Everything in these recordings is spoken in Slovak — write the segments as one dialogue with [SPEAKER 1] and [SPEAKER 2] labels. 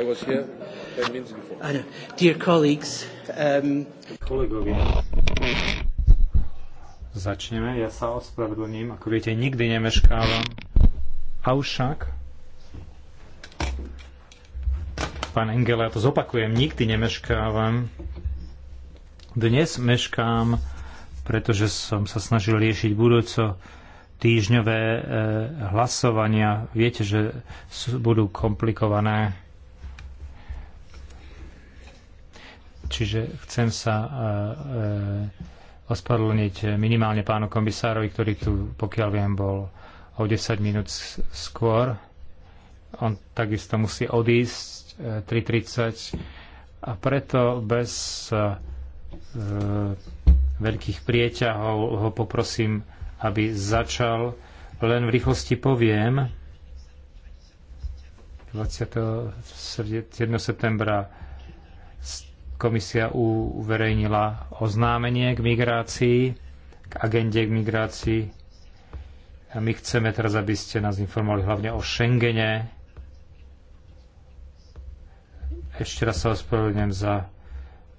[SPEAKER 1] I was here ten minutes before. Áno. Dear colleagues, um... Kolegovia, začneme. Ja sa ospravedlním. Ako viete, nikdy nemeškávam. A však, pán Engel, ja to zopakujem, nikdy nemeškávam. Dnes meškám, pretože som sa snažil riešiť budúco týždňové eh, hlasovania. Viete, že budú komplikované Čiže chcem sa e, e, ospravedlniť minimálne pánu komisárovi, ktorý tu, pokiaľ viem, bol o 10 minút skôr. On takisto musí odísť 3.30 e, a preto bez veľkých prieťahov ho poprosím, aby začal. Len v rýchlosti poviem, 27. septembra Komisia uverejnila oznámenie k migrácii, k agende k migrácii. A my chceme teraz, aby ste nás informovali hlavne o Schengene. Ešte raz sa ospravedlňujem za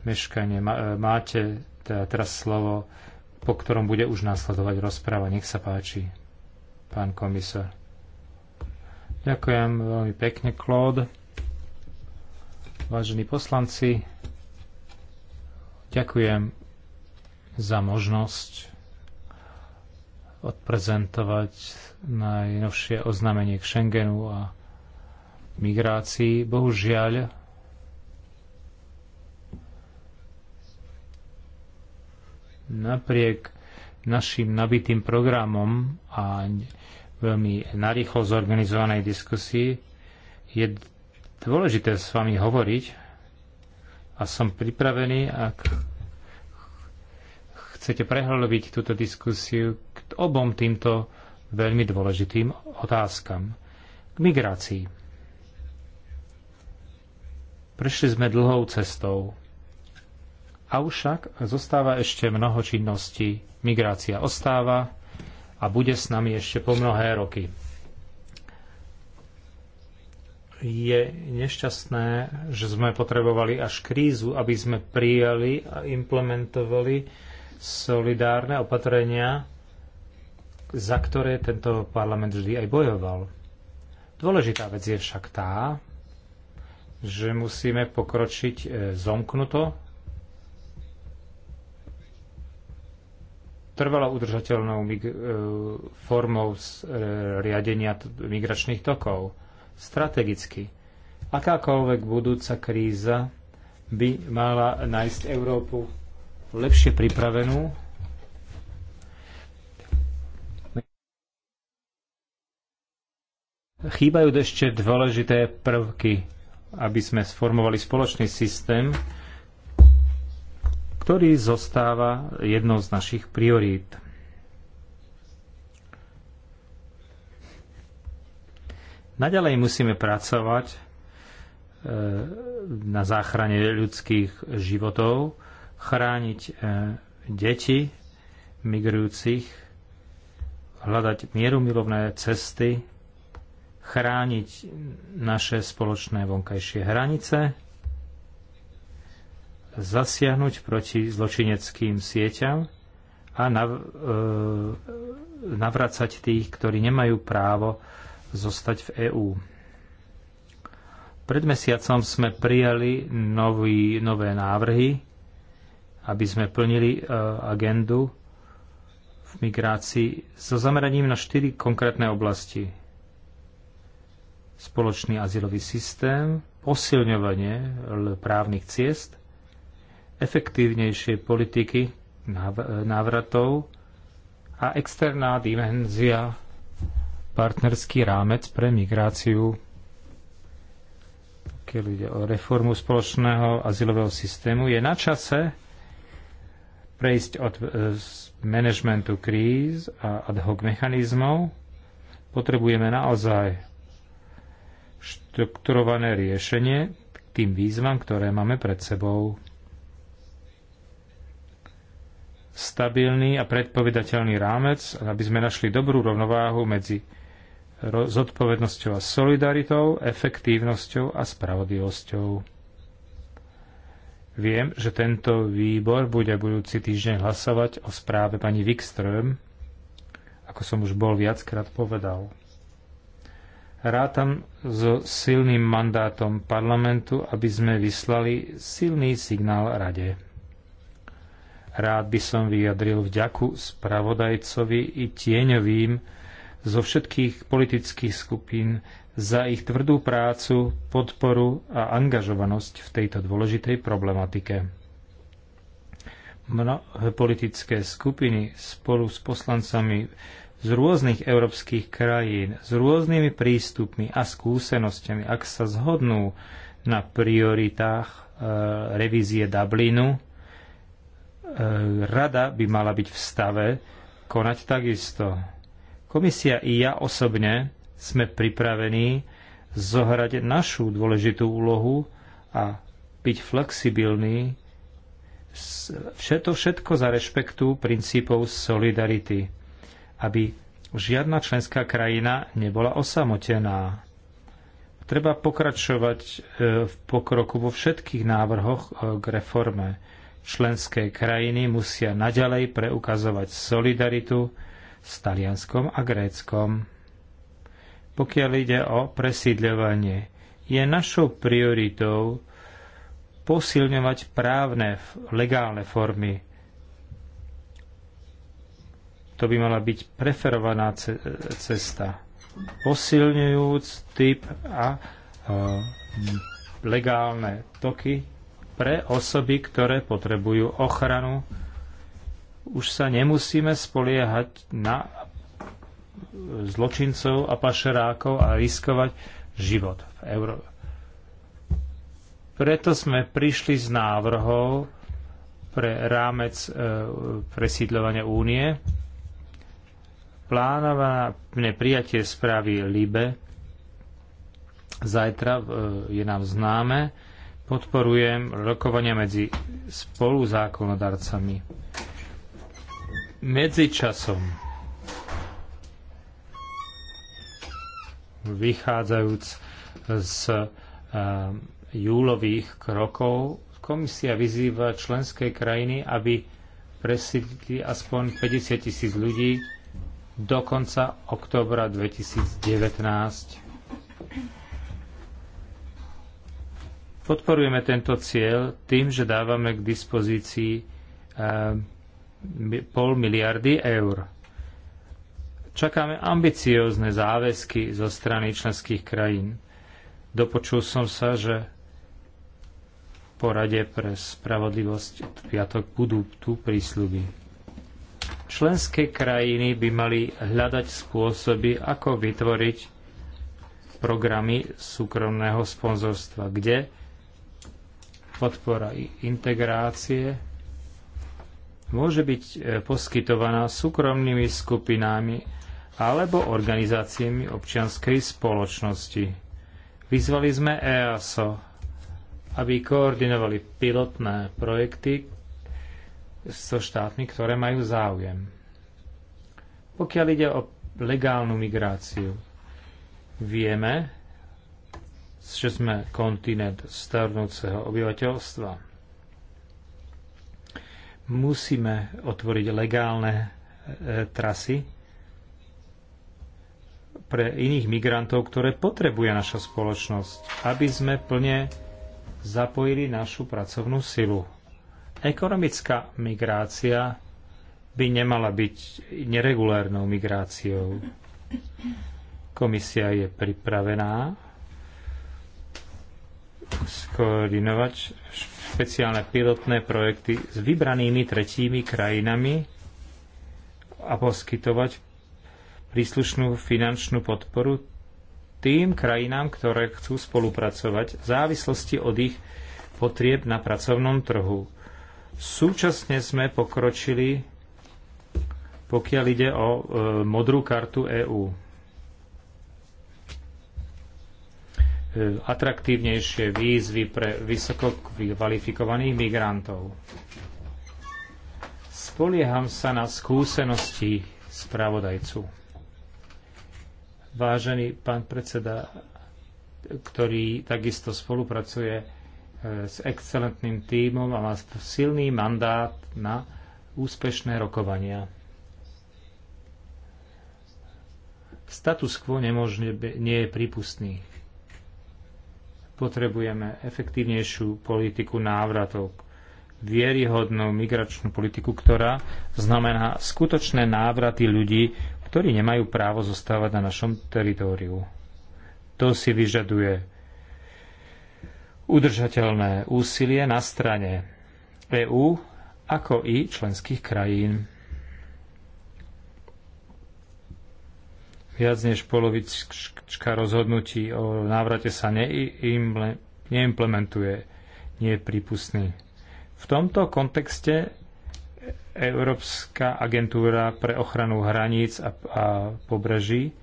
[SPEAKER 1] meškanie. E, máte teda teraz slovo, po ktorom bude už následovať rozpráva. Nech sa páči, pán komisár. Ďakujem veľmi pekne, Claude. Vážení poslanci, Ďakujem za možnosť odprezentovať najnovšie oznámenie k Schengenu a migrácii. Bohužiaľ, napriek našim nabitým programom a veľmi narýchlo zorganizovanej diskusii je dôležité s vami hovoriť a som pripravený, ak chcete prehlbiť túto diskusiu k obom týmto veľmi dôležitým otázkam. K migrácii. Prešli sme dlhou cestou. však zostáva ešte mnoho činností. Migrácia ostáva a bude s nami ešte po mnohé roky je nešťastné, že sme potrebovali až krízu, aby sme prijali a implementovali solidárne opatrenia, za ktoré tento parlament vždy aj bojoval. Dôležitá vec je však tá, že musíme pokročiť e, zomknuto, trvalo udržateľnou e, formou e, riadenia migračných tokov strategicky. Akákoľvek budúca kríza by mala nájsť Európu lepšie pripravenú Chýbajú ešte dôležité prvky, aby sme sformovali spoločný systém, ktorý zostáva jednou z našich priorít. Naďalej musíme pracovať e, na záchrane ľudských životov, chrániť e, deti migrujúcich, hľadať mierumilovné cesty, chrániť naše spoločné vonkajšie hranice, zasiahnuť proti zločineckým sieťam a nav- e, navracať tých, ktorí nemajú právo zostať v EÚ. Pred mesiacom sme prijali nový, nové návrhy, aby sme plnili e, agendu v migrácii so zameraním na štyri konkrétne oblasti. Spoločný azylový systém, posilňovanie právnych ciest, efektívnejšie politiky návratov a externá dimenzia partnerský rámec pre migráciu, keď ide o reformu spoločného azylového systému, je na čase prejsť od e, managementu kríz a ad hoc mechanizmov. Potrebujeme naozaj štrukturované riešenie k tým výzvam, ktoré máme pred sebou. Stabilný a predpovedateľný rámec, aby sme našli dobrú rovnováhu medzi zodpovednosťou a solidaritou, efektívnosťou a spravodlivosťou. Viem, že tento výbor bude budúci týždeň hlasovať o správe pani Wikström, ako som už bol viackrát povedal. Rátam so silným mandátom parlamentu, aby sme vyslali silný signál rade. Rád by som vyjadril vďaku spravodajcovi i tieňovým, zo všetkých politických skupín za ich tvrdú prácu, podporu a angažovanosť v tejto dôležitej problematike. Mnohé politické skupiny spolu s poslancami z rôznych európskych krajín, s rôznymi prístupmi a skúsenostiami, ak sa zhodnú na prioritách e, revízie Dublinu, e, rada by mala byť v stave konať takisto Komisia i ja osobne sme pripravení zohrať našu dôležitú úlohu a byť flexibilní. Všetko, všetko za rešpektu princípov solidarity, aby žiadna členská krajina nebola osamotená. Treba pokračovať e, v pokroku vo všetkých návrhoch e, k reforme. Členské krajiny musia naďalej preukazovať solidaritu, s Talianskom a Gréckom. Pokiaľ ide o presídľovanie, je našou prioritou posilňovať právne, legálne formy. To by mala byť preferovaná cesta, posilňujúc typ a e, legálne toky pre osoby, ktoré potrebujú ochranu už sa nemusíme spoliehať na zločincov a pašerákov a riskovať život v Európe. Preto sme prišli s návrhov pre rámec e, presídľovania únie. Plánované prijatie správy LIBE zajtra e, je nám známe. Podporujem rokovania medzi spoluzákonodarcami Medzičasom vychádzajúc z eh, júlových krokov, komisia vyzýva členské krajiny, aby presídli aspoň 50 tisíc ľudí do konca októbra 2019. Podporujeme tento cieľ tým, že dávame k dispozícii eh, pol miliardy eur. Čakáme ambiciózne záväzky zo strany členských krajín. Dopočul som sa, že porade pre spravodlivosť v piatok budú tu prísľuby. Členské krajiny by mali hľadať spôsoby, ako vytvoriť programy súkromného sponzorstva, kde podpora integrácie môže byť e, poskytovaná súkromnými skupinami alebo organizáciami občianskej spoločnosti. Vyzvali sme EASO, aby koordinovali pilotné projekty so štátmi, ktoré majú záujem. Pokiaľ ide o legálnu migráciu, vieme, že sme kontinent starnúceho obyvateľstva Musíme otvoriť legálne e, trasy pre iných migrantov, ktoré potrebuje naša spoločnosť, aby sme plne zapojili našu pracovnú silu. Ekonomická migrácia by nemala byť neregulárnou migráciou. Komisia je pripravená skoordinovať špeciálne pilotné projekty s vybranými tretími krajinami a poskytovať príslušnú finančnú podporu tým krajinám, ktoré chcú spolupracovať v závislosti od ich potrieb na pracovnom trhu. Súčasne sme pokročili, pokiaľ ide o e, modrú kartu EÚ atraktívnejšie výzvy pre vysoko kvalifikovaných migrantov. Spolieham sa na skúsenosti spravodajcu. Vážený pán predseda, ktorý takisto spolupracuje e, s excelentným tímom a má silný mandát na úspešné rokovania. Status quo nemožne, nie je prípustný. Potrebujeme efektívnejšiu politiku návratov, vieryhodnú migračnú politiku, ktorá znamená skutočné návraty ľudí, ktorí nemajú právo zostávať na našom teritóriu. To si vyžaduje udržateľné úsilie na strane EÚ ako i členských krajín. Viac než polovička rozhodnutí o návrate sa neimplementuje, nie je prípustný. V tomto kontexte Európska agentúra pre ochranu hraníc a, a pobreží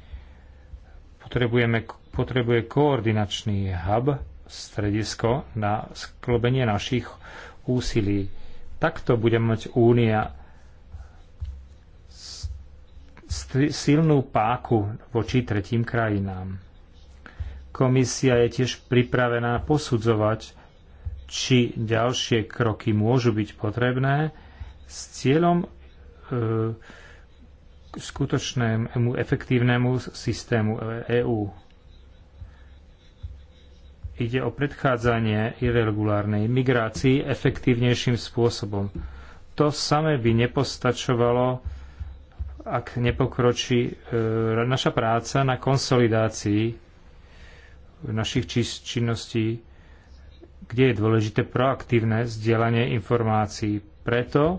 [SPEAKER 1] potrebujeme, potrebuje koordinačný hub, stredisko na sklobenie našich úsilí. Takto bude mať Únia silnú páku voči tretím krajinám. Komisia je tiež pripravená posudzovať, či ďalšie kroky môžu byť potrebné s cieľom e, skutočnému efektívnemu systému EÚ. Ide o predchádzanie irregulárnej migrácii efektívnejším spôsobom. To samé by nepostačovalo ak nepokročí e, naša práca na konsolidácii našich činností, kde je dôležité proaktívne vzdielanie informácií. Preto e,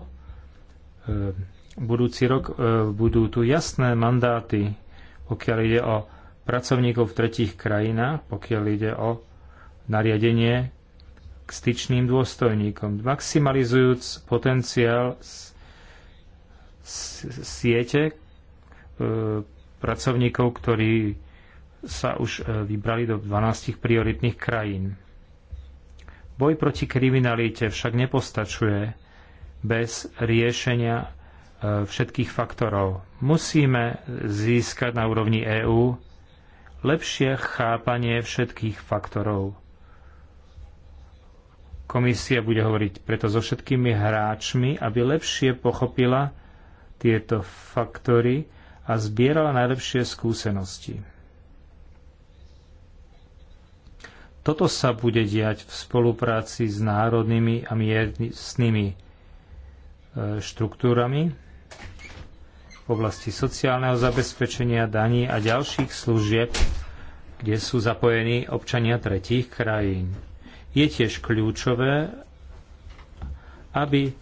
[SPEAKER 1] budúci rok e, budú tu jasné mandáty, pokiaľ ide o pracovníkov v tretích krajinách, pokiaľ ide o nariadenie k styčným dôstojníkom, maximalizujúc potenciál siete e, pracovníkov, ktorí sa už e, vybrali do 12 prioritných krajín. Boj proti kriminalite však nepostačuje bez riešenia e, všetkých faktorov. Musíme získať na úrovni EÚ lepšie chápanie všetkých faktorov. Komisia bude hovoriť preto so všetkými hráčmi, aby lepšie pochopila, tieto faktory a zbierala najlepšie skúsenosti. Toto sa bude diať v spolupráci s národnými a miestnymi e, štruktúrami v oblasti sociálneho zabezpečenia, daní a ďalších služieb, kde sú zapojení občania tretích krajín. Je tiež kľúčové, aby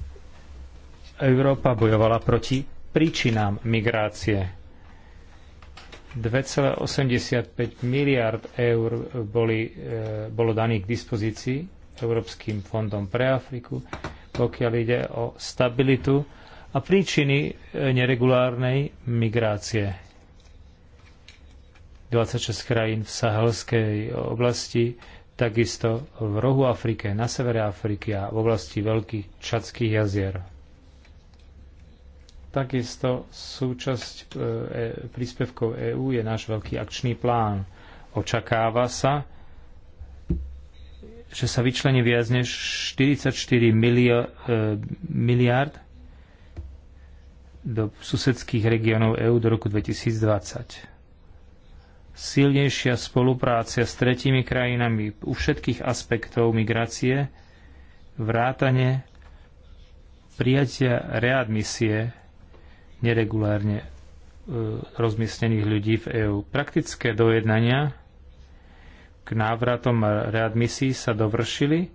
[SPEAKER 1] Európa bojovala proti príčinám migrácie. 2,85 miliard eur boli, e, bolo daných k dispozícii Európskym fondom pre Afriku, pokiaľ ide o stabilitu a príčiny e, neregulárnej migrácie. 26 krajín v sahelskej oblasti, takisto v rohu Afrike, na severe Afriky a v oblasti veľkých čadských jazier. Takisto súčasť e, e, príspevkov EÚ je náš veľký akčný plán. Očakáva sa, že sa vyčlení viac než 44 milio, e, miliard do susedských regiónov EÚ do roku 2020. Silnejšia spolupráca s tretími krajinami u všetkých aspektov migrácie, vrátane prijatia readmisie neregulárne e, rozmiestnených ľudí v EÚ. Praktické dojednania k návratom a readmisí sa dovršili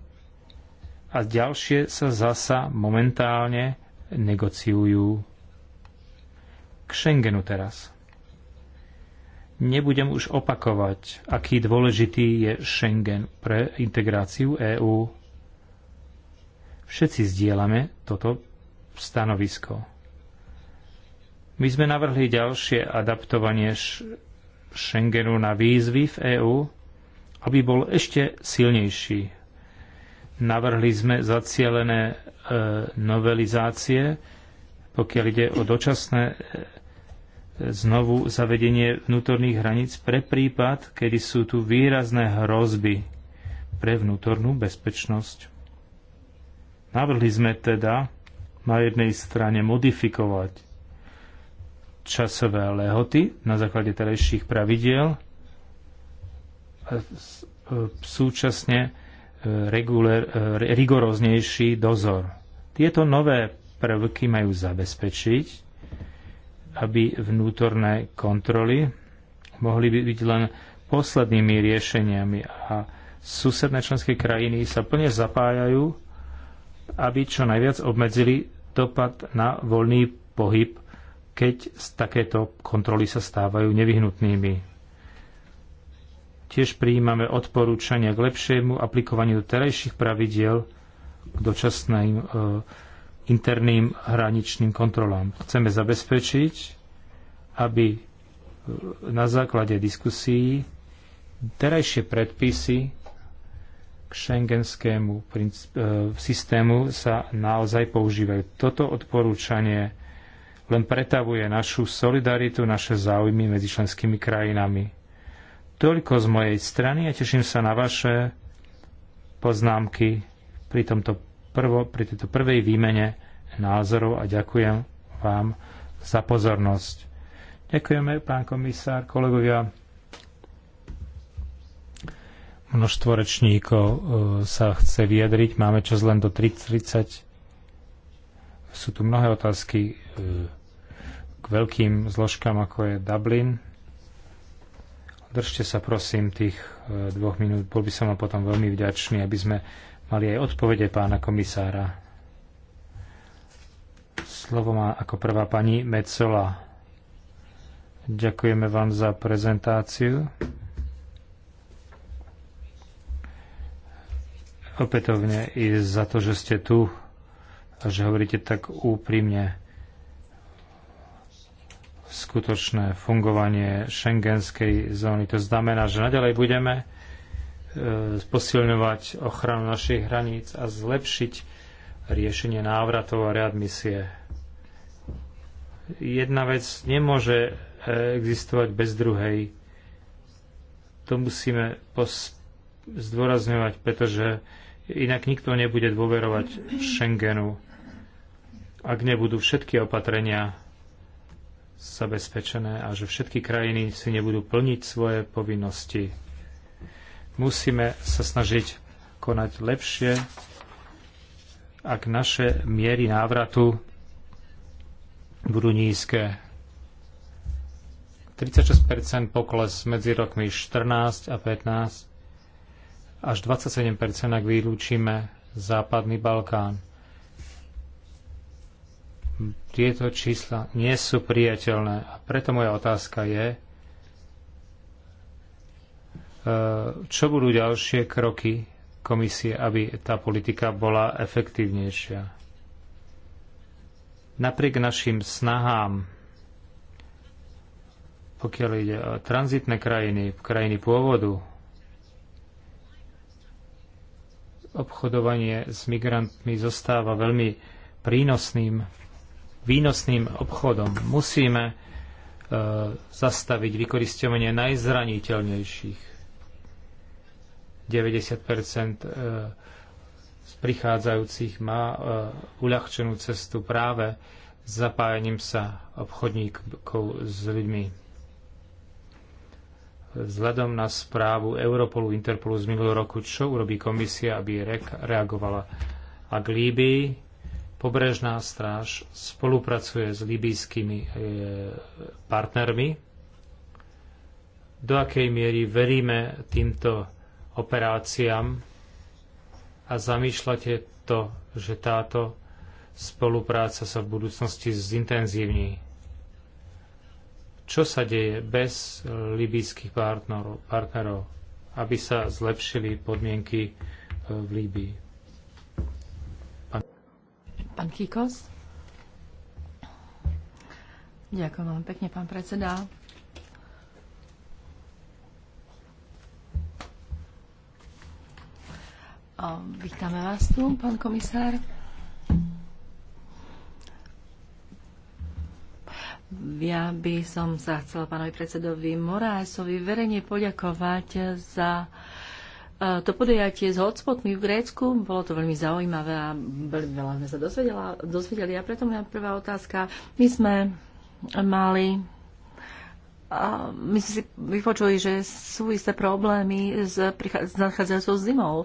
[SPEAKER 1] a ďalšie sa zasa momentálne negociujú k Schengenu teraz. Nebudem už opakovať, aký dôležitý je Schengen pre integráciu EÚ. Všetci zdieľame toto stanovisko. My sme navrhli ďalšie adaptovanie Schengenu na výzvy v EÚ, aby bol ešte silnejší. Navrhli sme zacielené e, novelizácie, pokiaľ ide o dočasné e, znovu zavedenie vnútorných hraníc pre prípad, kedy sú tu výrazné hrozby pre vnútornú bezpečnosť. Navrhli sme teda na jednej strane modifikovať časové lehoty na základe terajších pravidiel a e, súčasne e, regulér, e, rigoróznejší dozor. Tieto nové prvky majú zabezpečiť, aby vnútorné kontroly mohli byť len poslednými riešeniami a susedné členské krajiny sa plne zapájajú, aby čo najviac obmedzili dopad na voľný pohyb keď takéto kontroly sa stávajú nevyhnutnými. Tiež prijímame odporúčania k lepšiemu aplikovaniu terajších pravidiel k dočasným e, interným hraničným kontrolám. Chceme zabezpečiť, aby e, na základe diskusí terajšie predpisy k šengenskému e, systému sa naozaj používajú. Toto odporúčanie len pretavuje našu solidaritu, naše záujmy medzi členskými krajinami. Toľko z mojej strany a teším sa na vaše poznámky pri, tomto prvo, pri tejto prvej výmene názorov a ďakujem vám za pozornosť. Ďakujeme, pán komisár, kolegovia. Množstvo rečníkov e, sa chce vyjadriť. Máme čas len do 30. Sú tu mnohé otázky e, veľkým zložkám, ako je Dublin. Držte sa prosím tých e, dvoch minút. Bol by som vám potom veľmi vďačný, aby sme mali aj odpovede pána komisára. Slovo má ako prvá pani Mecola. Ďakujeme vám za prezentáciu. Opätovne i za to, že ste tu a že hovoríte tak úprimne skutočné fungovanie šengenskej zóny. To znamená, že naďalej budeme e, posilňovať ochranu našich hraníc a zlepšiť riešenie návratov a readmisie. Jedna vec nemôže e, existovať bez druhej. To musíme zdôrazňovať, pretože inak nikto nebude dôverovať Schengenu, ak nebudú všetky opatrenia zabezpečené a že všetky krajiny si nebudú plniť svoje povinnosti. Musíme sa snažiť konať lepšie, ak naše miery návratu budú nízke. 36% pokles medzi rokmi 14 a 15, až 27%, ak vylúčime Západný Balkán tieto čísla nie sú priateľné. A preto moja otázka je, e, čo budú ďalšie kroky komisie, aby tá politika bola efektívnejšia. Napriek našim snahám, pokiaľ ide o tranzitné krajiny, krajiny pôvodu, obchodovanie s migrantmi zostáva veľmi prínosným výnosným obchodom. Musíme e, zastaviť vykoristovanie najzraniteľnejších. 90 e, z prichádzajúcich má e, uľahčenú cestu práve zapájaním sa obchodníkov s ľuďmi. Vzhľadom na správu Europolu Interpolu z minulého roku, čo urobí komisia, aby reagovala Ak Líbii Pobrežná stráž spolupracuje s libijskými e, partnermi. Do akej miery veríme týmto operáciám a zamýšľate to, že táto spolupráca sa v budúcnosti zintenzívni? Čo sa deje bez libijských partnerov, partnerov aby sa zlepšili podmienky e, v Líbii?
[SPEAKER 2] Pán Kikos. Ďakujem veľmi pekne, pán predseda. Vítame vás tu, pán komisár. Ja by som sa chcela pánovi predsedovi Moraesovi verejne poďakovať za to podujatie s hotspotmi v Grécku. Bolo to veľmi zaujímavé a veľa sme sa dozvedeli. A preto moja prvá otázka. My sme mali a my sme si vypočuli, že sú isté problémy s, s nadchádzajúcou zimou.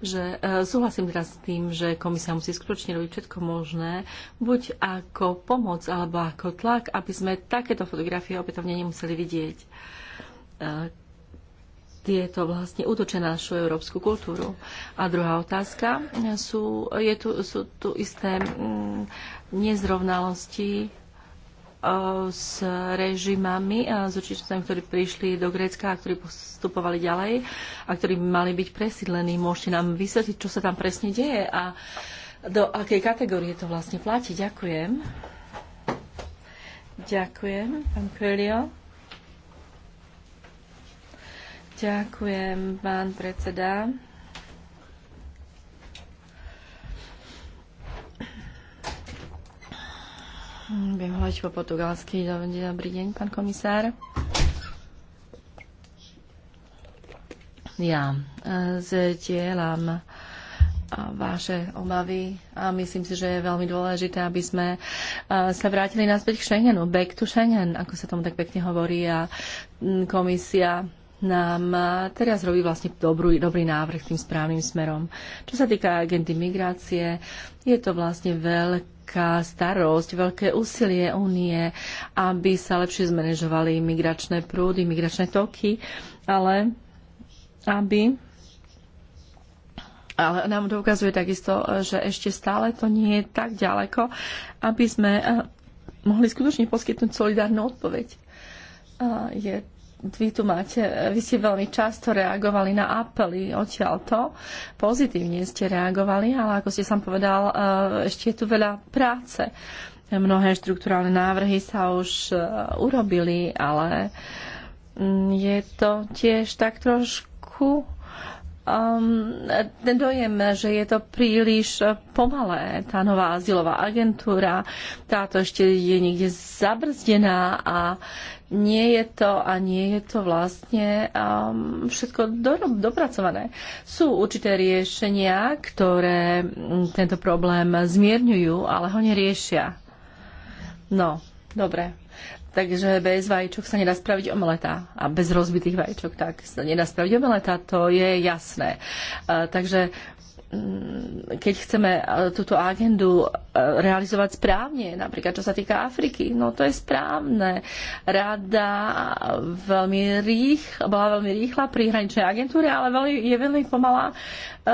[SPEAKER 2] Že, e, súhlasím teraz s tým, že komisia musí skutočne robiť všetko možné, buď ako pomoc alebo ako tlak, aby sme takéto fotografie opätovne nemuseli vidieť. E, tieto vlastne útočia na našu európsku kultúru. A druhá otázka, sú, je tu, sú tu isté mm, nezrovnalosti e, s režimami, e, s určitými, ktorí prišli do Grécka a ktorí postupovali ďalej a ktorí mali byť presídlení. Môžete nám vysvetliť, čo sa tam presne deje a do akej kategórie to vlastne platí. Ďakujem. Ďakujem, pán Coelho. Ďakujem, pán predseda. Viem hovoriť po portugalsky. Dobrý deň, pán komisár. Ja e, zdieľam e, vaše obavy a myslím si, že je veľmi dôležité, aby sme e, sa vrátili naspäť k Schengenu, back to Schengen, ako sa tomu tak pekne hovorí a komisia nám teraz robí vlastne dobrý, dobrý návrh tým správnym smerom. Čo sa týka agendy migrácie, je to vlastne veľká starosť, veľké úsilie únie, aby sa lepšie zmanéžovali migračné prúdy, migračné toky, ale aby ale nám dokazuje takisto, že ešte stále to nie je tak ďaleko, aby sme eh, mohli skutočne poskytnúť solidárnu odpoveď. Eh, je vy tu máte, vy ste veľmi často reagovali na apely odtiaľto. Pozitívne ste reagovali, ale ako ste sám povedal, e, ešte je tu veľa práce. Mnohé štruktúrálne návrhy sa už e, urobili, ale mm, je to tiež tak trošku um, ten dojem, že je to príliš pomalé, tá nová azylová agentúra, táto ešte je niekde zabrzdená a nie je to a nie je to vlastne um, všetko do, dopracované. Sú určité riešenia, ktoré mm, tento problém zmierňujú, ale ho neriešia. No, dobre. Takže bez vajíčok sa nedá spraviť omeleta. A bez rozbitých vajíčok tak sa nedá spraviť omeleta, to je jasné. Takže Mm, keď chceme e, túto agendu e, realizovať správne, napríklad čo sa týka Afriky, no to je správne. Rada veľmi rých, bola veľmi rýchla pri hraničnej agentúre, ale veľmi, je veľmi pomalá e,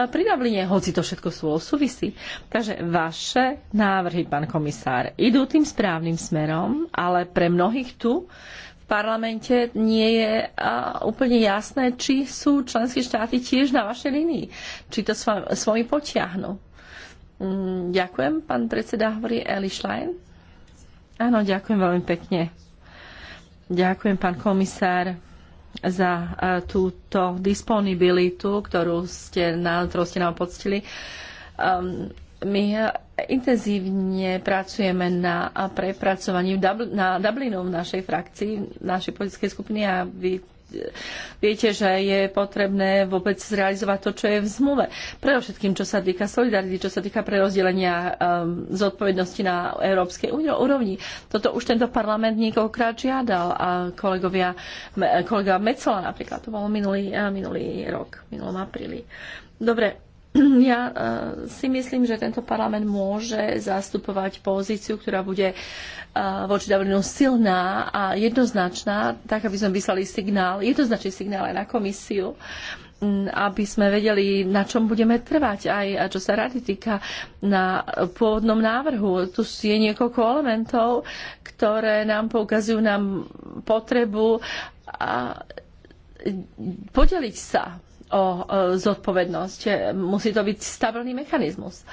[SPEAKER 2] pri Dubline, hoci to všetko spolu súvisí. Takže vaše návrhy, pán komisár, idú tým správnym smerom, ale pre mnohých tu parlamente nie je úplne jasné, či sú členské štáty tiež na vašej linii, či to s potiahnu. Mm, ďakujem, pán predseda hovorí Eli Schlein. Áno, ďakujem veľmi pekne. Ďakujem, pán komisár, za túto disponibilitu, ktorú ste, na, ktorú ste nám poctili. Um, my intenzívne pracujeme na prepracovaní na Dublinov v našej frakcii, v našej politickej skupiny a vy viete, že je potrebné vôbec zrealizovať to, čo je v zmluve. Predovšetkým, čo sa týka solidarity, čo sa týka prerozdelenia um, zodpovednosti na európskej úrovni. Toto už tento parlament niekoľkrát žiadal a kolegovia, kolega Mecola napríklad, to bolo minulý, eh, minulý rok, minulom apríli. Dobre, ja e, si myslím, že tento parlament môže zastupovať pozíciu, ktorá bude e, voči Dublinu silná a jednoznačná, tak aby sme vyslali signál, jednoznačný signál aj na komisiu, aby sme vedeli, na čom budeme trvať, aj čo sa rady týka na pôvodnom návrhu. Tu je niekoľko elementov, ktoré nám poukazujú nám potrebu e, podeliť sa o zodpovednosť. Musí to byť stabilný mechanizmus.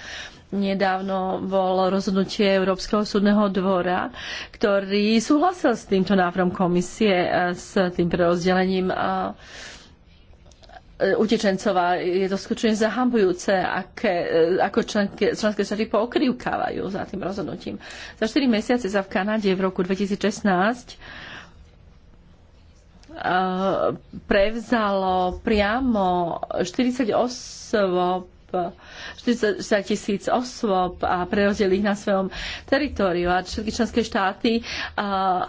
[SPEAKER 2] Nedávno bol rozhodnutie Európskeho súdneho dvora, ktorý súhlasil s týmto návrhom komisie, e, s tým prerozdelením e, utečencov je to skutočne zahambujúce, aké, e, ako členské, členské štáty pokrývkávajú za tým rozhodnutím. Za 4 mesiace sa v Kanade v roku 2016 Eh, prevzalo priamo 40 osôb 40 tisíc osôb a prerozdelili ich na svojom teritoriu a všetky členské štáty eh,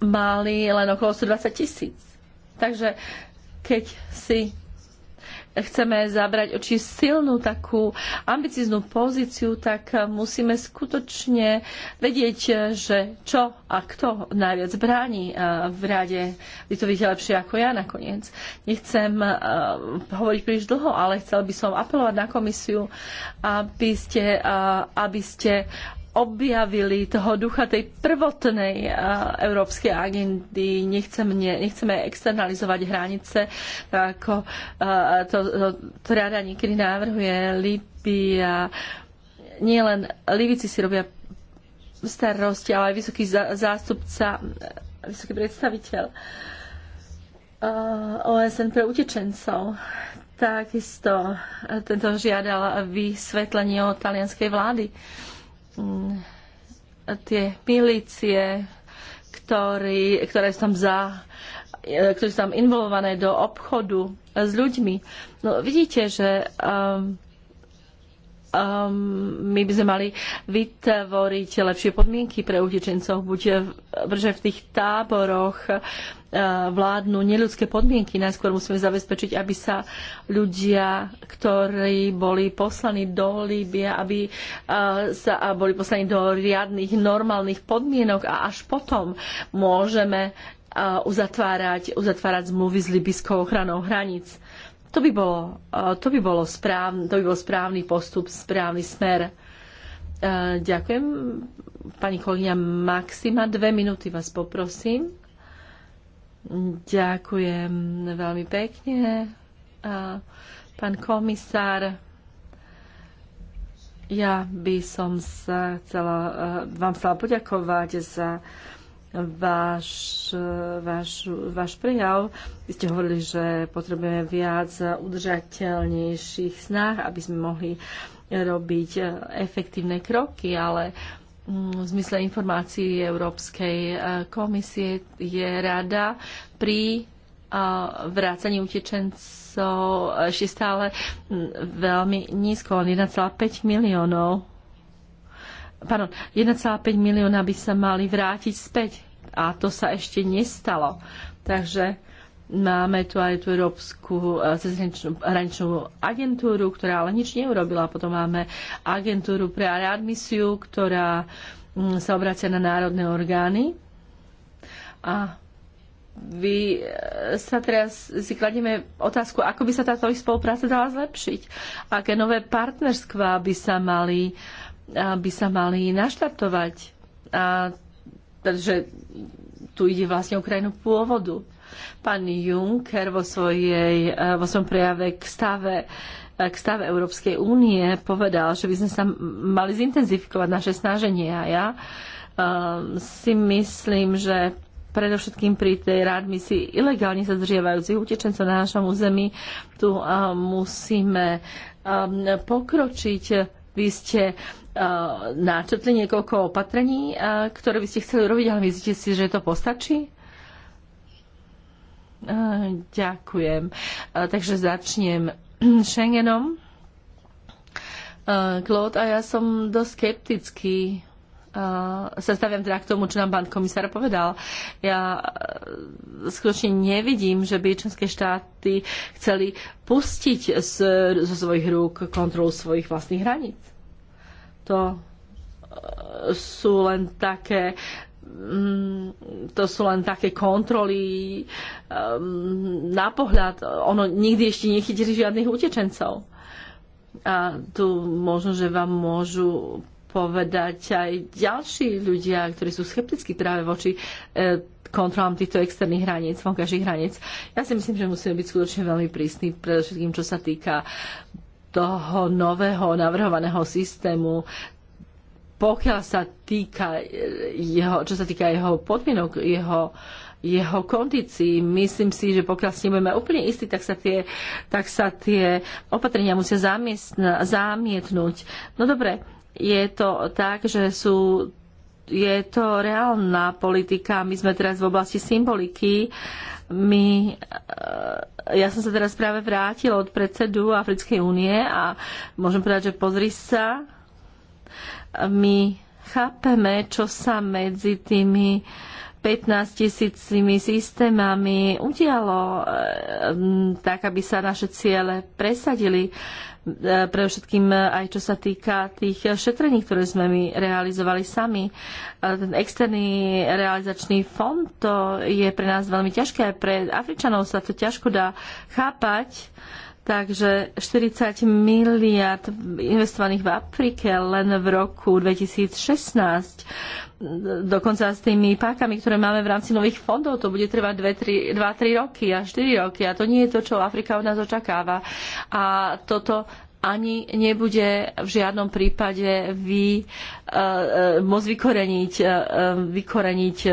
[SPEAKER 2] mali len okolo 120 tisíc. Takže keď si chceme zabrať oči silnú takú ambicíznú pozíciu, tak musíme skutočne vedieť, že čo a kto najviac bráni e, v rade. Vy to vidíte lepšie ako ja nakoniec. Nechcem e, hovoriť príliš dlho, ale chcel by som apelovať na komisiu, aby ste, e, aby ste objavili toho ducha tej prvotnej eh, európskej agendy. Nechceme, nechceme externalizovať hranice, ako eh, to, to, to rada niekedy návrhuje Libia. Nielen Libici si robia starosti, ale aj vysoký zástupca, eh, vysoký predstaviteľ OSN pre utečencov. Takisto tento žiadal vysvetlenie od talianskej vlády. Mm, tie milície, ktorý, ktoré tam za e, ktorí sú tam involované do obchodu s ľuďmi. No, vidíte, že um, um, my by sme mali vytvoriť lepšie podmienky pre utečencov, buď v, že v tých táboroch uh, vládnu neľudské podmienky. Najskôr musíme zabezpečiť, aby sa ľudia, ktorí boli poslaní do Líbia, aby uh, sa uh, boli poslaní do riadnych, normálnych podmienok a až potom môžeme uh, uzatvárať, uzatvárať zmluvy s libyskou ochranou hraníc to by bolo, eh, to by bolo správ, to by bol správny postup, správny smer. Eh, ďakujem. Pani kolegyňa Maxima, dve minúty vás poprosím. Ďakujem veľmi pekne. Pán komisár, ja by som sa chcela, eh, vám chcela poďakovať za váš, váš, váš prejav. Vy ste hovorili, že potrebujeme viac udržateľnejších snah, aby sme mohli robiť efektívne kroky, ale mm, v zmysle informácií Európskej e, komisie je rada pri e, vrácaní utečencov ešte stále mm, veľmi nízko, 1,5 miliónov pardon, 1,5 milióna by sa mali vrátiť späť a to sa ešte nestalo. Takže máme tu aj tú Európsku e, hraničnú agentúru, ktorá ale nič neurobila. Potom máme agentúru pre readmisiu, ktorá mm, sa obracia na národné orgány. A vy e, sa teraz si kladieme otázku, ako by sa táto spolupráca dala zlepšiť. Aké nové partnerstvá by sa mali uh, by sa mali naštartovať. A, takže tu ide vlastne o krajinu pôvodu. Pán Juncker vo, svojej, e, vo svojom prejave k stave e, k stave Európskej únie povedal, že by sme sa mali zintenzifikovať naše snaženie. A ja um, si myslím, že predovšetkým pri tej rádmisi ilegálne sa zdržiavajúcich utečencov na našom území. Tu musíme pokročiť. Vy ste uh, načrtli niekoľko opatrení, uh, ktoré by ste chceli urobiť, ale myslíte si, že to postačí? Uh, ďakujem. Uh, takže začnem Schengenom. Uh, Claude, a ja som dosť skeptický Eh, sa staviam teda k tomu, čo nám pán komisár povedal. Ja eh, skutočne nevidím, že by členské štáty chceli pustiť z, zo svojich rúk kontrolu svojich vlastných hraníc. To eh, sú len také mm, to sú len také kontroly na pohľad. Ono nikdy ešte nechytili žiadnych utečencov. A tu možno, že vám môžu povedať aj ďalší ľudia, ktorí sú skeptickí práve voči e, kontrolám týchto externých hraníc, vonkajších hraníc. Ja si myslím, že musíme byť skutočne veľmi prísni, predovšetkým čo sa týka toho nového navrhovaného systému, pokiaľ sa týka e, jeho, čo sa týka jeho podmienok, jeho jeho kondícií. Myslím si, že pokiaľ s ním budeme úplne istí, tak sa tie, tak sa tie opatrenia musia zamietnúť. No dobre, je to tak, že sú je to reálna politika. My sme teraz v oblasti symboliky. My, e, ja som sa teraz práve vrátila od predsedu Africkej únie a môžem povedať, že pozri sa, my chápeme, čo sa medzi tými 15 tisícimi systémami udialo, e, tak aby sa naše ciele presadili pre všetkým e, aj čo sa týka tých šetrení, ktoré sme my realizovali sami. E, ten externý realizačný fond, to je pre nás veľmi ťažké, pre Afričanov sa to ťažko dá chápať, Takže 40 miliard investovaných v Afrike len v roku 2016 dokonca s tými pákami, ktoré máme v rámci nových fondov, to bude trvať 2-3 roky a 4 roky a to nie je to, čo Afrika od nás očakáva. A toto ani nebude v žiadnom prípade vy, uh, môcť vykoreniť, uh, vykoreniť uh,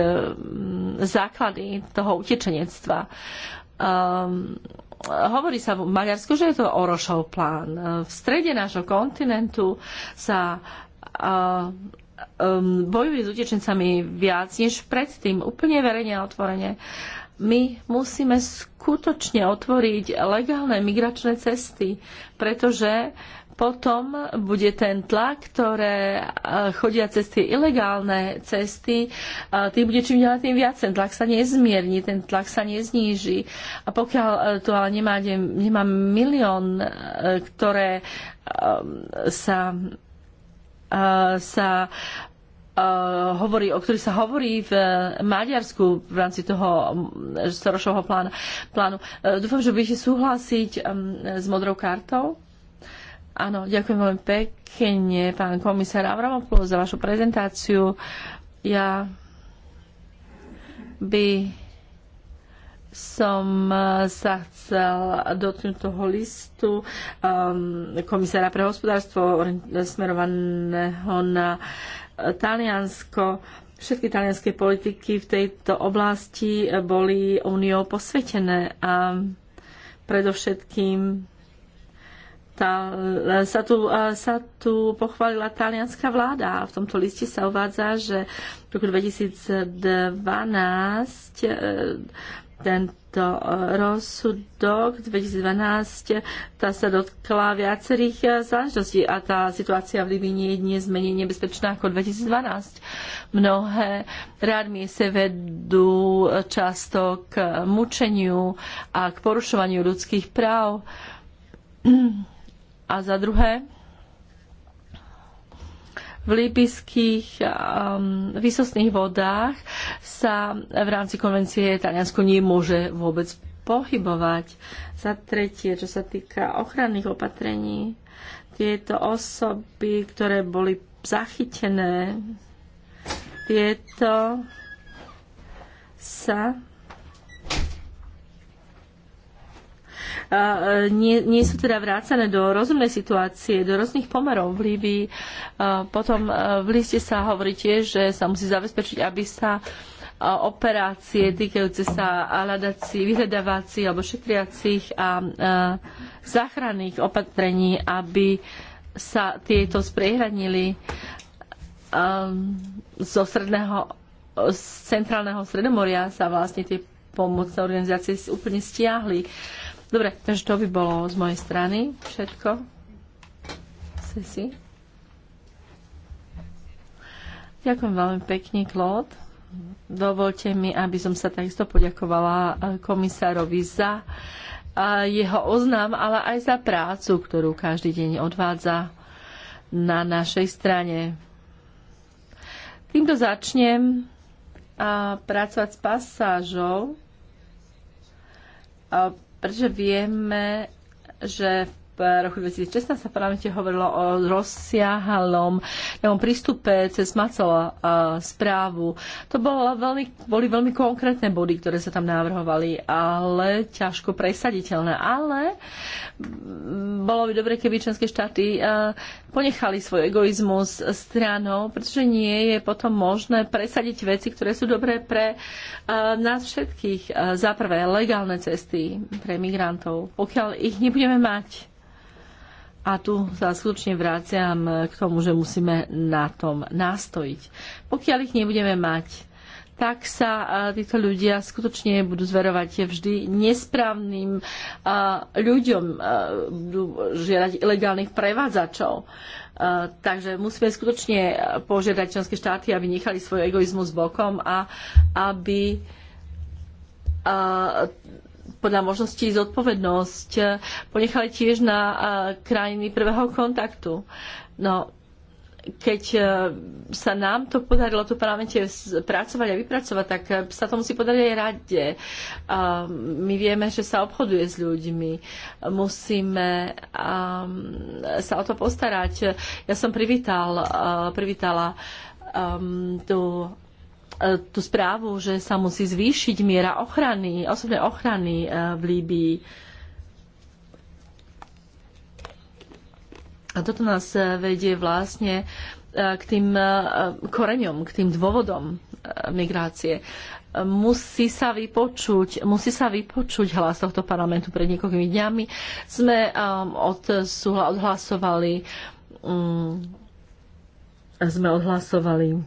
[SPEAKER 2] základy toho utečenectva. Um, hovorí sa v Maďarsku, že je to Orošov plán. V strede nášho kontinentu sa uh, um, bojuje s utečencami viac než predtým, úplne verejne a otvorene. My musíme skutočne otvoriť legálne migračné cesty, pretože potom bude ten tlak, ktoré eh, chodia cez tie ilegálne cesty, tým bude čím ďalej tým viac. Ten tlak sa nezmierni, ten tlak sa nezníži. A pokiaľ eh, tu ale nemá, nemá milión, eh, ktoré sa Eh, sa eh, hovorí, o ktorých sa hovorí v Maďarsku v rámci toho Sorošovho plánu. plánu. Eh, dúfam, že budete súhlasiť mm, s modrou kartou. Áno, ďakujem veľmi pekne, pán komisár Avramopoulos, za vašu prezentáciu. Ja by som eh, sa chcel dotknúť toho listu um, komisára pre hospodárstvo smerovaného na eh, Taliansko. Všetky talianské politiky v tejto oblasti eh, boli úniou posvetené a predovšetkým tá, sa, tu, sa tu pochválila talianská vláda. V tomto liste sa uvádza, že v roku 2012 tento e, rozsudok 2012, tá sa dotkla viacerých e, záležitostí a tá situácia v Libii nie je dnes menej nebezpečná ako 2012. Mnohé readmie sa vedú e, často k mučeniu a k porušovaniu ľudských práv. A za druhé, v líbyských um, vysostných vodách sa v rámci konvencie Taliansko nemôže vôbec pohybovať. Za tretie, čo sa týka ochranných opatrení, tieto osoby, ktoré boli zachytené, tieto sa E, nie, nie sú teda vrácané do rozumnej situácie, do rôznych pomerov v Líbii. Potom e, v liste sa hovorí tiež, že sa musí zabezpečiť, aby sa e, operácie týkajúce sa hľadací, vyhľadávacích alebo šetriacich a, záchranných opatrení, aby sa tieto spriehranili zo stredného, z centrálneho Sredomoria sa vlastne tie pomocné organizácie úplne stiahli. Uh, Dobre, takže to by bolo z mojej strany všetko. Sisi. Ďakujem veľmi pekne, Klód. Dovolte mi, aby som sa takisto poďakovala eh, komisárovi za eh, jeho oznám, ale aj za prácu, ktorú každý deň odvádza na našej strane. Týmto začnem eh, pracovať s pasážou pretože vieme, že v roku 2016 sa práve parlamente hovorilo o rozsiahalom prístupe cez Macola správu. To bolo veľmi, boli veľmi konkrétne body, ktoré sa tam navrhovali, ale ťažko presaditeľné. Ale mm, bolo by dobre, keby členské štáty ponechali svoj egoizmus stranou, pretože nie je potom možné presadiť veci, ktoré sú dobré pre nás všetkých. Za prvé, legálne cesty pre migrantov. Pokiaľ ich nebudeme mať, a tu sa skutočne vráciam k tomu, že musíme na tom nastojiť. Pokiaľ ich nebudeme mať, tak sa títo ľudia skutočne budú zverovať vždy nesprávnym ľuďom, budú žiadať ilegálnych prevádzačov. Takže musíme skutočne požiadať členské štáty, aby nechali svoj egoizmus bokom a aby podľa možností zodpovednosť eh, ponechali tiež na eh, krajiny prvého kontaktu. No, keď eh, sa nám to podarilo tu parlamente pracovať a vypracovať, tak sa to musí podariť aj rade. My vieme, že sa obchoduje s ľuďmi. Musíme sa o to postarať. Ja som privítal, privítala tú E, tú správu, že sa musí zvýšiť miera ochrany, osobnej ochrany e, v Líbii. A toto nás e, vedie vlastne k tým koreňom, k tým dôvodom migrácie. Musí sa vypočuť, musí sa vypočuť hlas tohto parlamentu pred niekoľkými dňami. Sme od, odhlasovali mm, sme odhlasovali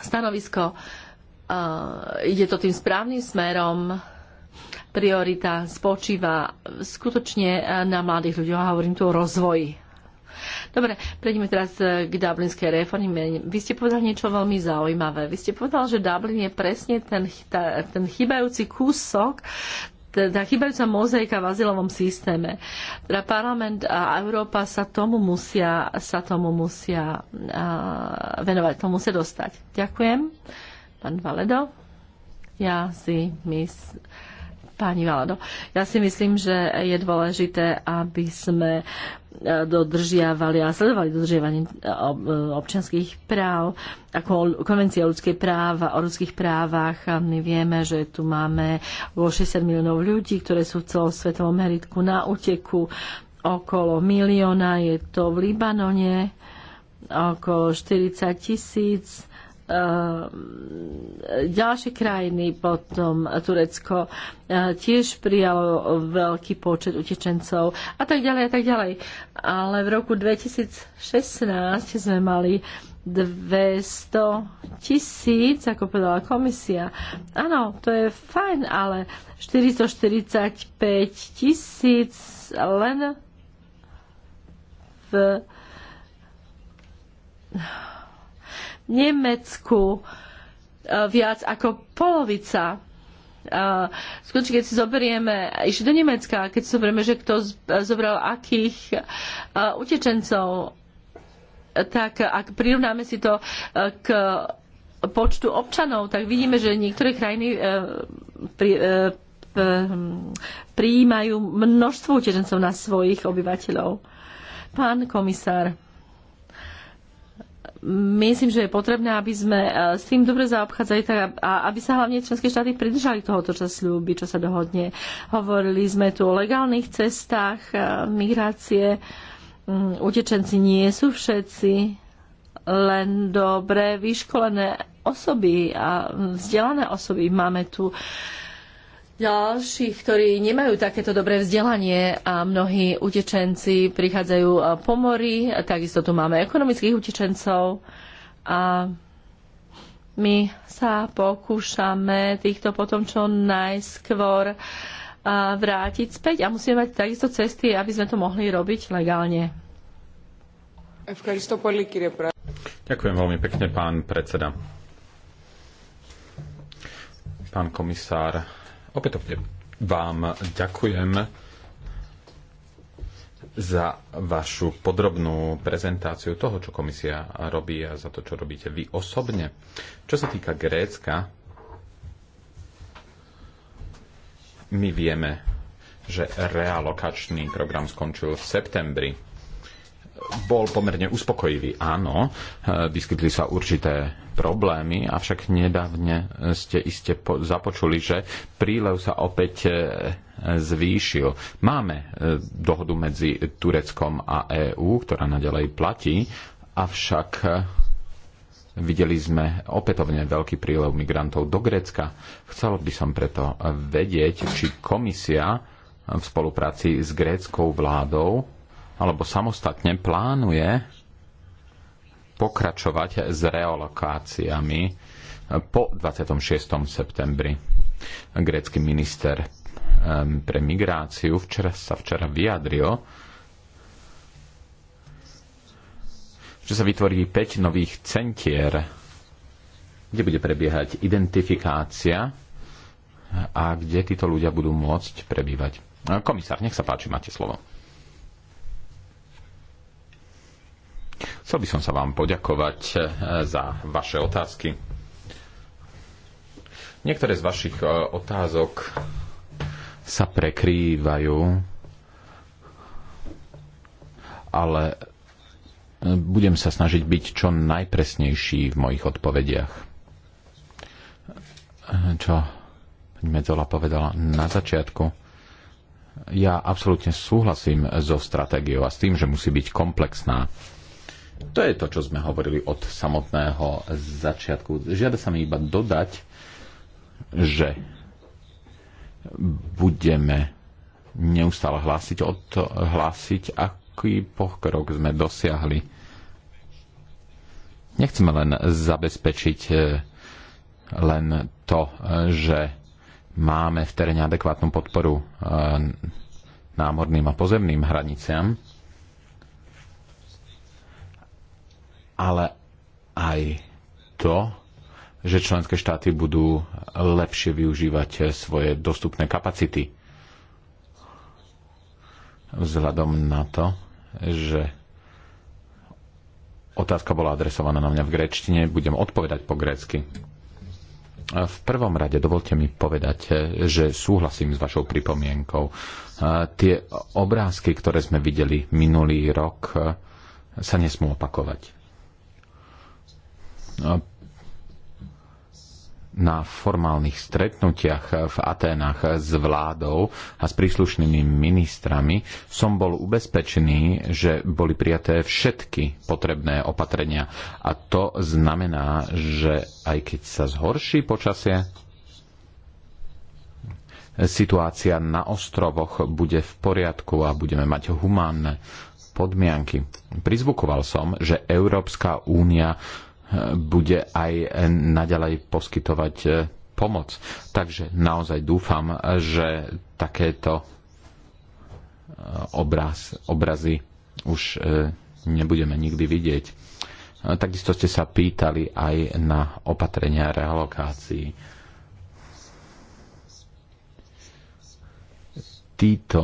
[SPEAKER 2] stanovisko. Uh, ide to tým správnym smerom. Priorita spočíva skutočne uh, na mladých ľuďoch. Hovorím tu o rozvoji. Dobre, prejdeme teraz uh, k dublinskej reforme. Vy ste povedali niečo veľmi zaujímavé. Vy ste povedali, že Dublin je presne ten, ten chybajúci kúsok teda chýbajúca mozaika v azylovom systéme. Teda parlament a Európa sa tomu musia, sa tomu musia uh, venovať, tomu musia dostať. Ďakujem. Pán Valedo, ja si mys... Pani Valado, ja si myslím, že je dôležité, aby sme dodržiavali a sledovali dodržiavanie e, e, občianských práv, ako konvencia o, ľudských práva, o ľudských právach. A my vieme, že tu máme 60 miliónov ľudí, ktoré sú v celosvetovom meritku na uteku. Okolo milióna je to v Libanone, okolo 40 tisíc Ehm, ďalšie krajiny, potom Turecko eh, tiež prijalo veľký počet utečencov a tak ďalej a tak ďalej. Ale v roku 2016 sme mali 200 tisíc, ako povedala komisia. Áno, to je fajn, ale 445 tisíc len v Nemecku e, viac ako polovica. E, skutočne, keď si zoberieme, išli do Nemecka, keď si zoberieme, že kto e, zobral akých utečencov, tak ak prirovnáme si to k počtu občanov, tak vidíme, že niektoré krajiny pri, prijímajú množstvo utečencov na svojich obyvateľov. Pán komisár myslím, že je potrebné, aby sme e, s tým dobre zaobchádzali tak, a aby sa hlavne členské štáty pridržali tohoto, čo slúbi, čo sa dohodne. Hovorili sme tu o legálnych cestách e, migrácie. Mm, utečenci nie sú všetci len dobre vyškolené osoby a vzdelané osoby. Máme tu ďalších, ktorí nemajú takéto dobré vzdelanie a mnohí utečenci prichádzajú eh, po mori, takisto tu máme ekonomických utečencov a my sa pokúšame týchto potom čo najskôr eh, vrátiť späť a musíme mať takisto cesty, aby sme to mohli robiť legálne.
[SPEAKER 1] Ďakujem veľmi
[SPEAKER 3] pekne, pán predseda. Pán komisár, Opätovne vám ďakujem za vašu podrobnú prezentáciu toho, čo komisia robí a za to, čo robíte vy osobne. Čo sa týka Grécka, my vieme, že realokačný program skončil v septembri bol pomerne uspokojivý. Áno, e, vyskytli sa určité problémy, avšak nedávne ste iste započuli, že prílev sa opäť e, zvýšil. Máme e, dohodu medzi Tureckom a EÚ, ktorá nadalej platí, avšak videli sme opätovne veľký prílev migrantov do Grécka. Chcel by som preto vedieť, či komisia v spolupráci s gréckou vládou alebo samostatne plánuje pokračovať s relokáciami po 26. septembri. Grécky minister pre migráciu včera, sa včera vyjadril, že sa vytvorí 5 nových centier, kde bude prebiehať identifikácia a kde títo ľudia budú môcť prebývať. Komisár, nech sa páči, máte slovo. Chcel by som sa vám poďakovať eh, za vaše otázky. Niektoré z vašich eh, otázok sa prekrývajú, ale eh, budem sa snažiť byť čo najpresnejší v mojich odpovediach. Čo Medzola povedala na začiatku, ja absolútne súhlasím so stratégiou a s tým, že musí byť komplexná to je to, čo sme hovorili od samotného začiatku. Žiada sa mi iba dodať, že budeme neustále hlásiť, od, hlásiť aký pokrok sme dosiahli. Nechceme len zabezpečiť e, len to, e, že máme v teréne adekvátnu podporu e, námorným a pozemným hraniciam, ale aj to, že členské štáty budú lepšie využívať svoje dostupné kapacity. Vzhľadom na to, že otázka bola adresovaná na mňa v gréčtine, budem odpovedať po grécky. V prvom rade dovolte mi povedať, že súhlasím s vašou pripomienkou. Tie obrázky, ktoré sme videli minulý rok, sa nesmú opakovať na formálnych stretnutiach v Aténach s vládou a s príslušnými ministrami som bol ubezpečený, že boli prijaté všetky potrebné opatrenia. A to znamená, že aj keď sa zhorší počasie, situácia na ostrovoch bude v poriadku a budeme mať humánne podmienky. Prizvukoval som, že Európska únia bude aj naďalej poskytovať e, pomoc. Takže naozaj dúfam, že takéto e, obraz, obrazy už e, nebudeme nikdy vidieť. Takisto ste sa pýtali aj na opatrenia realokácií. Títo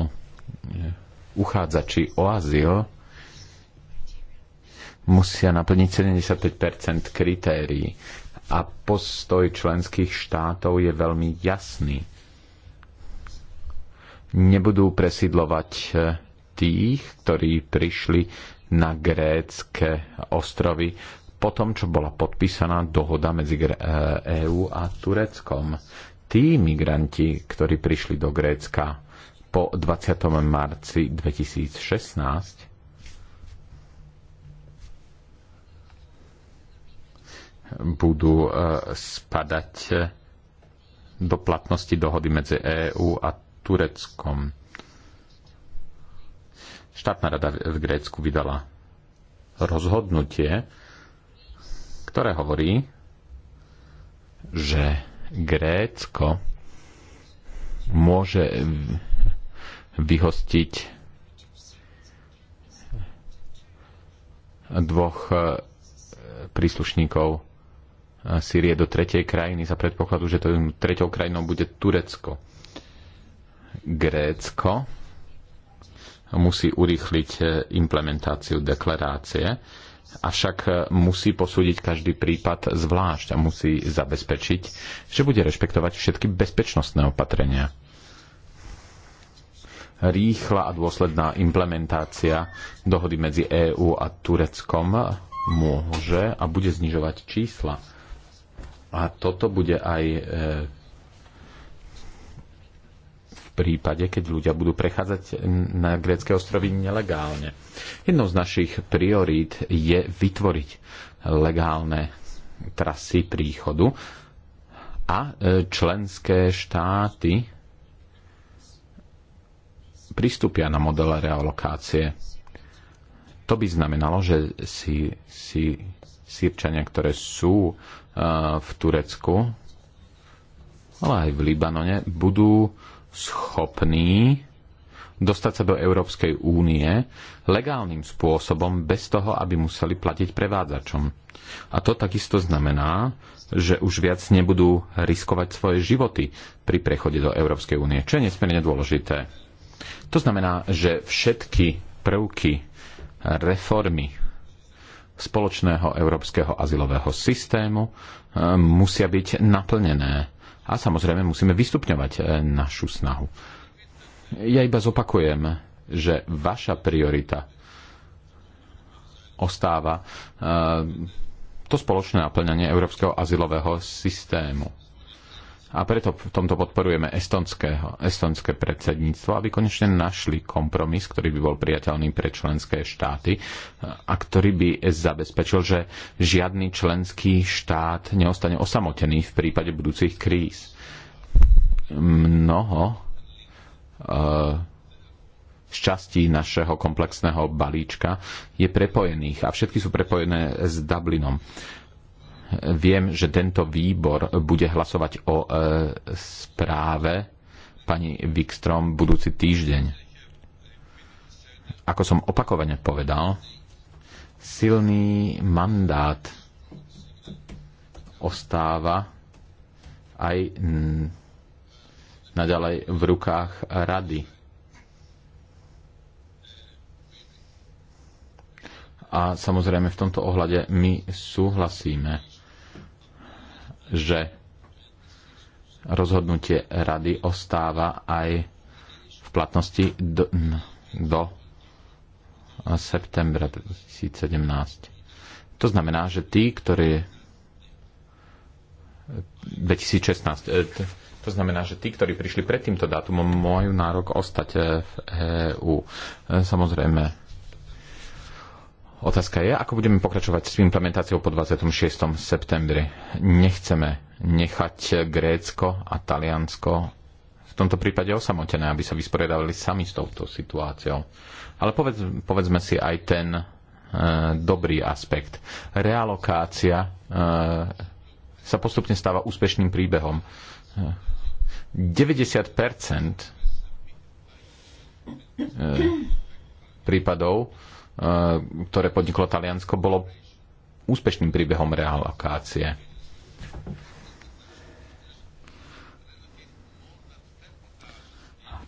[SPEAKER 3] uchádzači o azyl musia naplniť 75 kritérií a postoj členských štátov je veľmi jasný. Nebudú presidlovať e, tých, ktorí prišli na grécké ostrovy po tom, čo bola podpísaná dohoda medzi EÚ e a Tureckom. Tí migranti, ktorí prišli do Grécka po 20. marci 2016, budú e, spadať e, do platnosti dohody medzi EÚ a Tureckom. Štátna rada v Grécku vydala rozhodnutie, ktoré hovorí, že Grécko môže vyhostiť dvoch e, príslušníkov Sýrie do tretej krajiny za predpokladu, že to tretou krajinou bude Turecko. Grécko musí urýchliť e, implementáciu deklarácie, avšak e, musí posúdiť každý prípad zvlášť a musí zabezpečiť, že bude rešpektovať všetky bezpečnostné opatrenia. Rýchla a dôsledná implementácia dohody medzi EÚ a Tureckom môže a bude znižovať čísla a toto bude aj e, v prípade, keď ľudia budú prechádzať na grécké ostrovy nelegálne. Jednou z našich priorít je vytvoriť legálne trasy príchodu a e, členské štáty pristúpia na modele realokácie. To by znamenalo, že si, si sírčania, ktoré sú v Turecku, ale aj v Libanone, budú schopní dostať sa do Európskej únie legálnym spôsobom, bez toho, aby museli platiť prevádzačom. A to takisto znamená, že už viac nebudú riskovať svoje životy pri prechode do Európskej únie, čo je nesmierne dôležité. To znamená, že všetky prvky reformy spoločného európskeho azylového systému e, musia byť naplnené. A samozrejme musíme vystupňovať e, našu snahu. Ja iba zopakujem, že vaša priorita ostáva e, to spoločné naplňanie európskeho azylového systému a preto v tomto podporujeme estonské predsedníctvo, aby konečne našli kompromis, ktorý by bol priateľný pre členské štáty a ktorý by zabezpečil, že žiadny členský štát neostane osamotený v prípade budúcich kríz. Mnoho eh, z častí našeho komplexného balíčka je prepojených a všetky sú prepojené s Dublinom Viem, že tento výbor bude hlasovať o e, správe pani Wikstrom budúci týždeň. Ako som opakovane povedal, silný mandát ostáva aj naďalej v rukách rady. A samozrejme v tomto ohľade my súhlasíme že rozhodnutie rady ostáva aj v platnosti do, do septembra 2017. To znamená, že tí, ktorí 2016, e, to znamená, že tí, ktorí prišli pred týmto dátumom, majú nárok ostať e, v EÚ. E, samozrejme, Otázka je, ako budeme pokračovať s implementáciou po 26. septembri. Nechceme nechať Grécko a Taliansko v tomto prípade osamotené, aby sa vysporiadali sami s touto situáciou. Ale povedz, povedzme si aj ten e, dobrý aspekt. Realokácia e, sa postupne stáva úspešným príbehom. 90 e, e, prípadov e, Eh, ktoré podniklo Taliansko, bolo úspešným príbehom realokácie.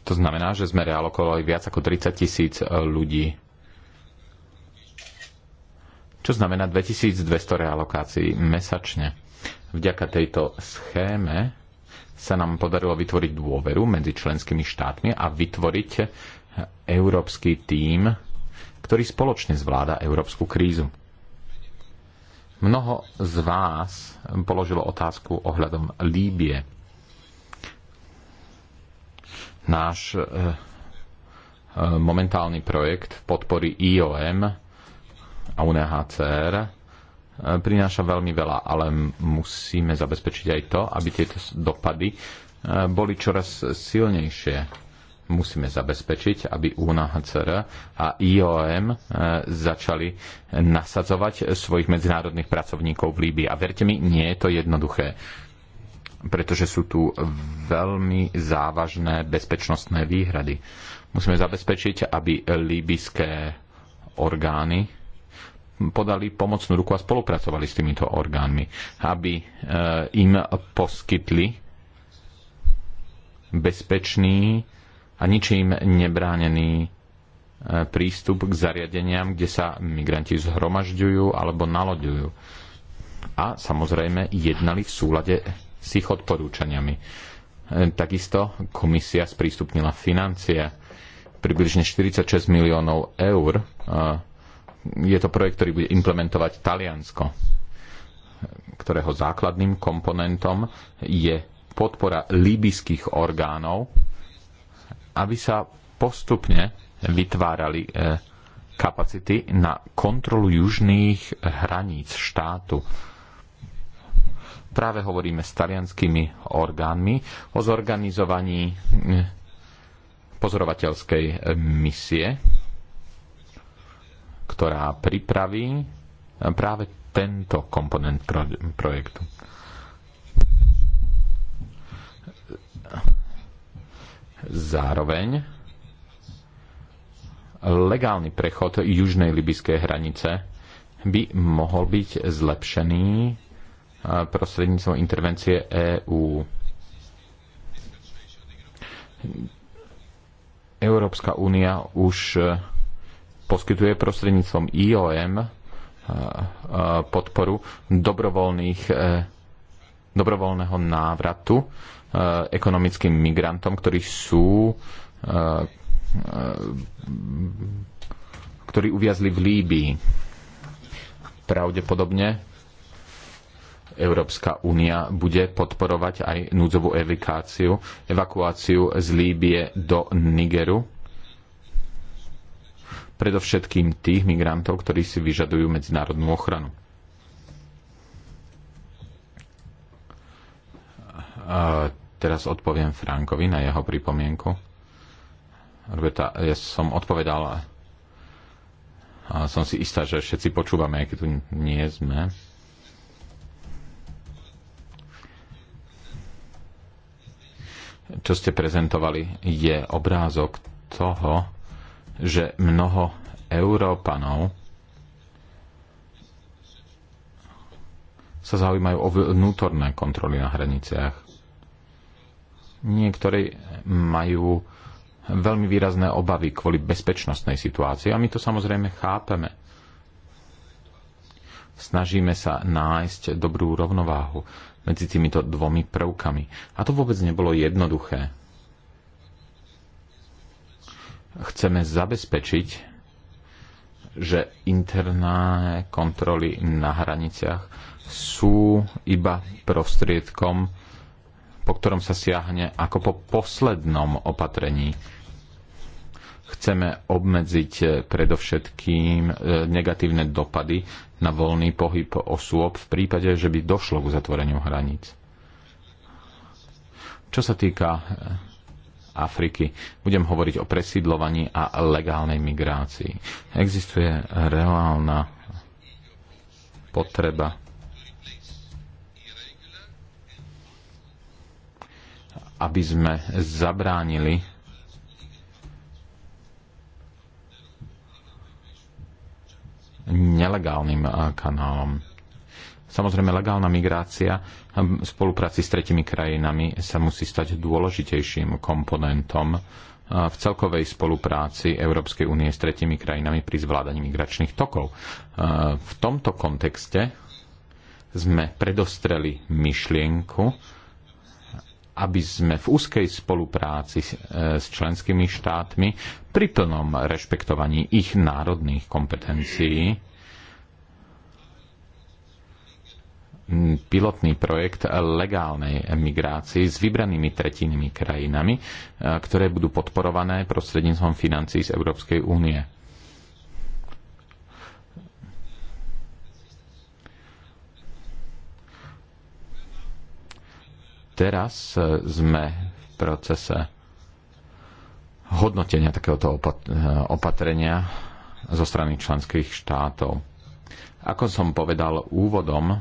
[SPEAKER 3] To znamená, že sme realokovali viac ako 30 tisíc eh, ľudí. Čo znamená 2200 realokácií mesačne. Vďaka tejto schéme sa nám podarilo vytvoriť dôveru medzi členskými štátmi a vytvoriť eh, európsky tím ktorý spoločne zvláda európsku krízu. Mnoho z vás položilo otázku ohľadom Líbie. Náš e, e, momentálny projekt podpory IOM a UNHCR e, prináša veľmi veľa, ale musíme zabezpečiť aj to, aby tieto dopady boli čoraz silnejšie Musíme zabezpečiť, aby UNHCR a IOM e, začali e, nasadzovať svojich medzinárodných pracovníkov v Líbii. A verte mi, nie je to jednoduché pretože sú tu veľmi závažné bezpečnostné výhrady. Musíme zabezpečiť, aby líbyské orgány podali pomocnú ruku a spolupracovali s týmito orgánmi, aby e, im poskytli bezpečný a ničím nebránený e, prístup k zariadeniam, kde sa migranti zhromažďujú alebo naloďujú. A samozrejme jednali v súlade s ich odporúčaniami. E, takisto komisia sprístupnila financie približne 46 miliónov eur. E, je to projekt, ktorý bude implementovať Taliansko, ktorého základným komponentom je podpora líbyských orgánov aby sa postupne vytvárali e, kapacity na kontrolu južných hraníc štátu. Práve hovoríme s talianskými orgánmi o zorganizovaní e, pozorovateľskej e, misie, ktorá pripraví práve tento komponent projektu. Zároveň legálny prechod južnej libyskej hranice by mohol byť zlepšený prostredníctvom intervencie EÚ. Európska únia už e, poskytuje prostredníctvom IOM podporu dobrovoľných, e, dobrovoľného návratu Eh, ekonomickým migrantom, ktorí sú eh, eh, ktorí uviazli v Líbii. Pravdepodobne Európska únia bude podporovať aj núdzovú evakuáciu, evakuáciu z Líbie do Nigeru, predovšetkým tých migrantov, ktorí si vyžadujú medzinárodnú ochranu. teraz odpoviem Frankovi na jeho pripomienku. Roberta, ja som odpovedal a som si istá, že všetci počúvame, keď tu nie sme. Čo ste prezentovali, je obrázok toho, že mnoho Európanov sa zaujímajú o vnútorné kontroly na hraniciach niektorí majú veľmi výrazné obavy kvôli bezpečnostnej situácii a my to samozrejme chápeme. Snažíme sa nájsť dobrú rovnováhu medzi týmito dvomi prvkami. A to vôbec nebolo jednoduché. Chceme zabezpečiť, že interné kontroly na hraniciach sú iba prostriedkom po ktorom sa siahne ako po poslednom opatrení. Chceme obmedziť eh, predovšetkým eh, negatívne dopady na voľný pohyb osôb v prípade, že by došlo k zatvoreniu hraníc. Čo sa týka eh, Afriky. Budem hovoriť o presídlovaní a legálnej migrácii. Existuje reálna potreba aby sme zabránili nelegálnym kanálom. Samozrejme, legálna migrácia v spolupráci s tretimi krajinami sa musí stať dôležitejším komponentom v celkovej spolupráci Európskej únie s tretimi krajinami pri zvládaní migračných tokov. V tomto kontexte sme predostreli myšlienku, aby sme v úzkej spolupráci e, s členskými štátmi pri plnom rešpektovaní ich národných kompetencií pilotný projekt legálnej migrácii s vybranými tretinými krajinami, e, ktoré budú podporované prostredníctvom financí z Európskej únie Teraz e, sme v procese hodnotenia takéhoto e, opatrenia zo strany členských štátov. Ako som povedal úvodom, e,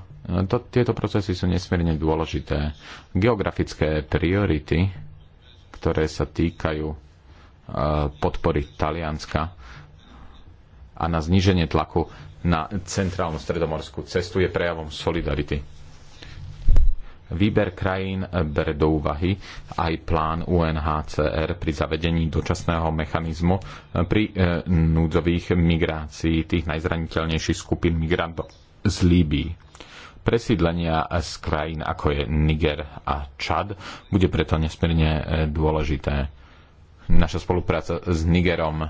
[SPEAKER 3] to, tieto procesy sú nesmierne dôležité. Geografické priority, ktoré sa týkajú podpory Talianska a na zníženie tlaku na centrálnu stredomorskú cestu je prejavom solidarity Výber krajín bere do úvahy aj plán UNHCR pri zavedení dočasného mechanizmu pri e, núdzových migrácií tých najzraniteľnejších skupín migrantov z Líbii. Presídlenia z krajín ako je Niger a Čad bude preto nesmierne e, dôležité. Naša spolupráca s Nigerom e,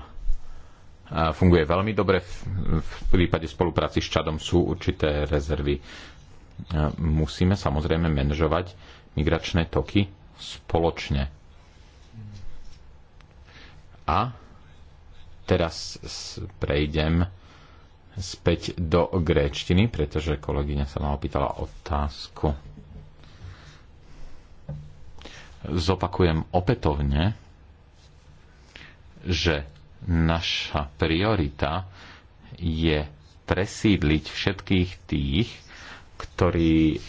[SPEAKER 3] funguje veľmi dobre. V prípade spolupráci s Čadom sú určité rezervy musíme samozrejme manažovať migračné toky spoločne. A teraz prejdem späť do gréčtiny, pretože kolegyňa sa ma opýtala otázku. Zopakujem opätovne, že naša priorita je presídliť všetkých tých, ktorí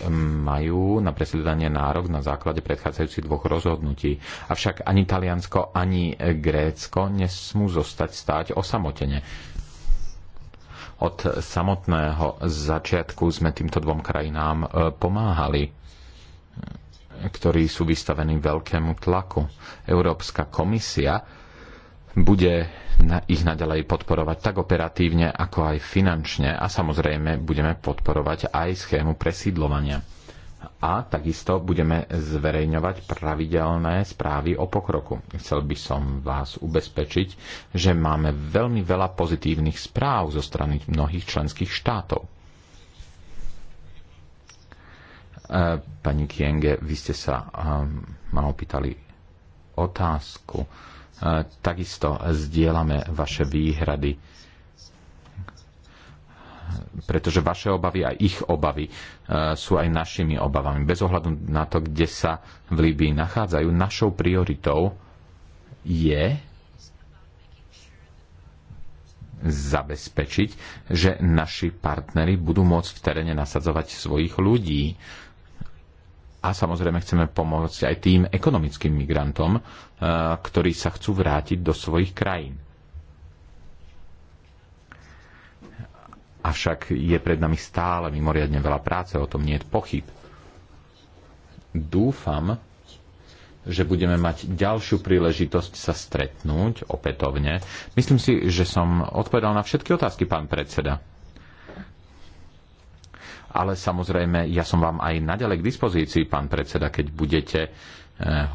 [SPEAKER 3] majú na presiedlenie nárok na základe predchádzajúcich dvoch rozhodnutí. Avšak ani Taliansko, ani Grécko nesmú zostať stáť osamotene. Od samotného začiatku sme týmto dvom krajinám e, pomáhali e, ktorí sú vystavení veľkému tlaku. Európska komisia bude ich naďalej podporovať tak operatívne, ako aj finančne a samozrejme budeme podporovať aj schému presídlovania. A takisto budeme zverejňovať pravidelné správy o pokroku. Chcel by som vás ubezpečiť, že máme veľmi veľa pozitívnych správ zo strany mnohých členských štátov. E, pani Kienge, vy ste sa ehm, ma opýtali otázku takisto zdieľame vaše výhrady, pretože vaše obavy a ich obavy e, sú aj našimi obavami. Bez ohľadu na to, kde sa v Líbii nachádzajú, našou prioritou je zabezpečiť, že naši partnery budú môcť v teréne nasadzovať svojich ľudí a samozrejme chceme pomôcť aj tým ekonomickým migrantom, eh, ktorí sa chcú vrátiť do svojich krajín. Avšak je pred nami stále mimoriadne veľa práce, o tom nie je pochyb. Dúfam, že budeme mať ďalšiu príležitosť sa stretnúť opätovne. Myslím si, že som odpovedal na všetky otázky, pán predseda ale samozrejme ja som vám aj naďalej k dispozícii, pán predseda, keď budete eh,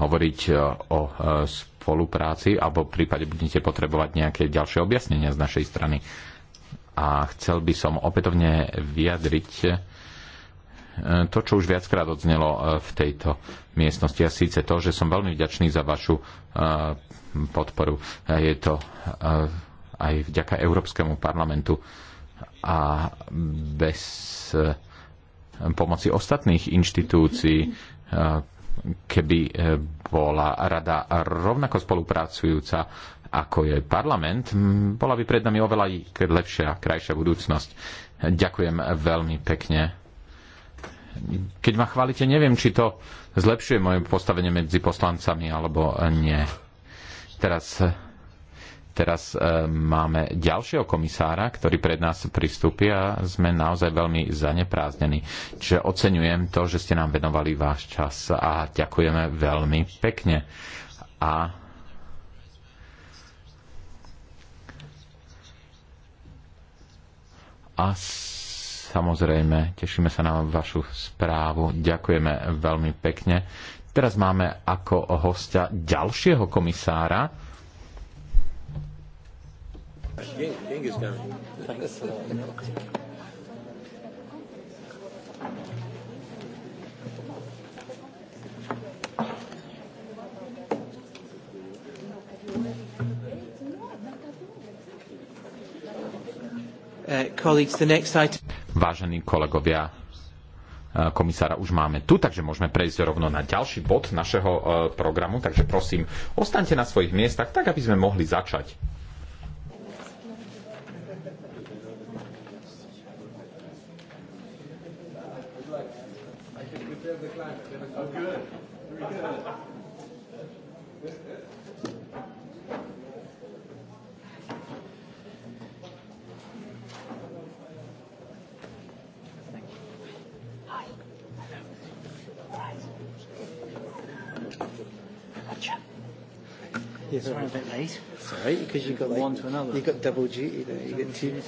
[SPEAKER 3] hovoriť eh, o eh, spolupráci alebo v prípade budete potrebovať nejaké ďalšie objasnenia z našej strany. A chcel by som opätovne vyjadriť to, čo už viackrát odznelo v tejto miestnosti a síce to, že som veľmi vďačný za vašu podporu. Je to aj vďaka Európskemu parlamentu a bez eh, pomoci ostatných inštitúcií, eh, keby eh, bola rada rovnako spolupracujúca ako je parlament, bola by pred nami oveľa lepšia, krajšia budúcnosť. Ďakujem veľmi pekne. Keď ma chválite, neviem, či to zlepšuje moje postavenie medzi poslancami alebo nie. Teraz Teraz e, máme ďalšieho komisára, ktorý pred nás pristúpi a sme naozaj veľmi zanepráznení. Čiže oceňujem to, že ste nám venovali váš čas a ďakujeme veľmi pekne. A a samozrejme tešíme sa na vašu správu. Ďakujeme veľmi pekne. Teraz máme ako hostia ďalšieho komisára,
[SPEAKER 1] Genghis uh, coming. Thanks.
[SPEAKER 3] Vážení kolegovia, uh, komisára už máme tu, takže môžeme prejsť rovno na ďalší bod našeho uh, programu, takže prosím, ostaňte na svojich miestach, tak aby sme mohli začať.
[SPEAKER 1] Sorry, a bit
[SPEAKER 2] late. Sorry, because you've got like, one to another. You've got double duty there. You get two.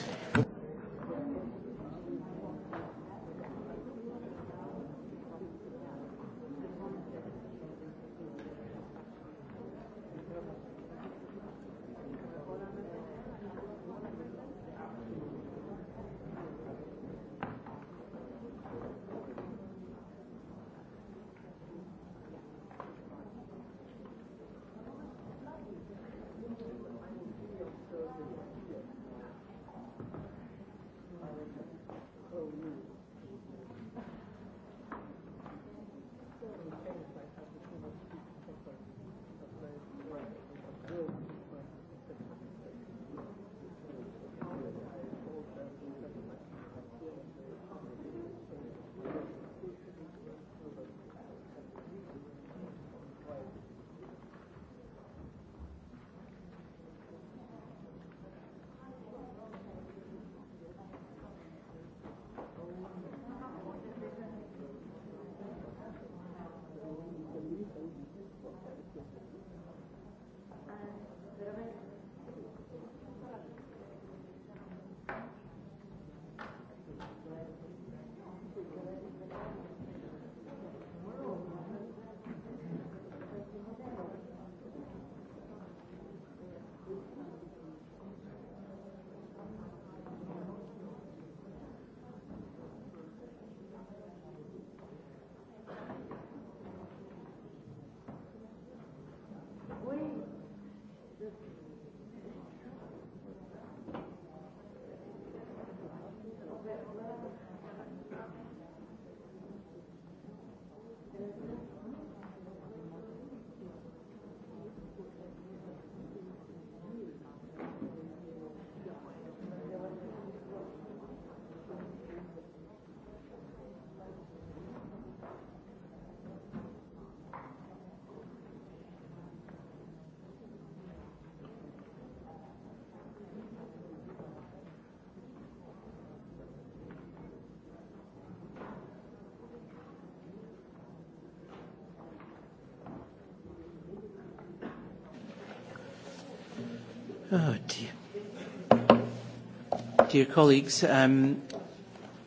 [SPEAKER 1] Dear colleagues, um,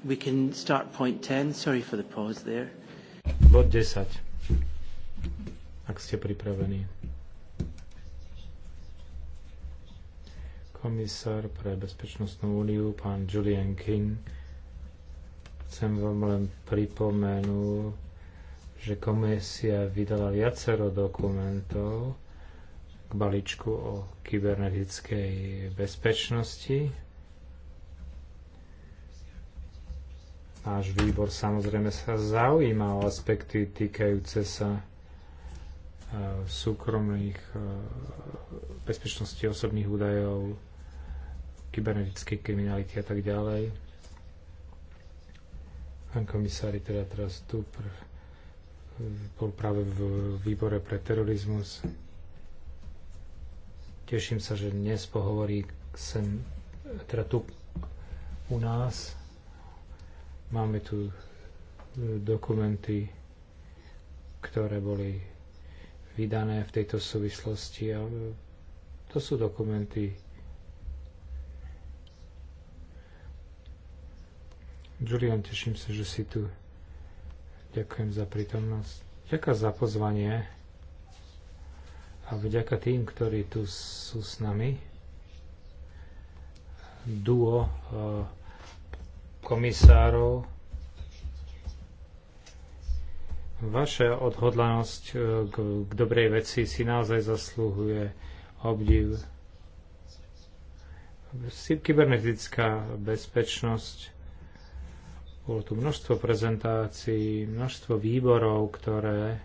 [SPEAKER 1] we can start point 10. Sorry for the pause there. Bod 10. Ak ste pripravení. Komisár pre bezpečnostnú úniu, pán Julian King, chcem vám len pripomenúť, že komisia vydala viacero dokumentov k balíčku o kybernetickej bezpečnosti. Náš výbor samozrejme sa zaujíma o aspekty týkajúce sa e, súkromných e, bezpečnosti osobných údajov, kybernetickej kriminality a tak ďalej. Pán komisári, teda teraz tu, pr- bol práve v výbore pre terorizmus. Teším sa, že dnes pohovorí sem, teda tu u nás Máme tu e, dokumenty, ktoré boli vydané v tejto súvislosti a e, to sú dokumenty Julian, teším sa, že si tu. Ďakujem za prítomnosť. Ďakujem za pozvanie a vďaka tým, ktorí tu sú s nami. Duo uh, komisárov. Vaša odhodlanosť eh, k, k dobrej veci si naozaj zaslúhuje obdiv. Kybernetická bezpečnosť. Bolo tu množstvo prezentácií, množstvo výborov, ktoré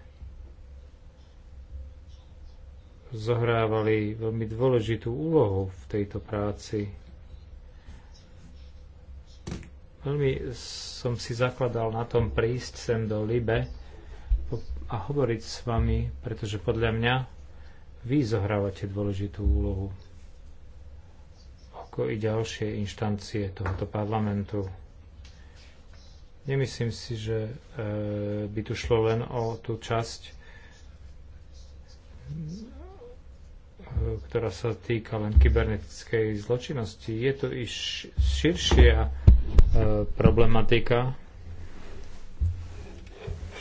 [SPEAKER 1] zohrávali veľmi dôležitú úlohu v tejto práci. Veľmi som si zakladal na tom prísť sem do Libe a hovoriť s vami, pretože podľa mňa vy zohrávate dôležitú úlohu ako i ďalšie inštancie tohoto parlamentu. Nemyslím si, že e, by tu šlo len o tú časť, e, ktorá sa týka len kybernetickej zločinnosti. Je to i širšie a E, problematika,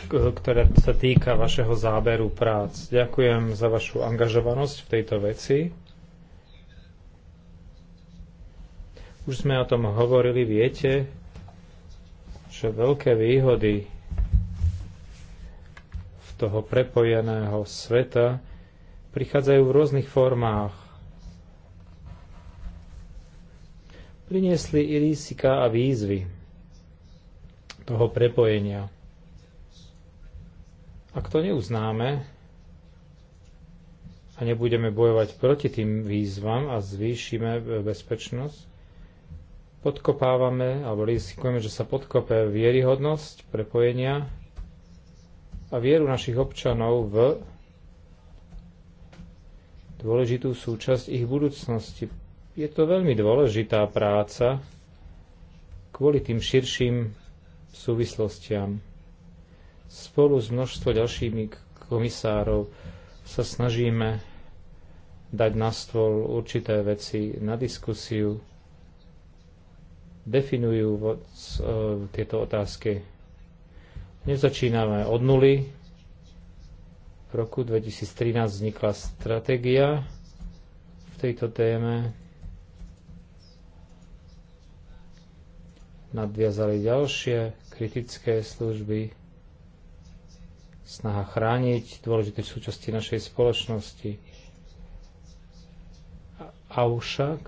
[SPEAKER 1] ktorá sa týka vašeho záberu prác. Ďakujem za vašu angažovanosť v tejto veci. Už sme o tom hovorili, viete, že veľké výhody v toho prepojeného sveta prichádzajú v rôznych formách priniesli i rizika a výzvy toho prepojenia. Ak to neuznáme a nebudeme bojovať proti tým výzvam a zvýšime bezpečnosť, podkopávame alebo rizikujeme, že sa podkope vieryhodnosť prepojenia a vieru našich občanov v dôležitú súčasť ich budúcnosti, je to veľmi dôležitá práca kvôli tým širším súvislostiam. Spolu s množstvo ďalšími komisárov sa snažíme dať na stôl určité veci na diskusiu, definujú e, tieto otázky. Nezačíname od nuly. V roku 2013 vznikla stratégia v tejto téme nadviazali ďalšie kritické služby, snaha chrániť dôležité súčasti našej spoločnosti. Avšak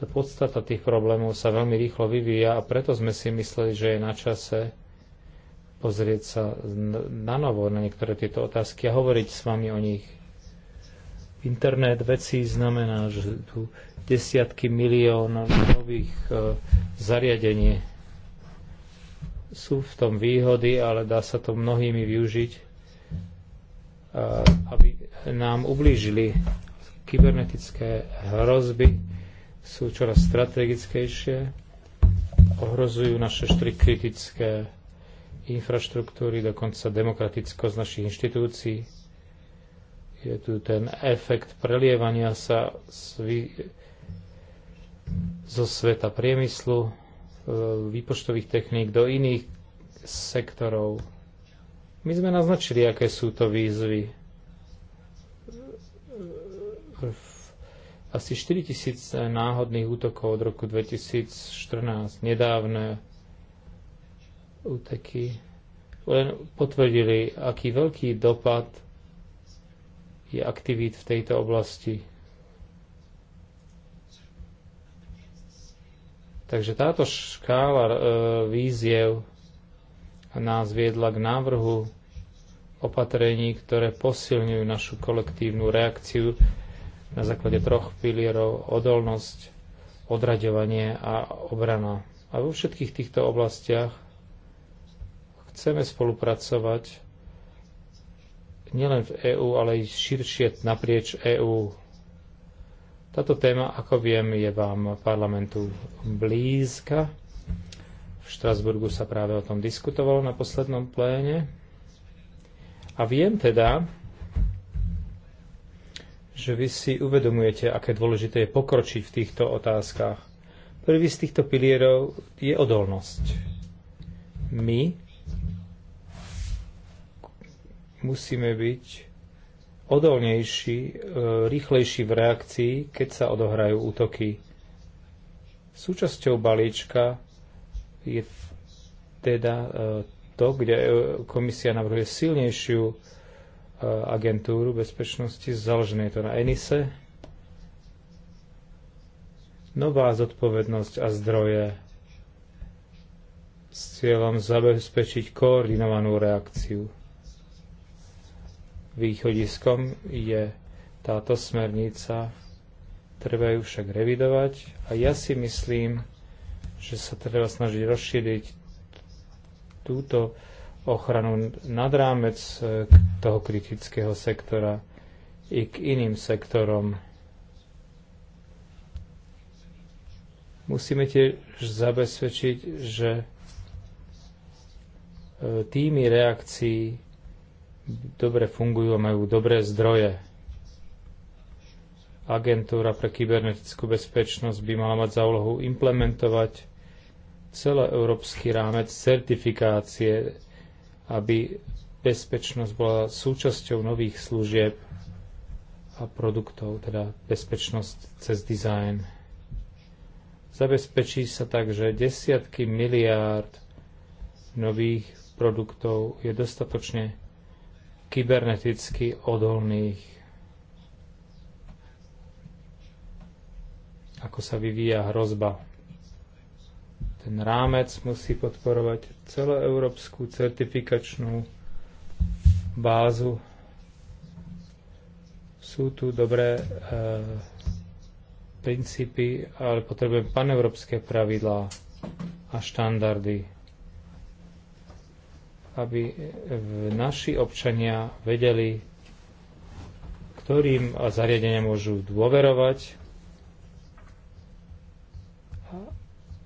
[SPEAKER 1] tá podstata tých problémov sa veľmi rýchlo vyvíja a preto sme si mysleli, že je na čase pozrieť sa na novo na niektoré tieto otázky a hovoriť s vami o nich. Internet vecí znamená, že tu desiatky miliónov nových e, zariadení sú v tom výhody, ale dá sa to mnohými využiť, e, aby nám ublížili. Kybernetické hrozby sú čoraz strategickejšie, ohrozujú naše štyri kritické infraštruktúry, dokonca demokratickosť našich inštitúcií je tu ten efekt prelievania sa zo sveta priemyslu, e, výpočtových techník do iných sektorov. My sme naznačili, aké sú to výzvy. Asi 4000 náhodných útokov od roku 2014, nedávne úteky, len potvrdili, aký veľký dopad i aktivít v tejto oblasti. Takže táto škála e, výziev nás viedla k návrhu opatrení, ktoré posilňujú našu kolektívnu reakciu na základe troch pilierov odolnosť, odraďovanie a obrana. A vo všetkých týchto oblastiach chceme spolupracovať nielen v EÚ, ale aj širšie naprieč EÚ. Táto téma, ako viem, je vám parlamentu blízka. V Štrasburgu sa práve o tom diskutovalo na poslednom pléne. A viem teda, že vy si uvedomujete, aké dôležité je pokročiť v týchto otázkach. Prvý z týchto pilierov je odolnosť. My musíme byť odolnejší, e, rýchlejší v reakcii, keď sa odohrajú útoky. Súčasťou balíčka je teda e, to, kde e, komisia navrhuje silnejšiu agentúru bezpečnosti, založené je to na ENISE. Nová zodpovednosť a zdroje s cieľom zabezpečiť koordinovanú reakciu. Východiskom je táto smernica, treba ju však revidovať a ja si myslím, že sa treba snažiť rozšíriť túto ochranu nad rámec e, toho kritického sektora i k iným sektorom. Musíme tiež zabezpečiť, že e, týmy reakcií dobre fungujú a majú dobré zdroje. Agentúra pre kybernetickú bezpečnosť by mala mať za úlohu implementovať celoeurópsky rámec certifikácie, aby bezpečnosť bola súčasťou nových služieb a produktov, teda bezpečnosť cez dizajn. Zabezpečí sa tak, že desiatky miliárd nových produktov je dostatočne kyberneticky odolných. Ako sa vyvíja hrozba. Ten rámec musí podporovať celoeurópsku certifikačnú bázu. Sú tu dobré e, princípy, ale potrebujem paneurópske pravidlá a štandardy aby naši občania vedeli, ktorým zariadenia môžu dôverovať,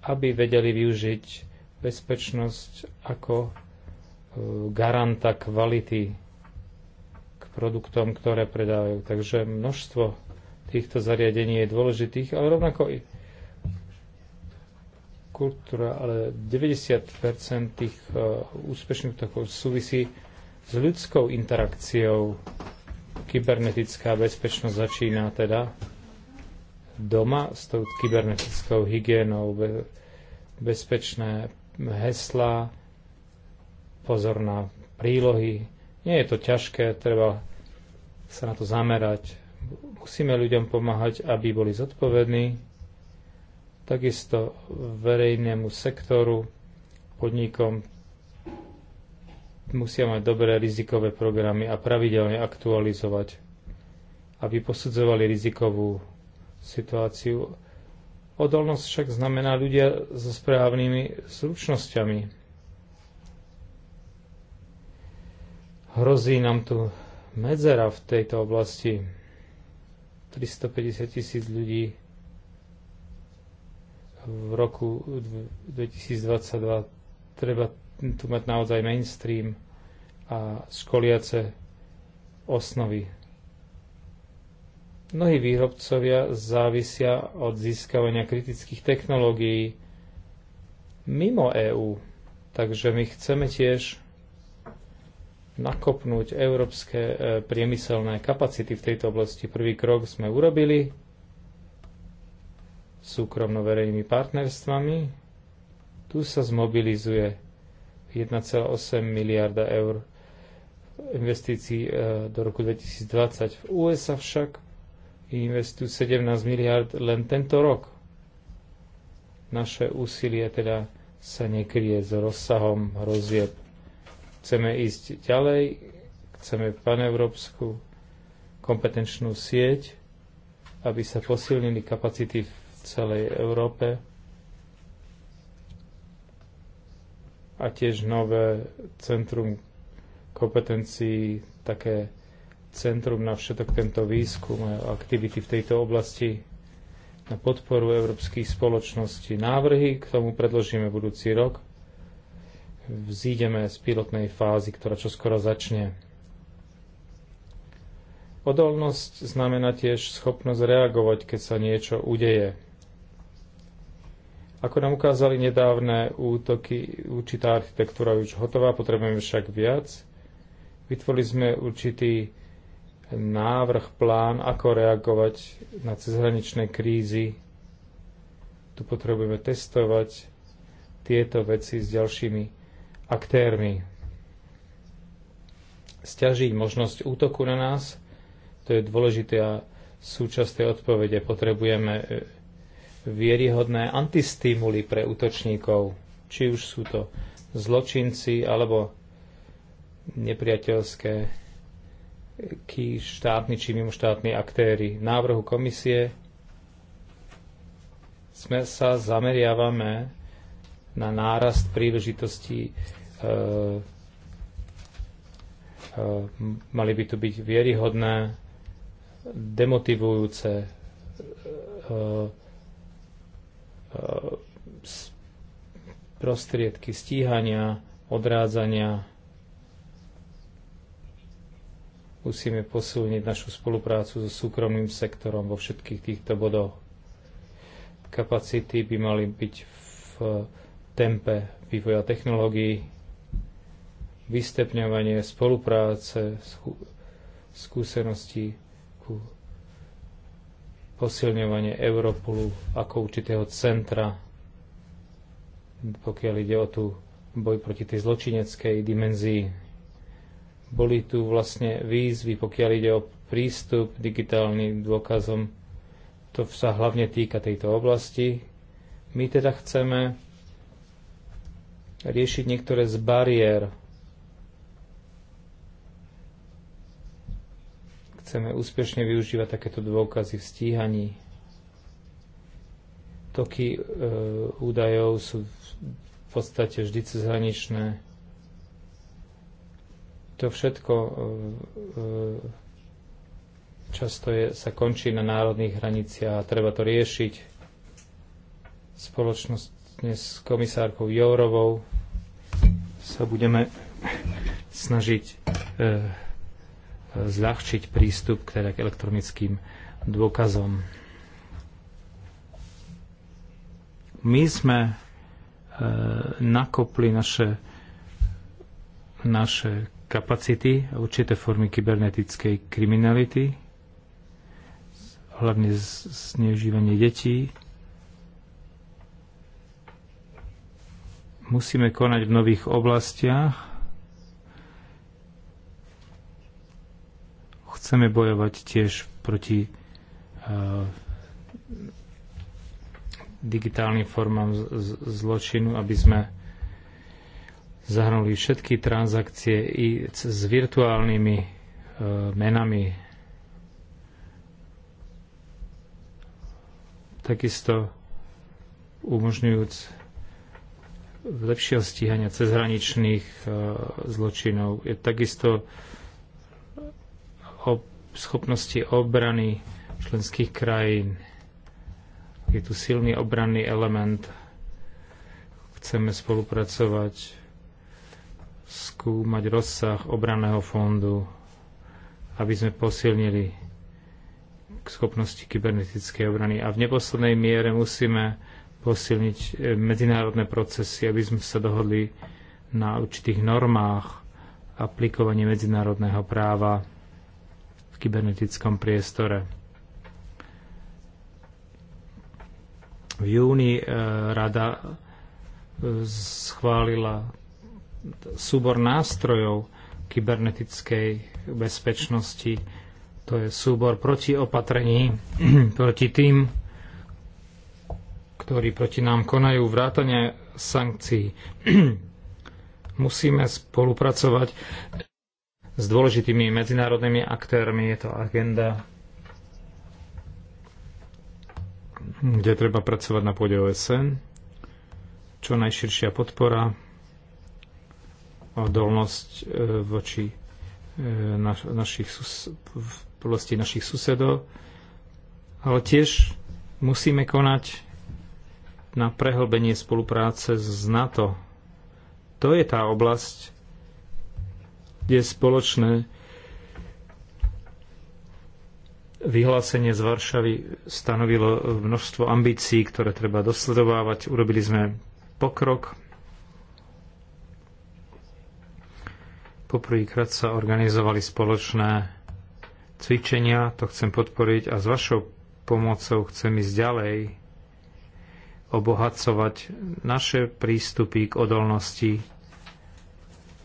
[SPEAKER 1] aby vedeli využiť bezpečnosť ako e, garanta kvality k produktom, ktoré predávajú. Takže množstvo týchto zariadení je dôležitých, ale rovnako kultúra, ale 90% tých e, úspešných útokov súvisí s ľudskou interakciou. Kybernetická bezpečnosť začína teda doma s tou kybernetickou hygienou, bezpečné heslá, pozor na prílohy. Nie je to ťažké, treba sa na to zamerať. Musíme ľuďom pomáhať, aby boli zodpovední, takisto verejnému sektoru, podnikom musia mať dobré rizikové programy a pravidelne aktualizovať, aby posudzovali rizikovú situáciu. Odolnosť však znamená ľudia so správnymi zručnosťami. Hrozí nám tu medzera v tejto oblasti. 350 tisíc ľudí v roku 2022 treba tu mať naozaj mainstream a školiace osnovy. Mnohí výrobcovia závisia od získavania kritických technológií mimo EÚ, takže my chceme tiež nakopnúť európske e, priemyselné kapacity v tejto oblasti. Prvý krok sme urobili súkromno-verejnými partnerstvami. Tu sa zmobilizuje 1,8 miliarda eur investícií e, do roku 2020. V USA však investujú 17 miliard len tento rok. Naše úsilie teda sa nekrie s rozsahom hrozieb. Chceme ísť ďalej, chceme paneurópsku kompetenčnú sieť, aby sa posilnili kapacity v celej Európe a tiež nové centrum kompetencií, také centrum na všetok tento výskum a aktivity v tejto oblasti na podporu európskych spoločností. Návrhy k tomu predložíme budúci rok. Vzídeme z pilotnej fázy, ktorá čoskoro začne. Odolnosť znamená tiež schopnosť reagovať, keď sa niečo udeje. Ako nám ukázali nedávne útoky, určitá architektúra je už hotová, potrebujeme však viac. Vytvorili sme určitý návrh, plán, ako reagovať na cezhraničné krízy. Tu potrebujeme testovať tieto veci s ďalšími aktérmi. Sťažiť možnosť útoku na nás, to je dôležitá súčasť tej odpovede. Potrebujeme e, vieryhodné antistimuly pre útočníkov, či už sú to zločinci alebo nepriateľské ký štátni či mimoštátni aktéry. V návrhu komisie sme sa zameriavame na nárast príležitostí e, e, mali by tu byť vieryhodné, demotivujúce e, prostriedky stíhania, odrádzania. Musíme posilniť našu spoluprácu so súkromným sektorom vo všetkých týchto bodoch. Kapacity by mali byť v tempe vývoja technológií, vystepňovanie spolupráce, skúsenosti. ku posilňovanie Europolu ako určitého centra, pokiaľ ide o tú boj proti tej zločineckej dimenzii. Boli tu vlastne výzvy, pokiaľ ide o prístup digitálnym dôkazom. To sa hlavne týka tejto oblasti. My teda chceme riešiť niektoré z bariér, chceme úspešne využívať takéto dôkazy v stíhaní. Toky e, údajov sú v podstate vždy cezhraničné. To všetko e, e často je, sa končí na národných hraniciach a treba to riešiť spoločnosť s komisárkou Jourovou sa budeme snažiť e, zľahčiť prístup k, teda, k elektronickým dôkazom. My sme e, nakopli naše, naše kapacity a určité formy kybernetickej kriminality, hlavne zneužívanie detí. Musíme konať v nových oblastiach, Chceme bojovať tiež proti eh, digitálnym formám zločinu, aby sme zahrnuli všetky transakcie i s virtuálnymi eh, menami. Takisto umožňujúc lepšieho stíhania cezhraničných eh, zločinov. Je takisto schopnosti obrany členských krajín. Je tu silný obranný element. Chceme spolupracovať, skúmať rozsah obranného fondu, aby sme posilnili schopnosti kybernetickej obrany. A v neposlednej miere musíme posilniť eh, medzinárodné procesy, aby sme sa dohodli na určitých normách aplikovanie medzinárodného práva kybernetickom priestore. V júni e, rada e, schválila súbor nástrojov kybernetickej bezpečnosti. To je súbor proti opatrení, proti tým, ktorí proti nám konajú vrátane sankcií. Musíme spolupracovať s dôležitými medzinárodnými aktérmi. Je to agenda, kde treba pracovať na pôde OSN. Čo najširšia podpora, odolnosť e, voči e, naš, našich, v oblasti našich susedov, ale tiež musíme konať na prehlbenie spolupráce s NATO. To je tá oblasť, je spoločné vyhlásenie z Varšavy stanovilo množstvo ambícií, ktoré treba dosledovávať. Urobili sme pokrok. Poprvýkrát sa organizovali spoločné cvičenia, to chcem podporiť a s vašou pomocou chcem ísť ďalej, obohacovať naše prístupy k odolnosti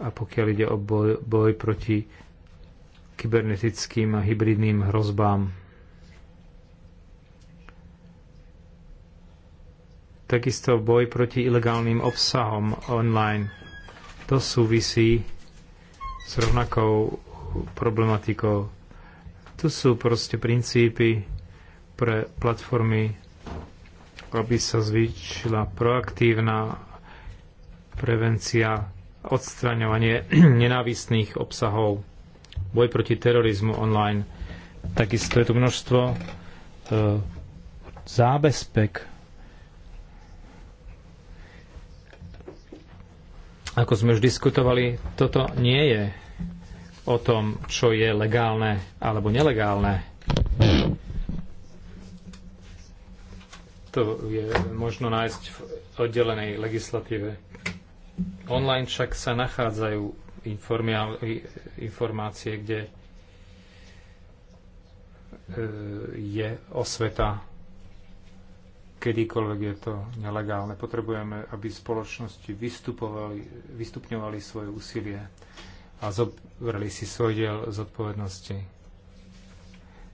[SPEAKER 1] a pokiaľ ide o boj, boj proti kybernetickým a hybridným hrozbám. Takisto boj proti ilegálnym obsahom online. To súvisí s rovnakou problematikou. Tu sú proste princípy pre platformy, aby sa zvýšila proaktívna prevencia odstraňovanie nenávistných obsahov, boj proti terorizmu online. Takisto je tu množstvo e, zábezpek, ako sme už diskutovali, toto nie je o tom, čo je legálne alebo nelegálne. To je možno nájsť v oddelenej legislatíve. Online však sa nachádzajú informácie, kde e, je osveta, kedykoľvek je to nelegálne. Potrebujeme, aby spoločnosti vystupňovali svoje úsilie a zobrali si svoj diel zodpovednosti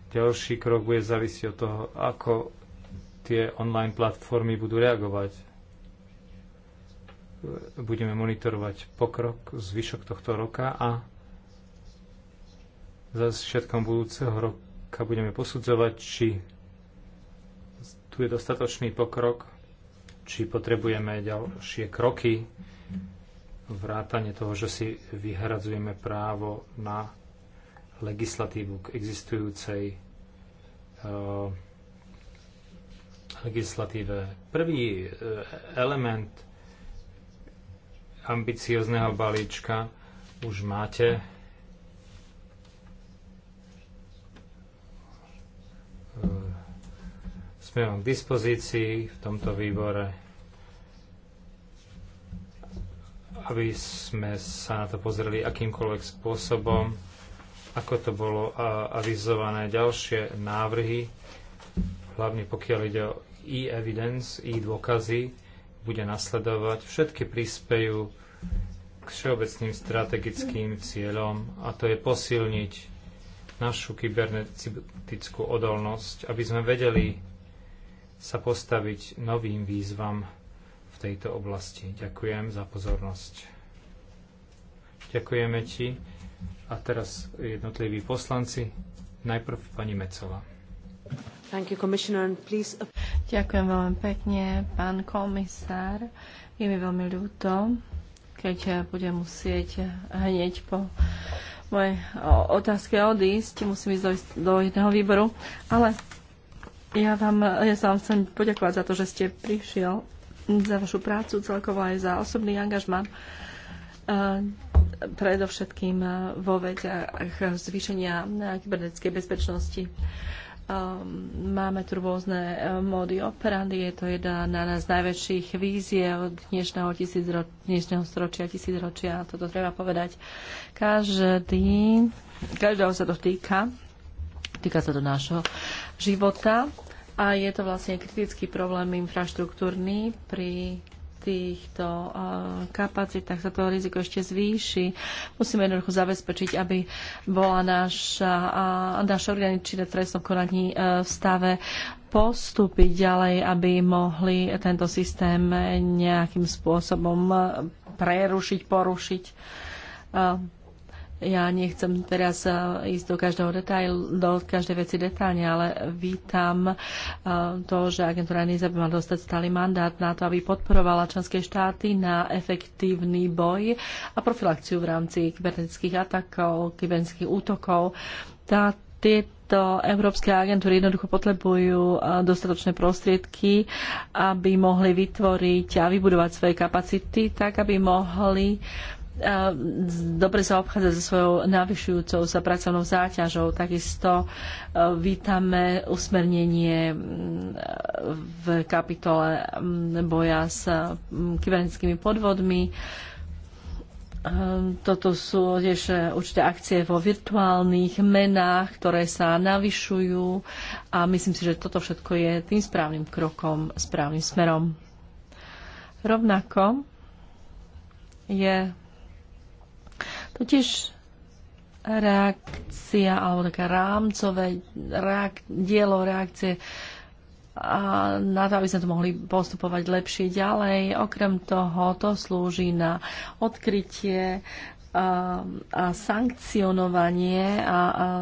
[SPEAKER 1] ďalší krok bude závisieť od toho, ako tie online platformy budú reagovať budeme monitorovať pokrok zvyšok tohto roka a za všetkom budúceho roka budeme posudzovať, či tu je dostatočný pokrok, či potrebujeme ďalšie kroky, vrátanie toho, že si vyhradzujeme právo na legislatívu k existujúcej uh, legislatíve. Prvý eh, element ambiciozného balíčka už máte e, sme vám k dispozícii v tomto výbore, aby sme sa na to pozreli akýmkoľvek spôsobom, ako to bolo avizované ďalšie návrhy, hlavne pokiaľ ide o e-evidence, e-dôkazy, bude nasledovať. Všetky prispejú k všeobecným strategickým cieľom a to je posilniť našu kybernetickú odolnosť, aby sme vedeli sa postaviť novým výzvam v tejto oblasti. Ďakujem za pozornosť. Ďakujeme ti. A teraz jednotliví poslanci. Najprv pani Mecová.
[SPEAKER 2] You, please... Ďakujem veľmi pekne, pán komisár. Je mi veľmi ľúto, keď budem musieť hneď po mojej otázke odísť, musím ísť do, do jedného výboru, ale ja, vám, ja sa vám chcem poďakovať za to, že ste prišiel, za vašu prácu, celkovo aj za osobný angažman predovšetkým vo veciach zvýšenia kybernetickej bezpečnosti. Um, máme tu rôzne eh, módy operandy, je to jedna na nás najväčších víziev dnešného, tisícro, dnešného storočia, tisícročia, toto treba povedať. Každý, každého sa to týka, týka sa to nášho života a je to vlastne kritický problém infraštruktúrny pri týchto eh, kapacitách sa to riziko ešte zvýši. Musíme jednoducho zabezpečiť, aby bola naša, eh, naša organičná trestná konaní eh, v stave postúpiť ďalej, aby mohli tento systém nejakým spôsobom prerušiť, porušiť ja nechcem teraz eh, ísť do každého detailu, do každej veci detálne, ale vítam eh, to, že agentúra NISA by mala dostať stály mandát na to, aby podporovala členské štáty na efektívny boj a profilakciu v rámci kybernetických atakov, kybernetických útokov. Tá, tieto európske agentúry jednoducho potrebujú eh, dostatočné prostriedky, aby mohli vytvoriť a vybudovať svoje kapacity, tak aby mohli uh, dobre sa obchádza so svojou navyšujúcou sa pracovnou záťažou. Takisto vítame usmernenie v kapitole boja s kybernetickými podvodmi. Toto sú tiež e, určité akcie vo virtuálnych menách, ktoré sa navyšujú a myslím si, že toto všetko je tým správnym krokom, správnym smerom. Rovnako je Totiž reakcia alebo také rámcové reak- dielo reakcie a na to, aby sme to mohli postupovať lepšie ďalej. Okrem toho, to slúži na odkrytie a, um, a sankcionovanie a, a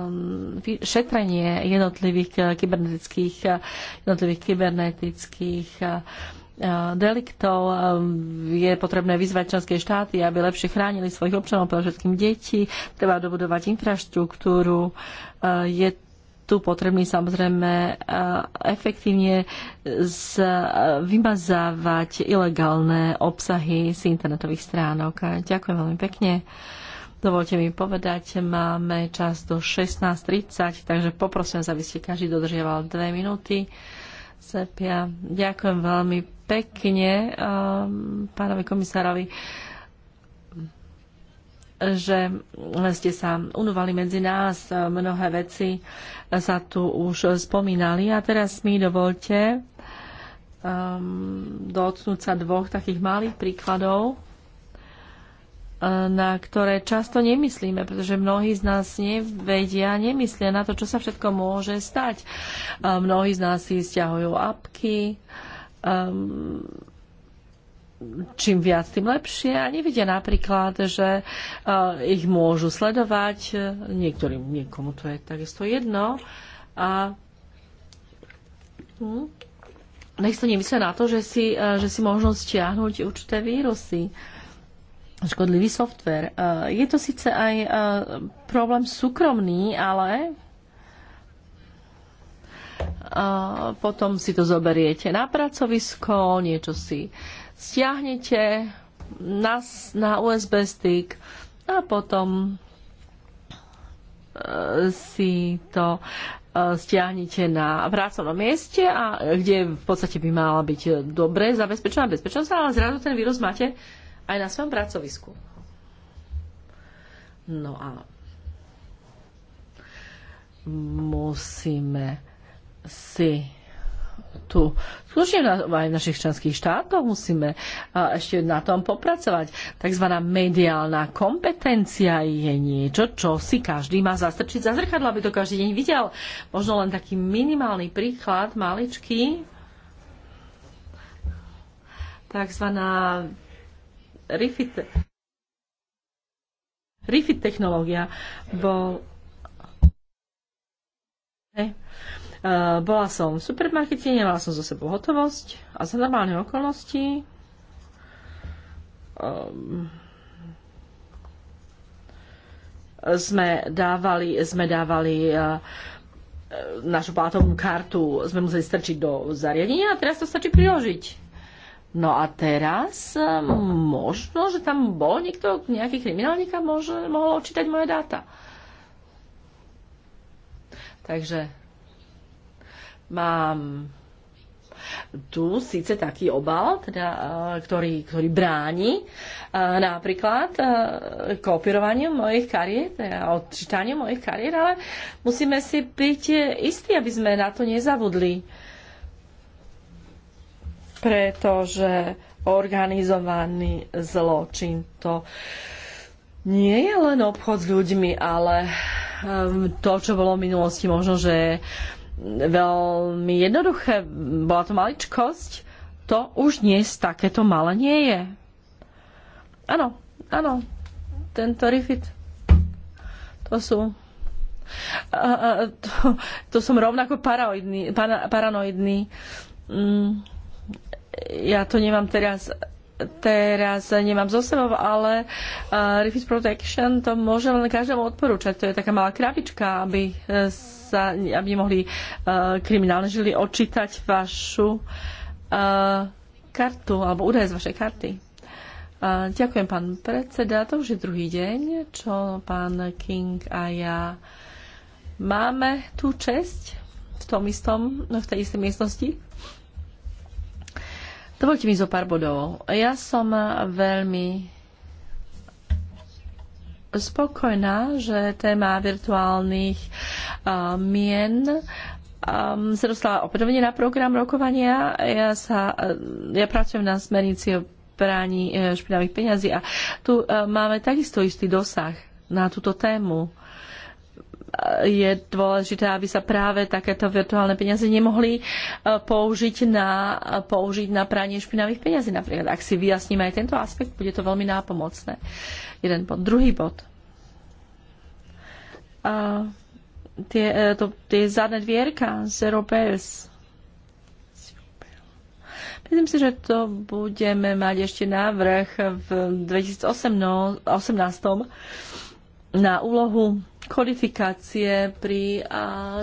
[SPEAKER 2] um, šetrenie jednotlivých uh, kybernetických, uh, jednotlivých kybernetických a, uh, E, deliktov e, je potrebné vyzvať členské štáty, aby lepšie chránili svojich občanov, pre všetkým deti, treba dobudovať infraštruktúru, e, je tu potrebný samozrejme efektívne vymazávať ilegálne obsahy z internetových stránok. Ďakujem veľmi pekne. Dovolte mi povedať, máme čas do 16.30, takže poprosím, aby ste každý dodržiaval dve minúty. Sepia, ďakujem veľmi pekne um, pánovi komisárovi, že ste sa unovali medzi nás. Mnohé veci sa tu už spomínali a teraz mi dovolte um, dotknúť sa dvoch takých malých príkladov, uh, na ktoré často nemyslíme, pretože mnohí z nás nevedia, nemyslia na to, čo sa všetko môže stať. Uh, mnohí z nás si stiahujú apky, um, čím viac, tým lepšie a nevidia napríklad, že uh, ich môžu sledovať. Niektorým, niekomu to je takisto jedno. A hm, nech sa nemyslia na to, že si, uh, že si možno stiahnuť určité vírusy škodlivý software. Uh, je to síce aj uh, problém súkromný, ale a potom si to zoberiete na pracovisko, niečo si stiahnete na, na USB stick a potom e, si to e, stiahnete na pracovnom mieste, a, kde v podstate by mala byť dobre zabezpečená bezpečnosť, ale zrazu ten vírus máte aj na svojom pracovisku. No a musíme si tu slušne aj v našich členských štátoch musíme ešte na tom popracovať. Takzvaná mediálna kompetencia je niečo, čo si každý má zastrčiť za zrkadlo, aby to každý deň videl. Možno len taký minimálny príklad, maličký. Takzvaná refit, refit technológia bol... Hey. E, bola som v supermarkete, nemala som zo sebou hotovosť a za normálne okolnosti um, sme dávali, sme dávali uh, našu platovnú kartu, sme museli strčiť do zariadenia a teraz to stačí priložiť. No a teraz možno, že tam bol niekto, nejaký kriminálnik a mohol očítať moje dáta. Takže mám tu síce taký obal, teda, e, ktorý, ktorý bráni e, napríklad e, kopírovaniu mojich kariér, teda odčítaniu mojich kariér, ale musíme si byť istí, aby sme na to nezabudli. Pretože organizovaný zločin to nie je len obchod s ľuďmi, ale to, čo bolo v minulosti, možno, že veľmi jednoduché. Bola to maličkosť. To už dnes takéto malé nie je. Áno, áno. Tento rifit. To sú... A, a, to, to som rovnako paranoidný. Para, paranoidný. Mm, ja to nemám teraz teraz nemám zo sebou, ale uh, Refit Protection to môžem len každému odporúčať. To je taká malá krabička, aby uh, sa, aby mohli e, kriminálne žili odčítať vašu e, kartu alebo údaje z vašej karty. E, ďakujem, pán predseda. To už je druhý deň, čo pán King a ja máme tú česť v tom istom, v tej istej miestnosti. Dovolte mi zo pár bodov. Ja som veľmi spokojná, že téma virtuálnych uh, mien um, sa dostala opätovne na program rokovania. Ja, sa, e, ja pracujem na smernici o uh, špinavých peňazí a tu uh, máme takisto istý dosah na túto tému je dôležité, aby sa práve takéto virtuálne peniaze nemohli e, použiť na, použiť na pranie špinavých peniazí. Napríklad, ak si vyjasníme aj tento aspekt, bude to veľmi nápomocné. Jeden bod. Druhý bod. Uh, tie, e, to, tie zadné dvierka, zero pairs. Myslím si, že to budeme mať ešte návrh v 2018 na úlohu kvalifikácie pri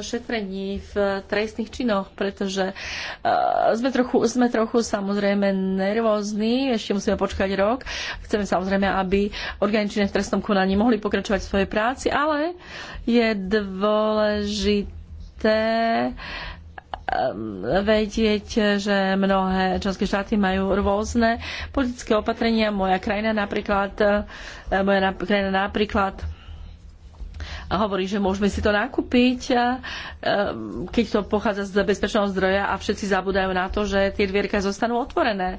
[SPEAKER 2] šetrení v trestných činoch, pretože sme trochu, sme trochu samozrejme nervózni, ešte musíme počkať rok. Chceme samozrejme, aby činné v trestnom konaní mohli pokračovať v svojej práci, ale je dôležité ehm, vedieť, že mnohé členské štáty majú rôzne politické opatrenia. Moja krajina napríklad, e, moja krajina napríklad a hovorí, že môžeme si to nakúpiť, e, keď to pochádza z bezpečného zdroja a všetci zabudajú na to, že tie dvierka zostanú otvorené.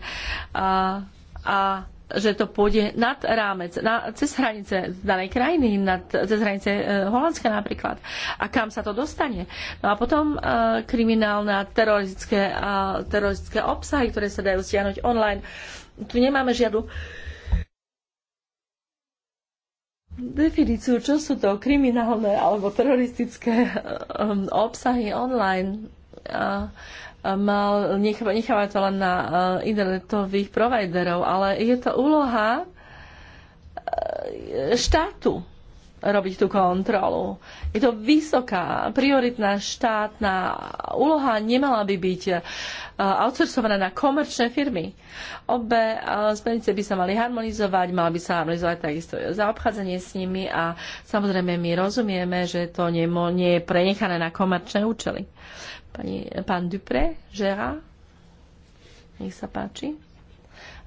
[SPEAKER 2] A, a že to pôjde nad rámec, na, cez hranice danej krajiny, nad, cez hranice e, Holandska napríklad. A kam sa to dostane? No a potom e, kriminálne a teroristické, a teroristické obsahy, ktoré sa dajú stiahnuť online. Tu nemáme žiadnu definíciu, čo sú to kriminálne alebo teroristické um, obsahy online. A, mal, necháva to len na uh, internetových providerov, ale je to úloha uh, štátu robiť tú kontrolu. Je to vysoká, prioritná štátna úloha, nemala by byť e, outsourcovaná na komerčné firmy. Obe e, smernice by sa mali harmonizovať, mala by sa harmonizovať takisto zaobchádzanie s nimi a samozrejme my rozumieme, že to nemo, nie je prenechané na komerčné účely. Pani, pán Dupré, Žera, nech sa páči.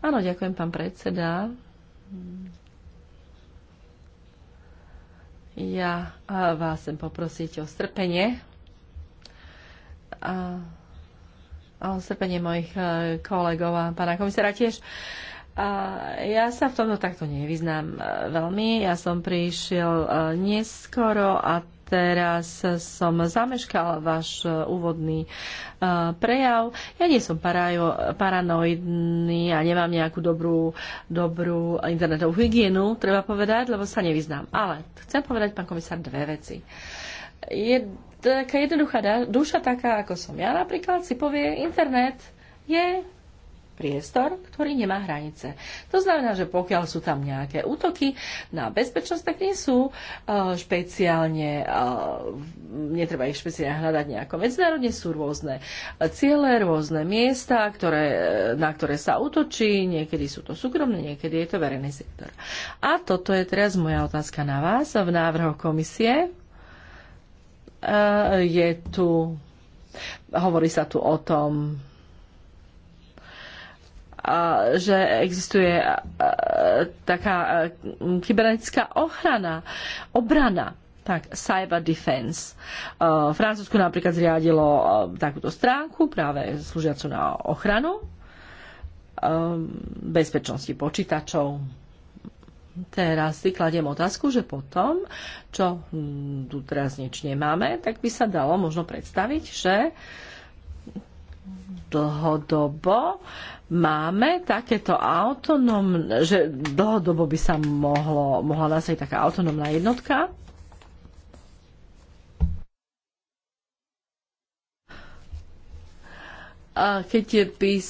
[SPEAKER 2] Áno, ďakujem, pán predseda. Ja vás sem poprosiť o strpenie. A, a o strpenie mojich e, kolegov a pána komisára tiež. A ja sa v tomto takto nevyznám e, veľmi. Ja som prišiel e, neskoro a teraz som zameškala váš e, úvodný e, prejav. Ja nie som paranoidný a nemám nejakú dobrú, dobrú internetovú hygienu, treba povedať, lebo sa nevyznám. Ale chcem povedať, pán komisár, dve veci. Je taká jednoduchá duša, taká ako som ja napríklad, si povie, internet je priestor, ktorý nemá hranice. To znamená, že pokiaľ sú tam nejaké útoky na bezpečnosť, tak nie sú eh, špeciálne, eh, netreba ich špeciálne hľadať nejako. Medzinárodne sú rôzne eh, ciele, rôzne miesta, ktoré, na ktoré sa útočí. Niekedy sú to súkromné, niekedy je to verejný sektor. A toto je teraz moja otázka na vás v návrhu komisie. Je tu, hovorí sa tu o tom, že existuje taká kybernetická ochrana, obrana tak cyber defense. Francúzsko napríklad zriadilo takúto stránku práve slúžiacu na ochranu bezpečnosti počítačov. Teraz si kladiem otázku, že potom, čo tu teraz nič nemáme, tak by sa dalo možno predstaviť, že uh, dlhodobo máme takéto autonómne, že dlhodobo by sa mohlo, mohla nasadiť taká autonómna jednotka? A keď je PIS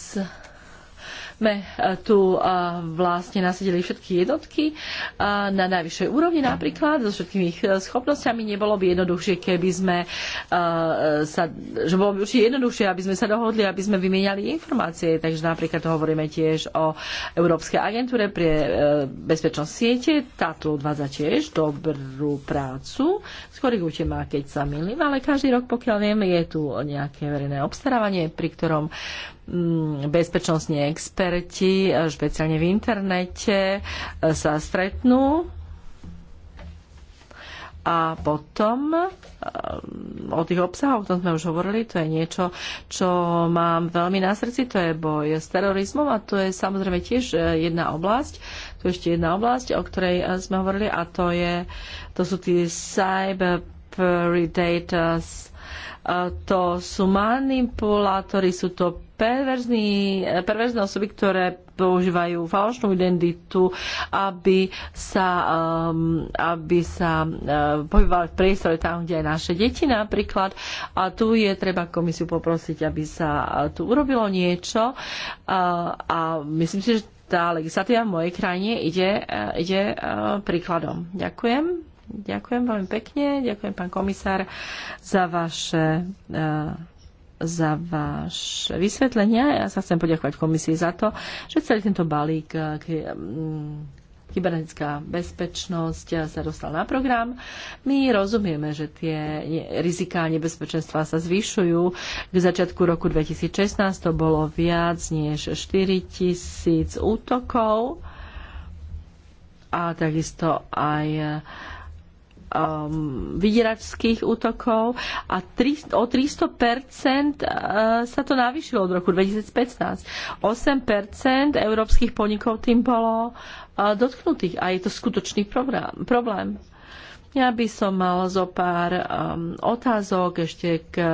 [SPEAKER 2] sme e, tu e, vlastne nasadili všetky jednotky e, na najvyššej úrovni napríklad, so všetkými ich schopnosťami. Nebolo by jednoduchšie, keby sme sa, že bolo by určite jednoduchšie, aby sme sa dohodli, aby sme vymieniali informácie. Takže napríklad to hovoríme tiež o Európskej agentúre pre bezpečnosť siete. Tá tu odvádza tiež dobrú prácu. Skorigujte ma, keď sa milím, ale každý rok, pokiaľ viem, je tu nejaké verejné obstarávanie, pri ktorom Mm, bezpečnostní experti, e, špeciálne v internete, e, sa stretnú a potom e, o tých obsahoch, o tom sme už hovorili, to je niečo, čo mám veľmi na srdci, to je boj s terorizmom a to je samozrejme tiež jedna oblasť, tu ešte jedna oblasť, o ktorej sme hovorili a to, je, to sú tí cyber predators, to sú manipulátory, sú to perverzní, perverzné osoby, ktoré používajú falošnú identitu, aby sa, um, aby sa uh, pohybovali v priestore tam, kde aj naše deti napríklad. A tu je treba komisiu poprosiť, aby sa uh, tu urobilo niečo. Uh, a myslím si, že tá legislatíva v mojej krajine ide, uh, ide uh, príkladom. Ďakujem. Ďakujem veľmi pekne. Ďakujem, pán komisár, za vaše uh, za vaše vysvetlenia. Ja sa chcem poďakovať komisii za to, že celý tento balík eh, mm, kybernetická bezpečnosť eh, sa dostal na program. My rozumieme, že tie riziká a nebezpečenstva sa zvyšujú. K začiatku roku 2016 to bolo viac než 4 tisíc útokov a takisto aj eh, um, vydieračských útokov a 3, o 300% uh, sa to navýšilo od roku 2015. 8% európskych podnikov tým bolo uh, dotknutých a je to skutočný problém. Ja by som mal zo pár um, otázok ešte k uh,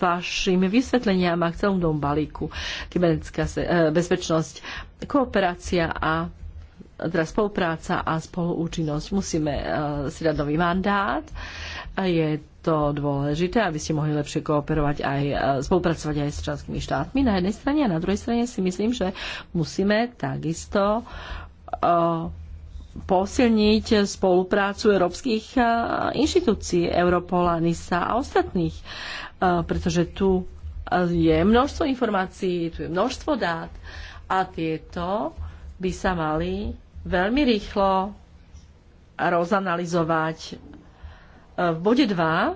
[SPEAKER 2] vašim vysvetleniam a k celom tomu balíku kybernetická se, uh, bezpečnosť, kooperácia a teda spolupráca a spoluúčinnosť. Musíme e, si dať nový mandát. Je to dôležité, aby ste mohli lepšie kooperovať aj, e, spolupracovať aj s členskými štátmi na jednej strane a na druhej strane si myslím, že musíme takisto e, posilniť spoluprácu európskych inštitúcií, Europola, NISA a ostatných, pretože tu je množstvo informácií, tu je množstvo dát a tieto by sa mali veľmi rýchlo rozanalizovať. E, v bode 2, e,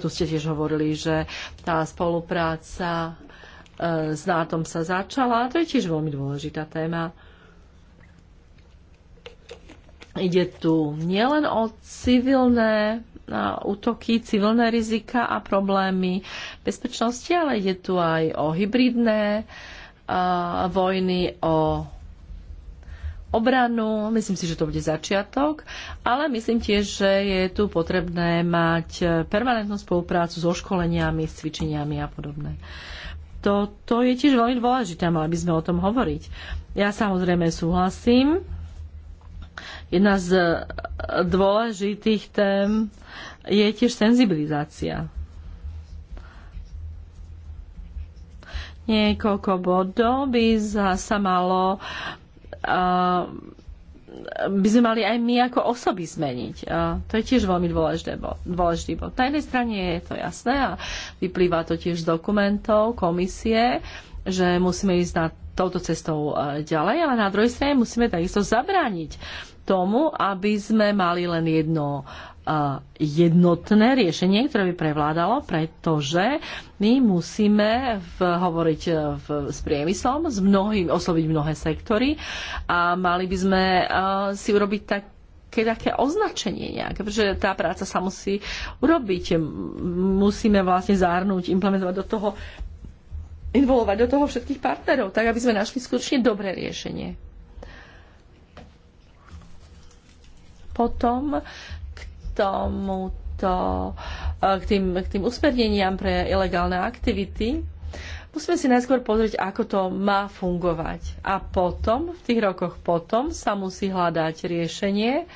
[SPEAKER 2] tu ste tiež hovorili, že tá spolupráca e, s Nátom sa začala, to je tiež veľmi dôležitá téma. Ide tu nielen o civilné útoky, civilné rizika a problémy bezpečnosti, ale ide tu aj o hybridné vojny, o obranu. Myslím si, že to bude začiatok, ale myslím tiež, že je tu potrebné mať permanentnú spoluprácu so školeniami, s cvičeniami a podobné. To, to je tiež veľmi dôležité, mali by sme o tom hovoriť. Ja samozrejme súhlasím. Jedna z eh, dôležitých tém je tiež senzibilizácia. niekoľko bodov by sa malo by sme mali aj my ako osoby zmeniť. To je tiež veľmi dôležité. bo, dôležitý bod. Na jednej strane je to jasné a vyplýva to tiež z dokumentov komisie, že musíme ísť na touto cestou e, ďalej, ale na druhej strane musíme takisto zabrániť tomu, aby sme mali len jedno e, E, jednotné riešenie, ktoré by prevládalo, pretože my musíme v, hovoriť e, v, s priemyslom, s mnohým, osloviť mnohé sektory a mali by sme uh, si urobiť tak keď také označenie nejaké, pretože tá práca sa musí urobiť. Musíme vlastne zahrnúť, implementovať do toho, involovať do toho všetkých partnerov, tak aby sme našli skutočne dobré riešenie. Potom tomuto, eh, k tým, k tým usmerneniam pre ilegálne aktivity, musíme si najskôr pozrieť, ako to má fungovať. A potom, v tých rokoch potom, sa musí hľadať riešenie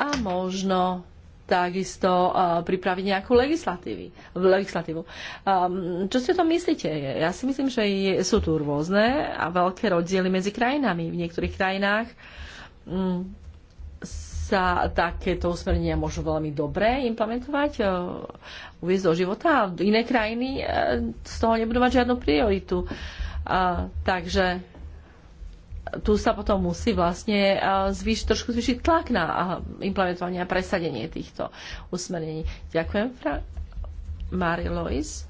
[SPEAKER 2] a možno takisto uh, pripraviť nejakú legislatívu. Um, čo si o tom myslíte? Ja si myslím, že je, sú tu rôzne a veľké rozdiely medzi krajinami. V niektorých krajinách um, sa takéto usmernenia môžu veľmi dobre implementovať, e, uviezť do života a iné krajiny e, z toho nebudú mať žiadnu prioritu. A, e, takže tu sa potom musí vlastne zvýšiť, trošku zvýšiť tlak na implementovanie a presadenie týchto usmernení. Ďakujem, Fra- Mary Lois.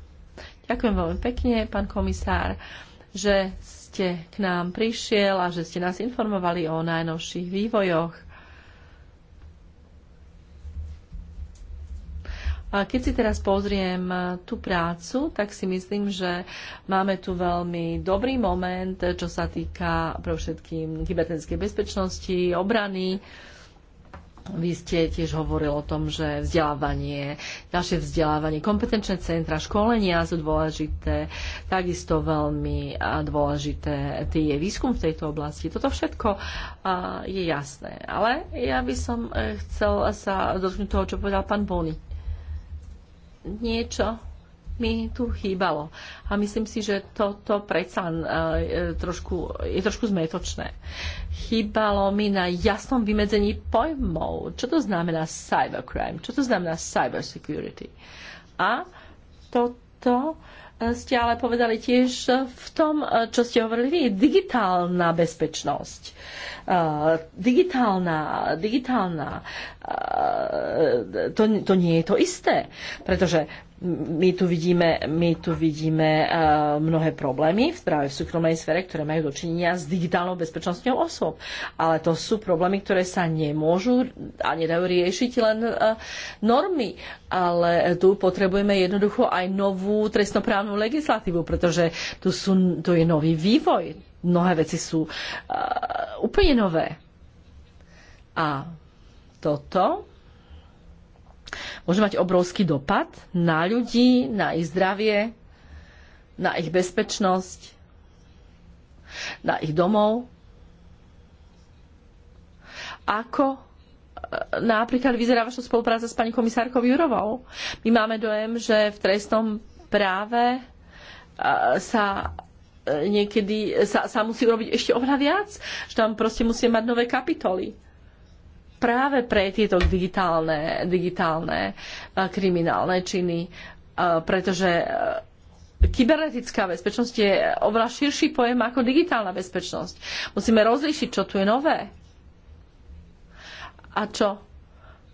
[SPEAKER 2] Ďakujem veľmi pekne, pán komisár, že ste k nám prišiel a že ste nás informovali o najnovších vývojoch A keď si teraz pozriem eh, tú prácu, tak si myslím, že máme tu veľmi dobrý moment, čo sa týka pre všetkým kybernetickej bezpečnosti, obrany. Vy ste tiež hovorili o tom, že vzdelávanie, ďalšie vzdelávanie, kompetenčné centra, školenia sú dôležité, takisto veľmi eh, dôležité je výskum v tejto oblasti. Toto všetko eh, je jasné. Ale ja by som chcel sa dotknúť toho, čo povedal pán Bony niečo mi tu chýbalo. A myslím si, že toto predsa je e, trošku, je trošku zmetočné. Chýbalo mi na jasnom vymedzení pojmov. Čo to znamená cybercrime? Čo to znamená cybersecurity? A toto ste ale povedali tiež v tom, e, čo ste hovorili vy, digitálna bezpečnosť. E, digitálna, digitálna, e, to, to nie je to isté, pretože my tu vidíme, my tu vidíme e, mnohé problémy v práve v súkromnej sfere, ktoré majú dočinenia s digitálnou bezpečnosťou osôb. Ale to sú problémy, ktoré sa nemôžu a nedajú riešiť len e, normy. Ale tu potrebujeme jednoducho aj novú trestnoprávnu legislatívu, pretože tu, sú, tu je nový vývoj. Mnohé veci sú e, úplne nové. A toto môže mať obrovský dopad na ľudí, na ich zdravie, na ich bezpečnosť, na ich domov, ako e, napríklad vyzerá vaša spolupráca s pani komisárkou Jurovou. My máme dojem, že v trestnom práve e, sa e, niekedy sa, sa musí urobiť ešte oveľa viac, že tam proste musíme mať nové kapitoly práve pre tieto digitálne, digitálne eh, kriminálne činy, eh, pretože eh, kybernetická bezpečnosť je oveľa širší pojem ako digitálna bezpečnosť. Musíme rozlíšiť, čo tu je nové a čo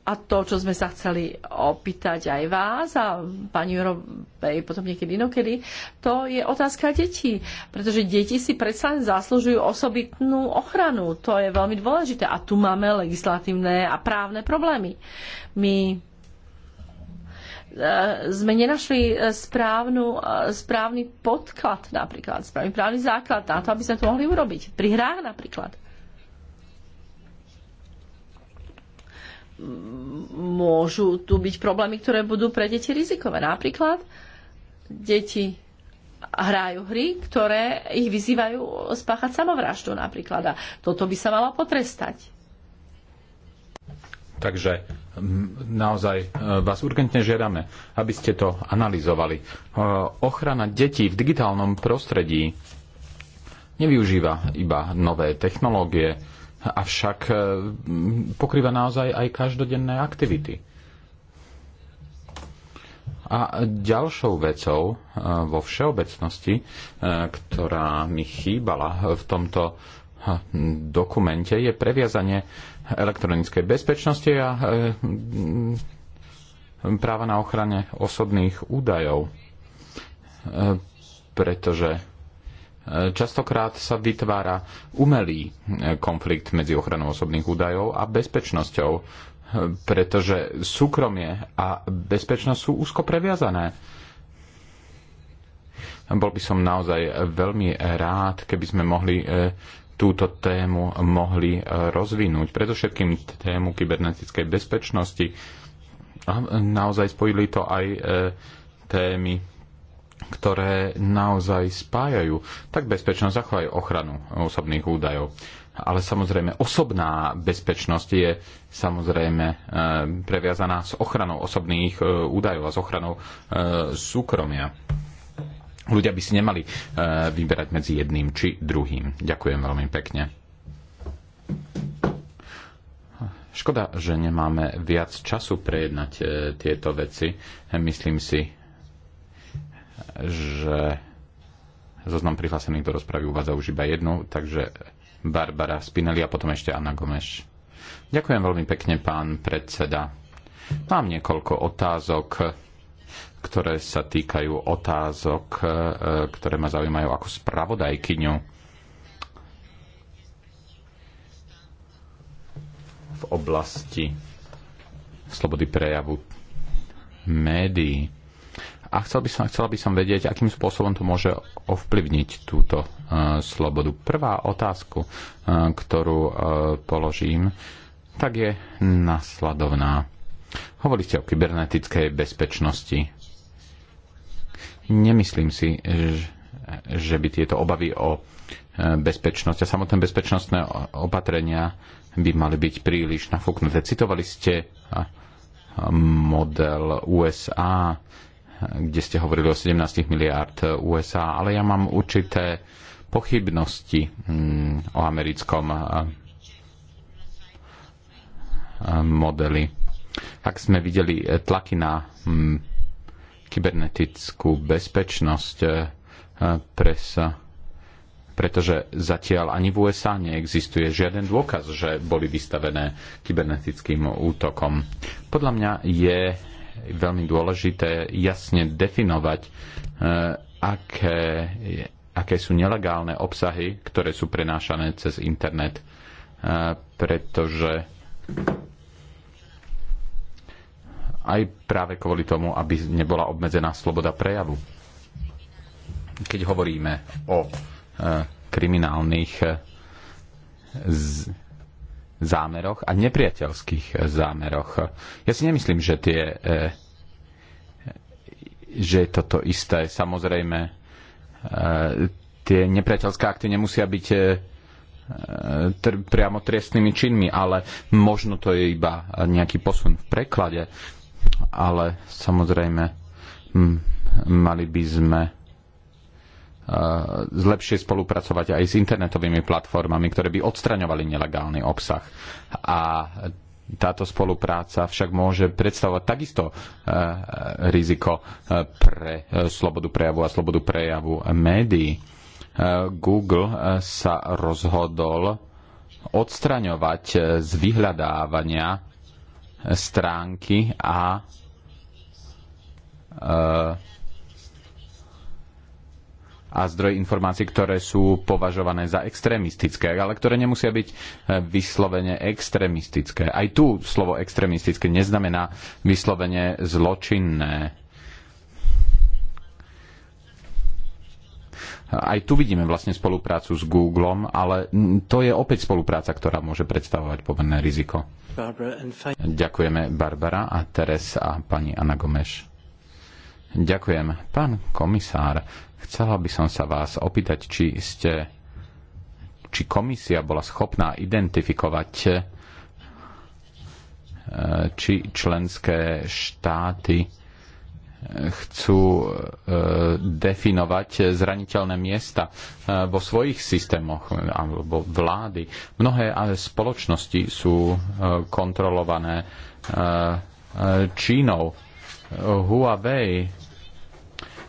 [SPEAKER 2] a to, čo sme sa chceli opýtať aj vás a pani Jurovej potom niekedy inokedy, to je otázka detí. Pretože deti si predsa zaslúžujú osobitnú ochranu. To je veľmi dôležité. A tu máme legislatívne a právne problémy. My e, sme nenašli správnu, e, správny podklad napríklad, správny právny základ na to, aby sme to mohli urobiť. Pri hrách napríklad. môžu tu byť problémy, ktoré budú pre deti rizikové. Napríklad deti hrajú hry, ktoré ich vyzývajú spáchať samovraždu napríklad. A toto by sa malo potrestať.
[SPEAKER 3] Takže naozaj e, vás urgentne žiadame, aby ste to analyzovali. E, ochrana detí v digitálnom prostredí nevyužíva iba nové technológie, avšak e, pokrýva naozaj aj každodenné aktivity. A ďalšou vecou e, vo všeobecnosti, e, ktorá mi chýbala v tomto dokumente, je previazanie elektronickej bezpečnosti a práva na ochrane osobných údajov. Pretože Častokrát sa vytvára umelý e, konflikt medzi ochranou osobných údajov a bezpečnosťou, e, pretože súkromie a bezpečnosť sú úzko previazané. Bol by som naozaj veľmi rád, keby sme mohli e, túto tému mohli rozvinúť. Predovšetkým tému kybernetickej bezpečnosti. A naozaj spojili to aj témy ktoré naozaj spájajú tak bezpečnosť, ako aj ochranu osobných údajov. Ale samozrejme, osobná bezpečnosť je samozrejme e, previazaná s ochranou osobných e, údajov a s ochranou e, súkromia. Ľudia by si nemali vyberať medzi jedným či druhým. Ďakujem veľmi pekne. Škoda, že nemáme viac času prejednať tieto veci. Myslím si, že zoznam prihlásených do rozpravy uvádza už iba jednu, takže Barbara Spinelli a potom ešte Anna Gomeš. Ďakujem veľmi pekne, pán predseda. Mám niekoľko otázok, ktoré sa týkajú otázok, e, ktoré ma zaujímajú ako spravodajkyňu. V oblasti slobody prejavu médií a chcel by som, chcela by som vedieť, akým spôsobom to môže ovplyvniť túto uh, slobodu. Prvá otázku, uh, ktorú uh, položím, tak je nasledovná. Hovorili ste o kybernetickej bezpečnosti. Nemyslím si, že by tieto obavy o bezpečnosť a samotné bezpečnostné opatrenia by mali byť príliš nafúknuté. Citovali ste model USA, kde ste hovorili o 17 miliárd USA, ale ja mám určité pochybnosti mm, o americkom eh, eh, modeli. Ak sme videli eh, tlaky na mm, kybernetickú bezpečnosť, pres, pretože zatiaľ ani v USA neexistuje žiaden dôkaz, že boli vystavené kybernetickým útokom. Podľa mňa je veľmi dôležité jasne definovať, e, aké, aké sú nelegálne obsahy, ktoré sú prenášané cez internet. E, pretože aj práve kvôli tomu, aby nebola obmedzená sloboda prejavu. Keď hovoríme o e, kriminálnych zámeroch a nepriateľských zámeroch. Ja si nemyslím, že tie e, že je toto isté. Samozrejme, e, tie nepriateľské akty nemusia byť e, priamo trestnými činmi, ale možno to je iba nejaký posun v preklade. Ale samozrejme, mali by sme zlepšie spolupracovať aj s internetovými platformami, ktoré by odstraňovali nelegálny obsah. A táto spolupráca však môže predstavovať takisto e, e, riziko e, pre slobodu prejavu a slobodu prejavu médií. Google sa rozhodol odstraňovať z vyhľadávania stránky a a zdroj informácií, ktoré sú považované za extrémistické, ale ktoré nemusia byť e, vyslovene extrémistické. Aj tu slovo extrémistické neznamená vyslovene zločinné. Aj tu vidíme vlastne spoluprácu s Googlem, ale to je opäť spolupráca, ktorá môže predstavovať pomerné riziko. Ďakujeme Barbara a Teres a pani Ana Gomeš. Ďakujem. Pán komisár, Chcela by som sa vás opýtať, či ste či komisia bola schopná identifikovať, e, či členské štáty e, chcú e, definovať zraniteľné miesta vo svojich systémoch alebo vlády. Mnohé spoločnosti sú kontrolované Čínou. Huawei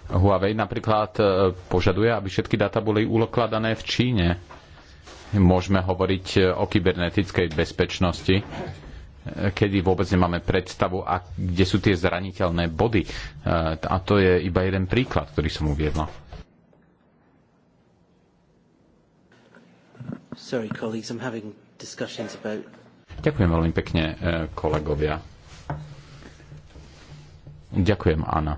[SPEAKER 3] Huawei napríklad e, požaduje, aby všetky data boli ulokladané v Číne. Môžeme hovoriť e, o kybernetickej bezpečnosti, e, kedy vôbec nemáme predstavu, a kde sú tie zraniteľné body. A to je iba jeden príklad, ktorý som uviedla.
[SPEAKER 2] Sorry, colleagues,
[SPEAKER 1] I'm having discussions about...
[SPEAKER 3] Ďakujem veľmi pekne, kolegovia. Ďakujem, Anna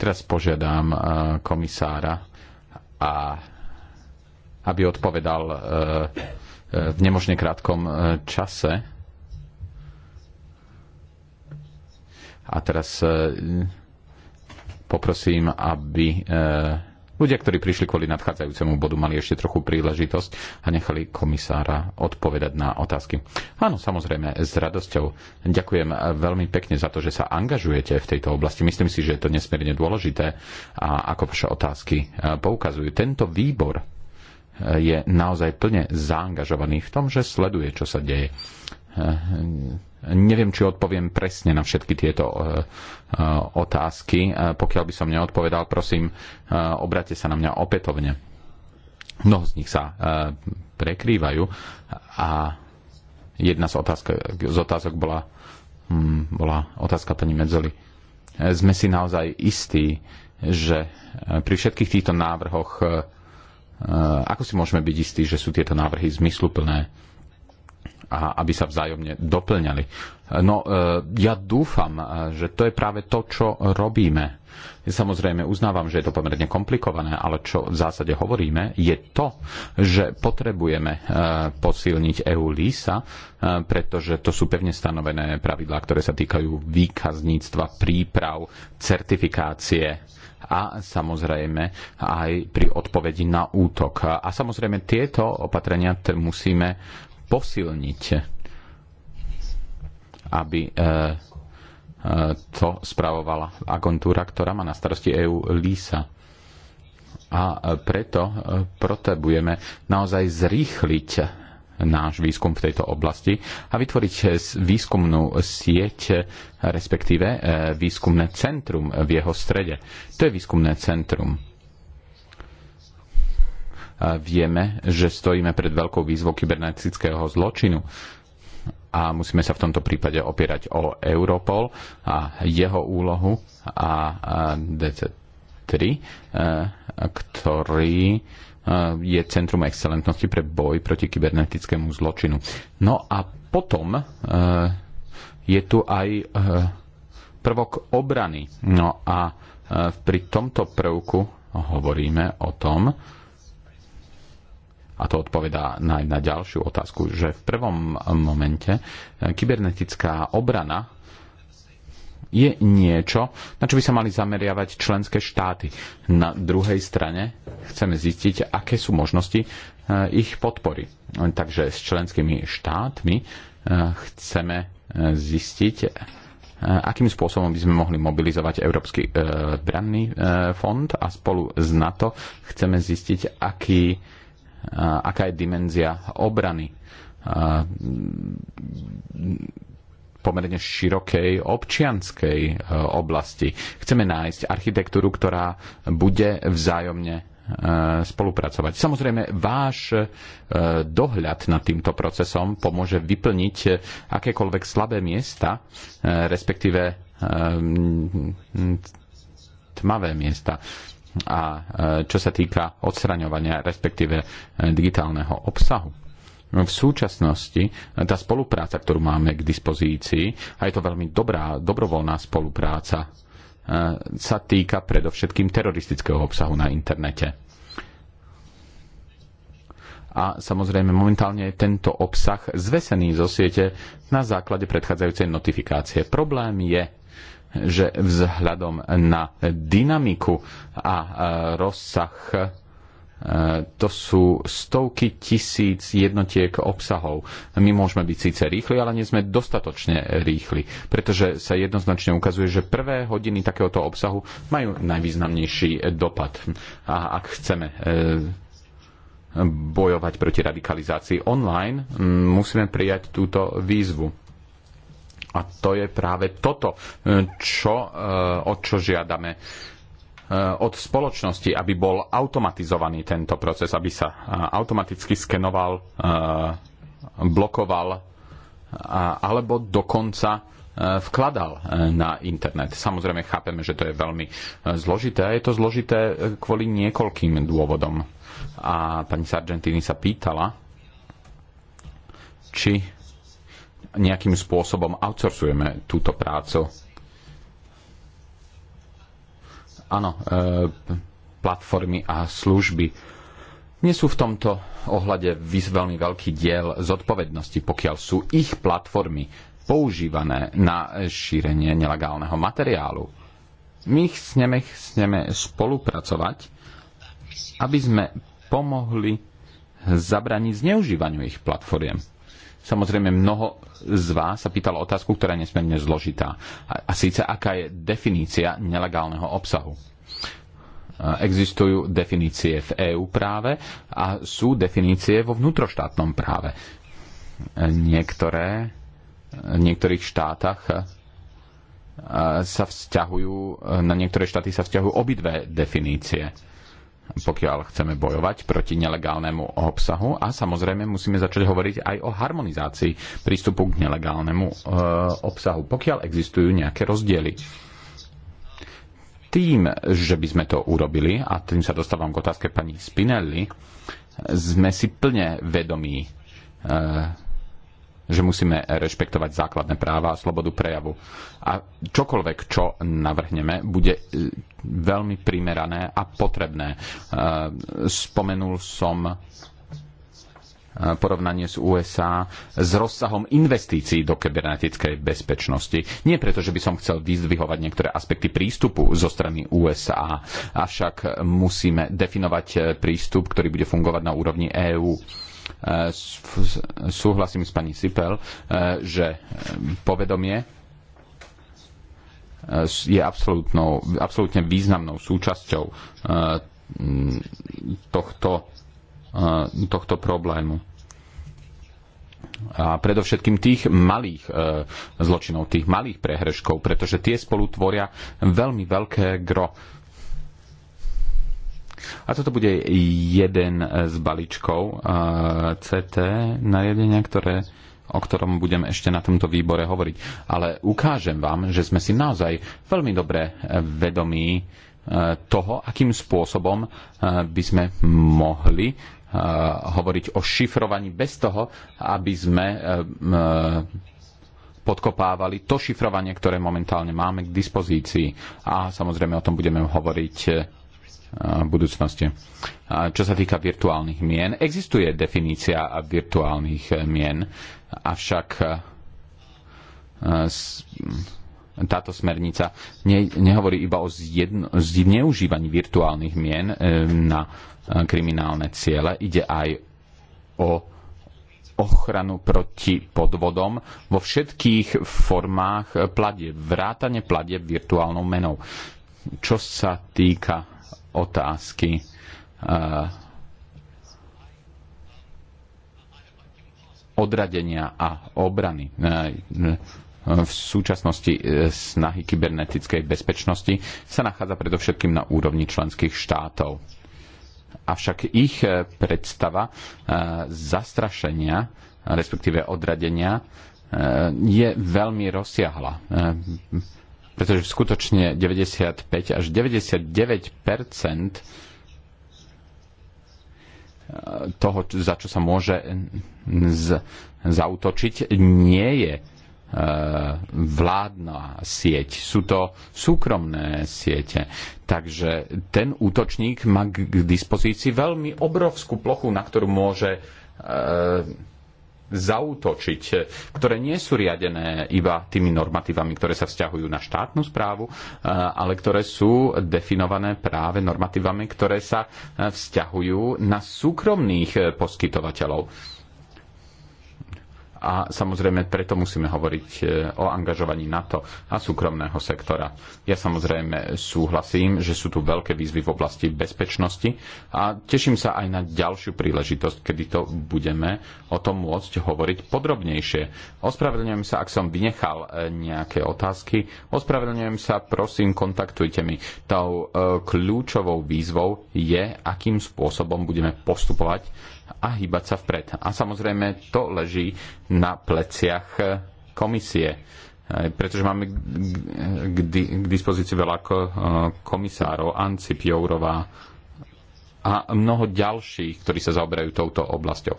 [SPEAKER 3] Teraz požiadam e, komisára, a aby odpovedal e, e, v nemožne krátkom čase. A teraz poprosím, aby Ľudia, ktorí prišli kvôli nadchádzajúcemu bodu, mali ešte trochu príležitosť a nechali komisára odpovedať na otázky. Áno, samozrejme, s radosťou. Ďakujem veľmi pekne za to, že sa angažujete v tejto oblasti. Myslím si, že je to nesmierne dôležité a ako vaše otázky e, poukazujú. Tento výbor e, je naozaj plne zaangažovaný v tom, že sleduje, čo sa deje e, Neviem, či odpoviem presne na všetky tieto e, e, otázky. E, pokiaľ by som neodpovedal, prosím, obrate sa na mňa opätovne. Mnoho z nich sa prekrývajú a jedna z, otázka, z otázok bola, hm, bola otázka pani Medzoli. Sme si naozaj istí, že pri všetkých týchto návrhoch ako si môžeme byť istí, že sú tieto návrhy zmysluplné? a aby sa vzájomne doplňali. No e, ja dúfam, e, že to je práve to, čo robíme. Samozrejme uznávam, že je to pomerne komplikované, ale čo v zásade hovoríme, je to, že potrebujeme e, posilniť EU LISA, pretože to sú pevne stanovené pravidlá, ktoré sa týkajú výkazníctva, príprav, certifikácie a samozrejme aj pri odpovedi na útok. A samozrejme tieto opatrenia musíme posilniť, aby eh, eh, to spravovala agentúra, ktorá má na starosti EU LISA. A eh, preto potrebujeme naozaj zrýchliť náš výskum v tejto oblasti a vytvoriť výskumnú sieť, respektíve výskumné centrum v jeho strede. To je výskumné centrum vieme, že stojíme pred veľkou výzvou kybernetického zločinu a musíme sa v tomto prípade opierať o Europol a jeho úlohu a DC3, e, ktorý e, je Centrum excelentnosti pre boj proti kybernetickému zločinu. No a potom e, je tu aj prvok obrany. No a pri tomto prvku hovoríme o tom, a to odpovedá aj na ďalšiu otázku, že v prvom momente e, kybernetická obrana je niečo, na čo by sa mali zameriavať členské štáty. Na druhej strane chceme zistiť, aké sú možnosti e, ich podpory. Takže s členskými štátmi e, chceme zistiť, akým spôsobom by sme mohli mobilizovať Európsky branný fond a spolu s NATO chceme zistiť, aký aká je dimenzia obrany mm, pomerne širokej občianskej e, oblasti. Chceme nájsť architektúru, ktorá bude vzájomne e, spolupracovať. Samozrejme, váš e, dohľad nad týmto procesom pomôže vyplniť akékoľvek slabé miesta, respektíve tmavé miesta a e, čo sa týka odstraňovania, respektíve e, digitálneho obsahu. No, v súčasnosti e, tá spolupráca, ktorú máme k dispozícii, a je to veľmi dobrá, dobrovoľná spolupráca, sa týka predovšetkým teroristického obsahu na internete. A samozrejme momentálne je tento obsah zvesený zo siete na základe predchádzajúcej notifikácie. Problém je, že vzhľadom na dynamiku a e, rozsah e, to sú stovky tisíc jednotiek obsahov. My môžeme byť síce rýchli, ale nie sme dostatočne rýchli, pretože sa jednoznačne ukazuje, že prvé hodiny takéhoto obsahu majú najvýznamnejší dopad. A ak chceme e, bojovať proti radikalizácii online, musíme prijať túto výzvu a to je práve toto, e, čo, e, o čo žiadame e, od spoločnosti, aby bol automatizovaný tento proces, aby sa automaticky skenoval, blokoval alebo dokonca vkladal na internet. Samozrejme, chápeme, že to je veľmi zložité a je to zložité kvôli niekoľkým dôvodom. A pani Sargentini sa pýtala, či nejakým spôsobom outsourcujeme túto prácu. Áno, e, platformy a služby nie sú v tomto ohľade veľmi veľký diel zodpovednosti, pokiaľ sú ich platformy používané na šírenie nelegálneho materiálu. My chceme, chceme spolupracovať, aby sme pomohli zabraniť zneužívaniu ich platformiem. Samozrejme, mnoho z vás sa pýtalo otázku, ktorá je nesmierne zložitá. A, a síce, aká je definícia nelegálneho obsahu? E, existujú definície v EU práve a sú definície vo vnútroštátnom práve. E, niektoré e, v niektorých štátach sa vzťahujú, na niektoré štáty sa vzťahujú obidve definície pokiaľ chceme bojovať proti nelegálnemu obsahu a samozrejme musíme začať hovoriť aj o harmonizácii prístupu k nelegálnemu e, obsahu, pokiaľ existujú nejaké rozdiely. Tým, že by sme to urobili, a tým sa dostávam k otázke pani Spinelli, sme si plne vedomí e, že musíme rešpektovať základné práva a slobodu prejavu. A čokoľvek, čo navrhneme, bude e, veľmi primerané a potrebné. E, spomenul som e, porovnanie s USA s rozsahom investícií do kybernetickej bezpečnosti. Nie preto, že by som chcel vyzdvihovať niektoré aspekty prístupu zo strany USA, avšak musíme definovať prístup, ktorý bude fungovať na úrovni EÚ Eh, súhlasím s pani Sipel, eh, že eh, povedomie je absolútne významnou súčasťou tohto, tohto problému a predovšetkým tých malých e, zločinov, tých malých prehreškov, pretože tie spolu tvoria veľmi veľké gro a toto bude jeden z balíčkov eh, CT nariadenia, ktoré o ktorom budem ešte na tomto výbore hovoriť. Ale ukážem vám, že sme si naozaj veľmi dobre eh, vedomí eh, toho, akým spôsobom by sme mohli hovoriť o šifrovaní bez toho, aby sme podkopávali to šifrovanie, ktoré momentálne máme k dispozícii. A samozrejme o tom budeme hovoriť budúcnosti. Čo sa týka virtuálnych mien, existuje definícia virtuálnych e, mien, avšak e, táto smernica ne, nehovorí iba o zneužívaní virtuálnych mien e, na kriminálne ciele, ide aj o ochranu proti podvodom vo všetkých formách platieb, vrátane platieb virtuálnou menou. Čo sa týka otázky odradenia a obrany. E, e, v súčasnosti e, snahy kybernetickej bezpečnosti sa nachádza predovšetkým na úrovni členských štátov. Avšak ich predstava zastrašenia, respektíve odradenia, je veľmi rozsiahla pretože skutočne 95 až 99 eh, toho, za čo sa môže z, zautočiť, nie je e, vládna sieť. Sú to súkromné siete. Takže ten útočník má k dispozícii veľmi obrovskú plochu, na ktorú môže e, zautočiť, ktoré nie sú riadené iba tými normatívami, ktoré sa vzťahujú na štátnu správu, eh, ale ktoré sú definované práve normatívami, ktoré sa eh, vzťahujú na súkromných eh, poskytovateľov a samozrejme preto musíme hovoriť e, o angažovaní NATO a súkromného sektora. Ja samozrejme súhlasím, že sú tu veľké výzvy v oblasti bezpečnosti a teším sa aj na ďalšiu príležitosť, kedy to budeme o tom môcť hovoriť podrobnejšie. Ospravedlňujem sa, ak som vynechal e, nejaké otázky. Ospravedlňujem sa, prosím, kontaktujte mi. Tou e, kľúčovou výzvou je, akým spôsobom budeme postupovať a hýbať sa vpred. A samozrejme to leží na pleciach e, komisie, e, pretože máme k, dispozícii veľa e, komisárov, Ancip, Jourová a mnoho ďalších, ktorí sa zaoberajú touto oblasťou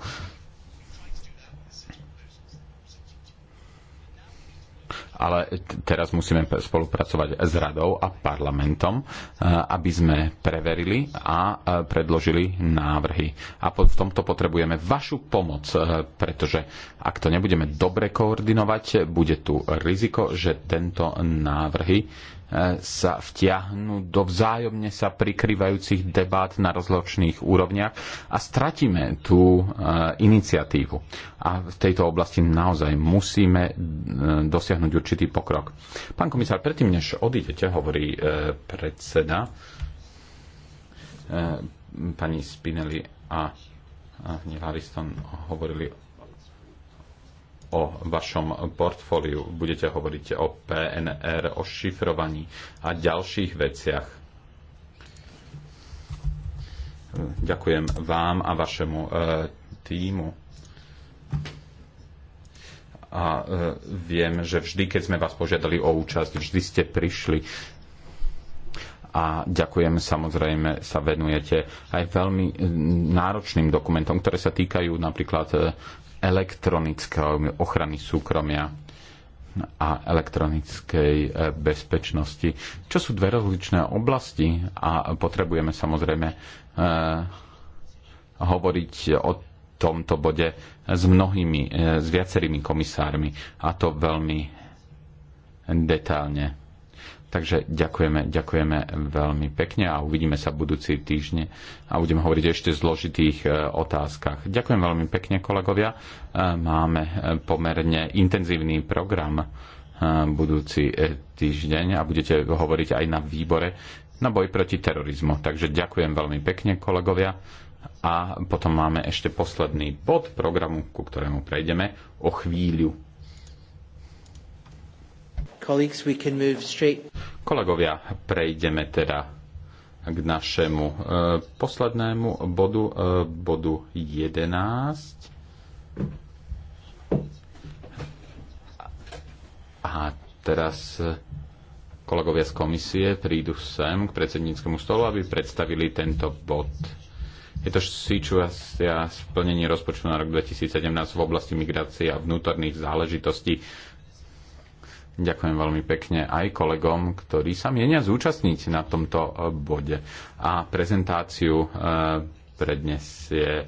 [SPEAKER 3] ale teraz musíme spolupracovať s radou a parlamentom, e, aby sme preverili a e, predložili návrhy. A v tomto potrebujeme vašu pomoc, e, pretože ak to nebudeme dobre koordinovať, bude tu riziko, že tento návrhy sa vtiahnu do vzájomne sa prikrývajúcich debát na rozločných úrovniach a stratíme tú e, iniciatívu. A v tejto oblasti naozaj musíme e, dosiahnuť určitý pokrok. Pán komisár, predtým, než odídete, hovorí e, predseda pani Spinelli a Hnevariston hovorili o vašom portfóliu. Budete hovoriť o PNR, o šifrovaní a ďalších veciach. Ďakujem vám a vašemu e, týmu. A e, viem, že vždy, keď sme vás požiadali o účasť, vždy ste prišli a ďakujem samozrejme sa venujete aj veľmi náročným dokumentom, ktoré sa týkajú napríklad e, elektronickej ochrany súkromia a elektronickej eh, bezpečnosti, čo sú dve rozličné oblasti a potrebujeme samozrejme e, hovoriť o tomto bode s mnohými, e, s viacerými komisármi a to veľmi detálne. Takže ďakujeme, ďakujeme veľmi pekne a uvidíme sa budúci týždne a budem hovoriť ešte o zložitých e, otázkach. Ďakujem veľmi pekne, kolegovia. E, máme e, pomerne intenzívny program budúci týždeň a budete hovoriť aj na výbore na boj proti terorizmu. Takže ďakujem veľmi pekne, kolegovia. A potom máme ešte posledný bod programu, ku ktorému prejdeme o chvíľu. Kolegovia, prejdeme teda k našemu e, poslednému bodu, e, bodu 11. A teraz e, kolegovia z komisie prídu sem k predsedníckému stolu, aby predstavili tento bod. Je to situácia splnenie rozpočtu na rok 2017 v oblasti migrácie a vnútorných záležitostí Ďakujem veľmi pekne aj kolegom, ktorí sa mienia zúčastniť na tomto eh, bode. A prezentáciu eh, predniesie eh,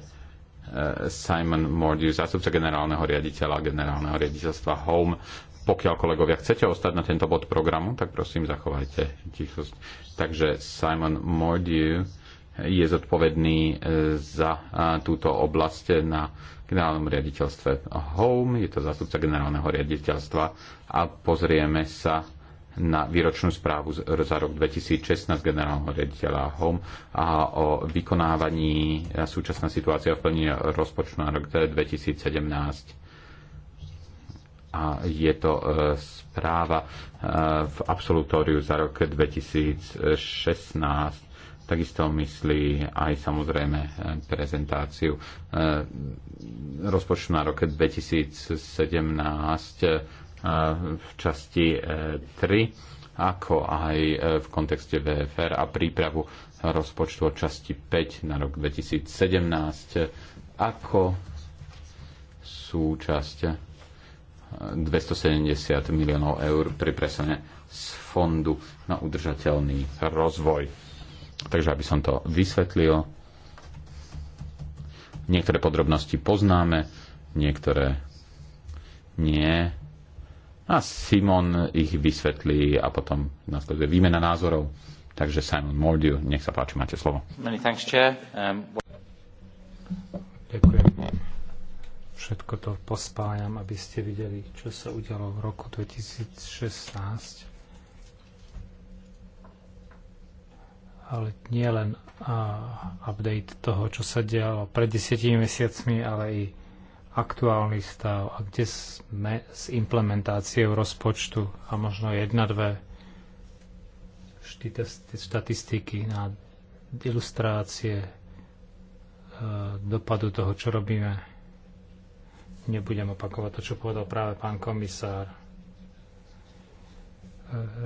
[SPEAKER 3] Simon Mordew, zástupca generálneho riaditeľa generálneho riaditeľstva Home. Pokiaľ kolegovia chcete ostať na tento bod programu, tak prosím zachovajte tichosť. Takže Simon Mordiu je zodpovedný za túto oblasť na generálnom riaditeľstve HOME, je to zástupca generálneho riaditeľstva a pozrieme sa na výročnú správu za rok 2016 generálneho riaditeľa HOME a o vykonávaní a súčasná situácia v plnení rozpočtu na rok 2017. A je to e, správa e, v absolutóriu za rok 2016 Takisto myslí aj samozrejme prezentáciu e, rozpočtu na rok 2017 e, v časti 3, e, ako aj v kontexte VFR a prípravu rozpočtu od časti 5 na rok 2017 ako súčasť 270 miliónov eur pripresene z Fondu na udržateľný rozvoj Takže aby som to vysvetlil, niektoré podrobnosti poznáme, niektoré nie. A Simon ich vysvetlí a potom následuje výmena názorov. Takže Simon Mordiu, nech sa páči, máte slovo. Many thanks, chair. Um...
[SPEAKER 1] Ďakujem. Všetko to pospájam, aby ste videli, čo sa udialo v roku 2016 ale nie len update toho, čo sa dialo pred desiatimi mesiacmi, ale i aktuálny stav a kde sme s implementáciou rozpočtu a možno jedna, dve štatistiky na ilustrácie e, dopadu toho, čo robíme. Nebudem opakovať to, čo povedal práve pán komisár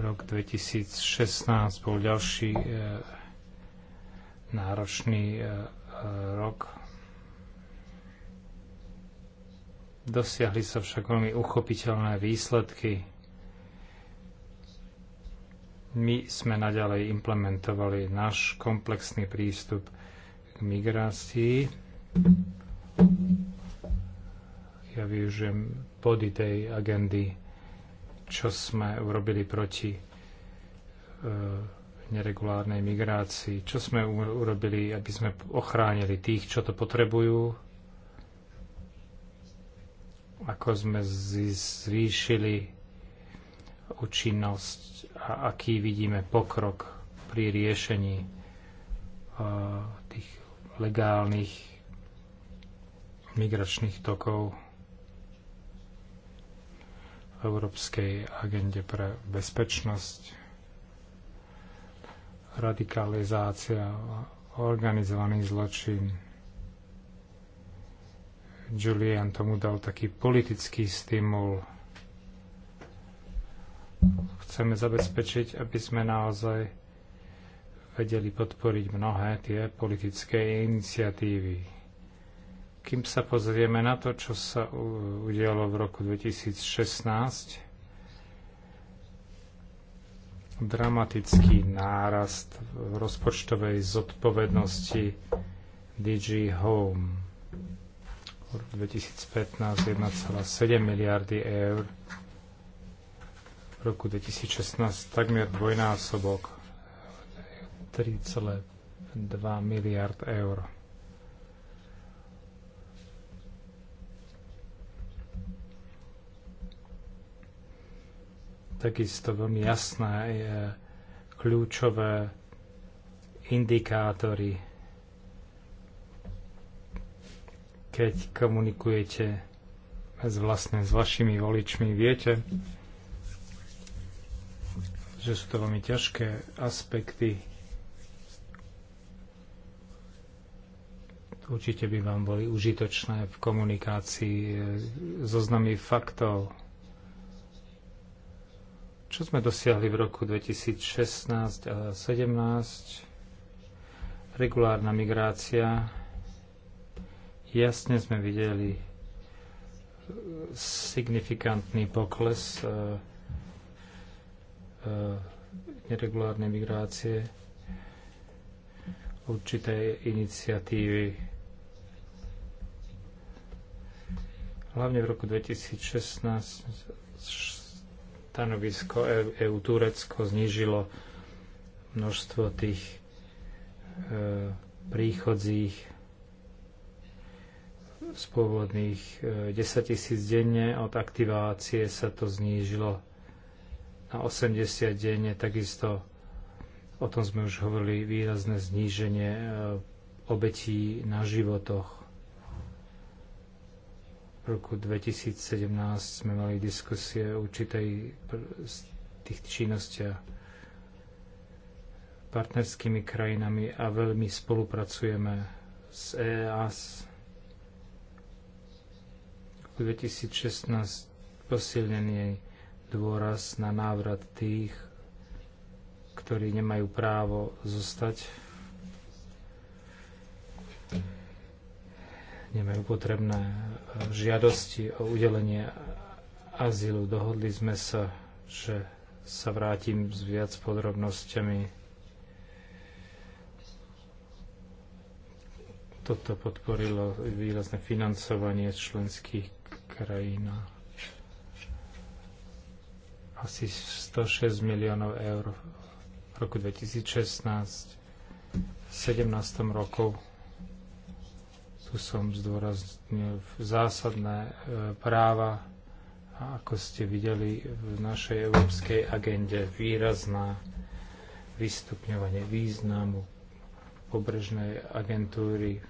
[SPEAKER 1] Rok 2016 bol ďalší e, náročný e, e, rok. Dosiahli sa však veľmi uchopiteľné výsledky. My sme naďalej implementovali náš komplexný prístup k migrácii. Ja využijem body tej agendy čo sme urobili proti e, neregulárnej migrácii, čo sme urobili, aby sme ochránili tých, čo to potrebujú, ako sme zvýšili účinnosť a aký vidíme pokrok pri riešení e, tých legálnych migračných tokov. Európskej agende pre bezpečnosť, radikalizácia, organizovaný zločin. Julian tomu dal taký politický stimul. Chceme zabezpečiť, aby sme naozaj vedeli podporiť mnohé tie politické iniciatívy kým sa pozrieme na to, čo sa udialo v roku 2016, dramatický nárast rozpočtovej zodpovednosti DG Home. V roku 2015 1,7 miliardy eur, v roku 2016 takmer dvojnásobok 3,2 miliard eur. Takisto veľmi jasné je kľúčové indikátory, keď komunikujete s, vlastne, s vašimi voličmi, viete, že sú to veľmi ťažké aspekty. Určite by vám boli užitočné v komunikácii e, zoznamy faktov, čo sme dosiahli v roku 2016 a 2017? Regulárna migrácia. Jasne sme videli signifikantný pokles e, e, neregulárnej migrácie, určité iniciatívy. Hlavne v roku 2016 stanovisko e- EU Turecko znížilo množstvo tých e, príchodzích z pôvodných 10 e, tisíc denne, od aktivácie sa to znížilo na 80 denne, takisto o tom sme už hovorili, výrazné zníženie e, obetí na životoch. V roku 2017 sme mali diskusie o určitej z tých činnostiach partnerskými krajinami a veľmi spolupracujeme s EAS. V 2016 posilnený dôraz na návrat tých, ktorí nemajú právo zostať v nemajú potrebné e, žiadosti o udelenie azylu. Dohodli sme sa, že sa vrátim s viac podrobnosťami. Toto podporilo výrazné financovanie členských krajín. Asi 106 miliónov eur v roku 2016, v 17 rokov tu som zdôraznil zásadné e, práva a ako ste videli v našej európskej agende výrazná vystupňovanie významu pobrežnej agentúry,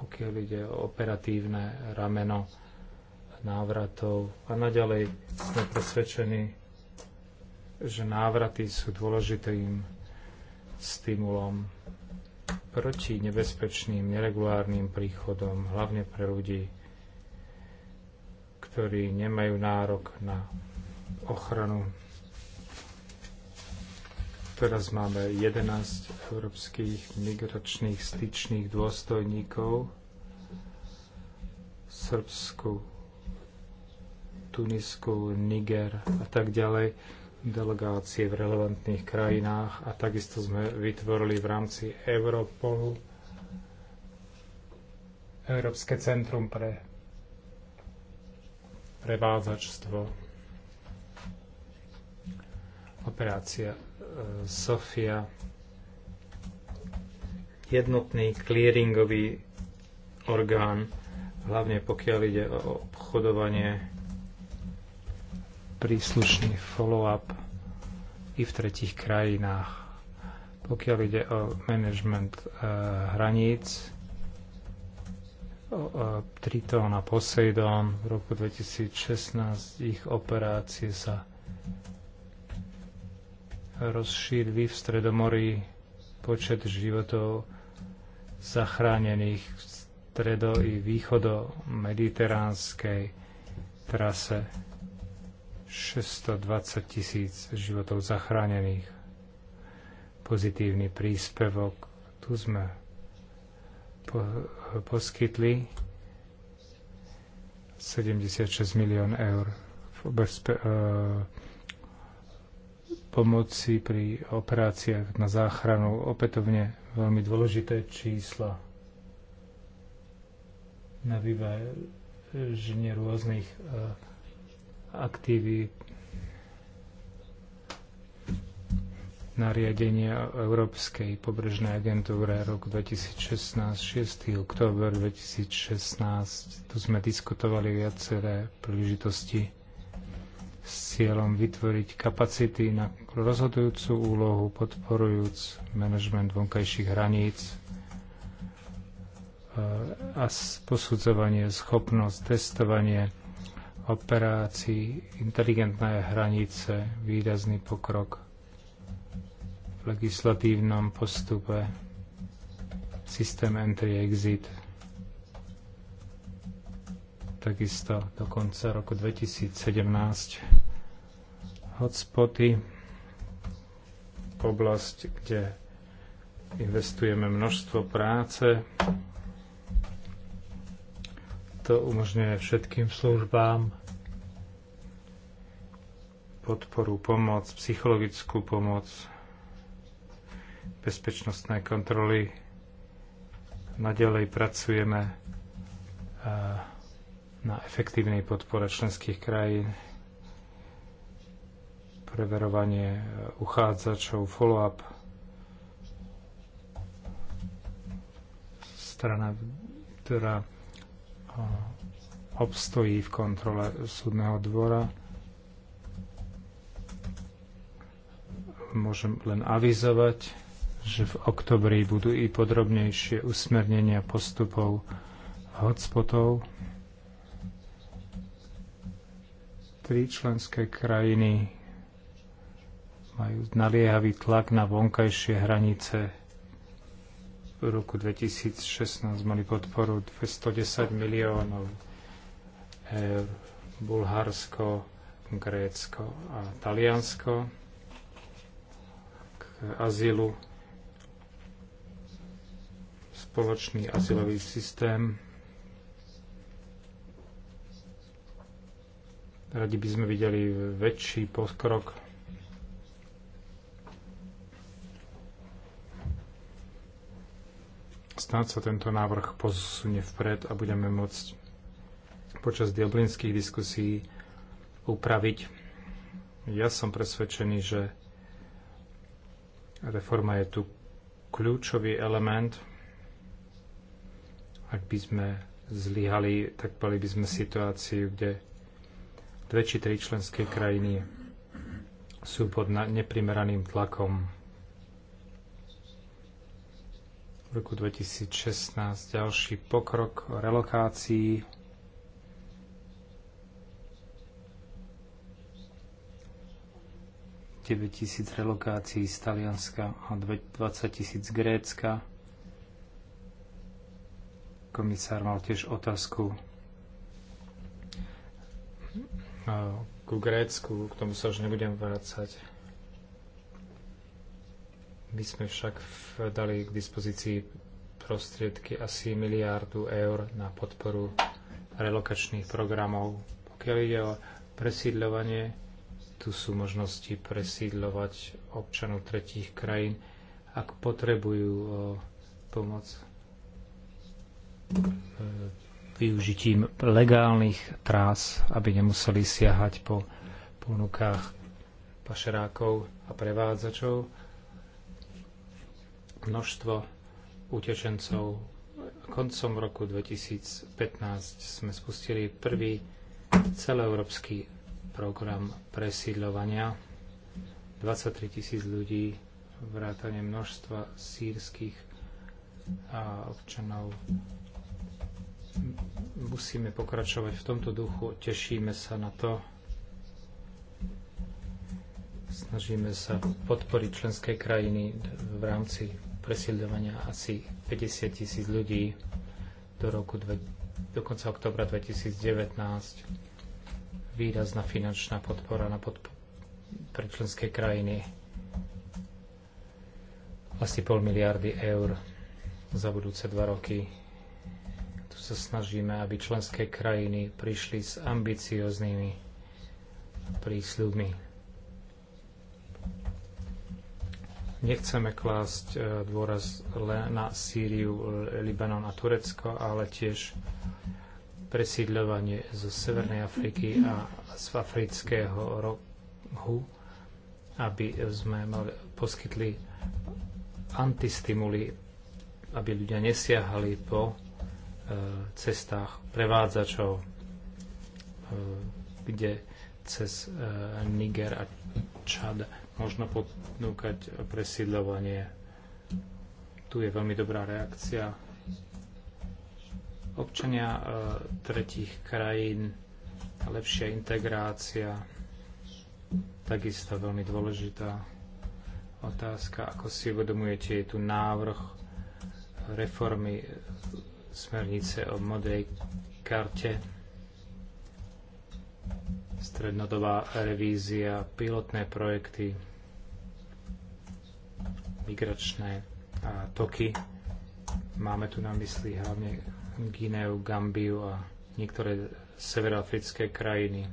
[SPEAKER 1] pokiaľ ide o operatívne rameno návratov. A naďalej sme presvedčení, že návraty sú dôležitým stimulom proti nebezpečným, neregulárnym príchodom, hlavne pre ľudí, ktorí nemajú nárok na ochranu. Teraz máme 11 európskych migračných styčných dôstojníkov v Srbsku, Tunisku, Niger a tak ďalej delegácie v relevantných krajinách a takisto sme vytvorili v rámci Europolu Európske centrum pre prevádzačstvo. Operácia e, Sofia. Jednotný clearingový orgán, hlavne pokiaľ ide o obchodovanie príslušný follow-up i v tretich krajinách. Pokiaľ ide o management e, hraníc, o, e, Triton a Poseidon v roku 2016 ich operácie sa rozšírili v Stredomorí počet životov zachránených v stredo- i východo-mediteránskej trase 620 tisíc životov zachránených. Pozitívny príspevok tu sme po, poskytli 76 milión eur v bezpe, e, pomoci pri operáciách na záchranu. Opätovne veľmi dôležité čísla na vyváženie rôznych e, aktívy nariadenia Európskej pobrežnej agentúre rok 2016, 6. október 2016. Tu sme diskutovali viaceré príležitosti s cieľom vytvoriť kapacity na rozhodujúcu úlohu, podporujúc manažment vonkajších hraníc eh, a posudzovanie, schopnosť, testovanie operácií, inteligentné hranice, výrazný pokrok v legislatívnom postupe, systém entry-exit, takisto do konca roku 2017 hotspoty, oblasť, kde investujeme množstvo práce, to umožňuje všetkým službám podporu, pomoc, psychologickú pomoc, bezpečnostné kontroly. Naďalej pracujeme eh, na efektívnej podpore členských krajín, preverovanie eh, uchádzačov, follow-up, strana, ktorá obstojí v kontrole súdneho dvora. Môžem len avizovať, že v oktobri budú i podrobnejšie usmernenia postupov hotspotov. Tri členské krajiny majú naliehavý tlak na vonkajšie hranice v roku 2016 mali podporu 210 miliónov eur. Bulharsko, Grécko a Taliansko k azylu spoločný azylový systém. Radi by sme videli väčší pokrok Snáď sa tento návrh posunie vpred a budeme môcť počas diablinských diskusí upraviť. Ja som presvedčený, že reforma je tu kľúčový element. Ak by sme zlyhali, tak mali by sme situáciu, kde dve či tri členské krajiny sú pod neprimeraným tlakom v roku 2016 ďalší pokrok o relokácii. tisíc relokácií z Talianska a 20 tisíc z Grécka. Komisár mal tiež otázku e, ku Grécku, k tomu sa už nebudem vrácať. My sme však dali k dispozícii prostriedky asi miliardu eur na podporu relokačných programov. Pokiaľ ide o presídľovanie, tu sú možnosti presídľovať občanov tretích krajín, ak potrebujú pomoc využitím legálnych trás, aby nemuseli siahať po ponukách pašerákov a prevádzačov množstvo utečencov. Koncom roku 2015 sme spustili prvý celoeurópsky program presídľovania. 23 tisíc ľudí, vrátane množstva sírskych občanov. Musíme pokračovať v tomto duchu, tešíme sa na to. Snažíme sa podporiť členské krajiny v rámci presídľovania asi 50 tisíc ľudí do roku dve, do konca oktobra 2019. Výrazná finančná podpora na podp- pre členské krajiny asi pol miliardy eur za budúce dva roky. Tu sa snažíme, aby členské krajiny prišli s ambicioznými prísľubmi Nechceme klásť e, dôraz len na Sýriu, e, Libanon a Turecko, ale tiež presídľovanie zo Severnej Afriky a z afrického rohu, aby sme mali, poskytli antistimuly, aby ľudia nesiahali po e, cestách prevádzačov, e, kde cez e, Niger a Čad možno podnúkať presídľovanie. Tu je veľmi dobrá reakcia. Občania e, tretich krajín, lepšia integrácia, takisto veľmi dôležitá otázka, ako si uvedomujete, je tu návrh reformy smernice o modrej karte strednodobá revízia, pilotné projekty, migračné toky. Máme tu na mysli hlavne Gineu, Gambiu a niektoré severoafrické krajiny.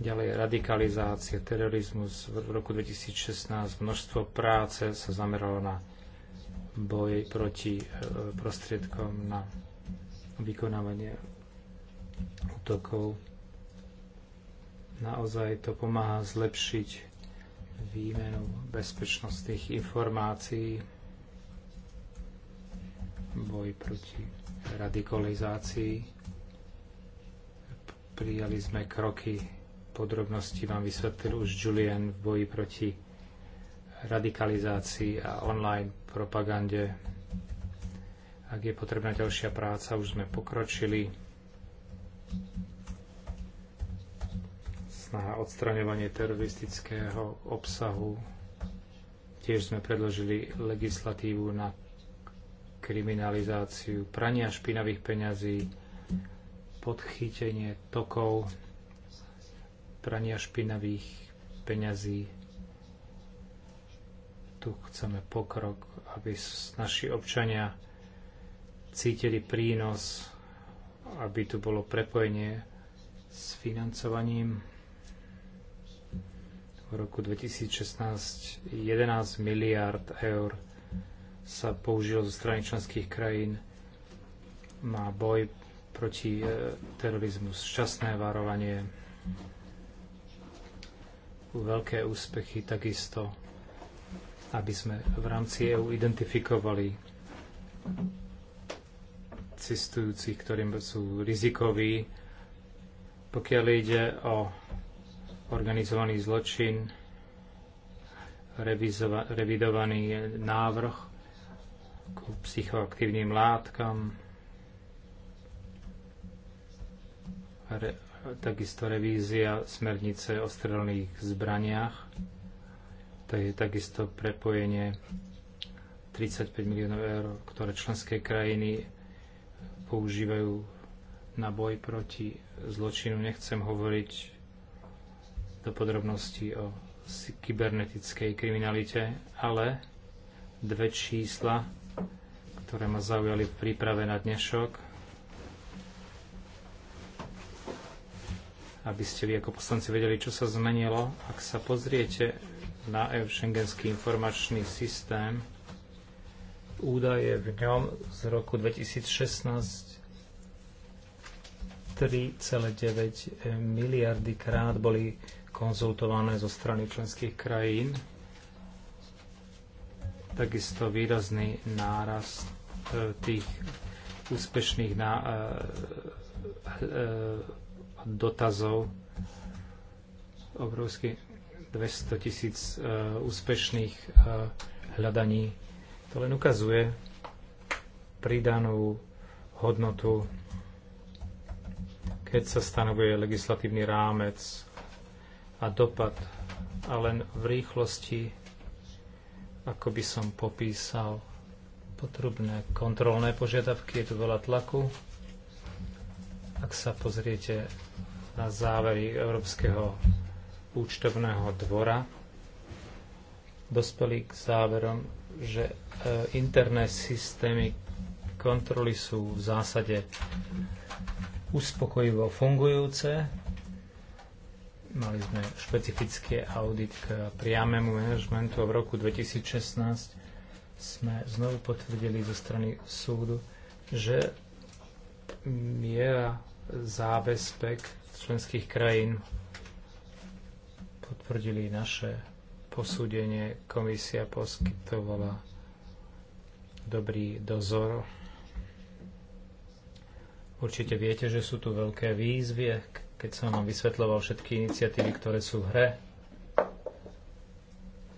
[SPEAKER 1] Ďalej radikalizácia, terorizmus. V roku 2016 množstvo práce sa zameralo na boj proti e, prostriedkom na vykonávanie útokov. Naozaj to pomáha zlepšiť výmenu bezpečnostných informácií, boj proti radikalizácii. Prijali sme kroky, podrobnosti vám vysvetlil už Julian v boji proti radikalizácii a online propagande. Ak je potrebná ďalšia práca, už sme pokročili snaha odstraňovanie teroristického obsahu. Tiež sme predložili legislatívu na kriminalizáciu prania špinavých peňazí, podchytenie tokov, prania špinavých peňazí. Tu chceme pokrok, aby naši občania cítili prínos aby tu bolo prepojenie s financovaním v roku 2016 11 miliard eur sa použilo zo strany členských krajín na boj proti e, terorizmu. Šťastné varovanie, veľké úspechy takisto, aby sme v rámci EU identifikovali cestujúcich, ktorí sú rizikoví. Pokiaľ ide o organizovaný zločin, revidovaný návrh k psychoaktívnym látkam, re, takisto revízia smernice o strelných zbraniach, to je takisto prepojenie 35 miliónov eur, ktoré členské krajiny používajú na boj proti zločinu. Nechcem hovoriť do podrobností o kybernetickej kriminalite, ale dve čísla, ktoré ma zaujali v príprave na dnešok, aby ste vy ako poslanci vedeli, čo sa zmenilo. Ak sa pozriete na schengenský informačný systém, údaje v ňom z roku 2016 3,9 miliardy krát boli konzultované zo strany členských krajín. Takisto výrazný nárast e, tých úspešných na, e, e, dotazov obrovsky 200 tisíc úspešných hľadaní to len ukazuje pridanú hodnotu, keď sa stanovuje legislatívny rámec a dopad a len v rýchlosti, ako by som popísal, potrebné kontrolné požiadavky, je tu veľa tlaku. Ak sa pozriete na závery Európskeho účtovného dvora, dospeli k záverom, že E, interné systémy kontroly sú v zásade uspokojivo fungujúce. Mali sme špecifické audit k priamému manažmentu a v roku 2016 sme znovu potvrdili zo strany súdu, že miera zábezpek členských krajín potvrdili naše posúdenie. Komisia poskytovala dobrý dozor. Určite viete, že sú tu veľké výzvy, keď som vám vysvetľoval všetky iniciatívy, ktoré sú v hre.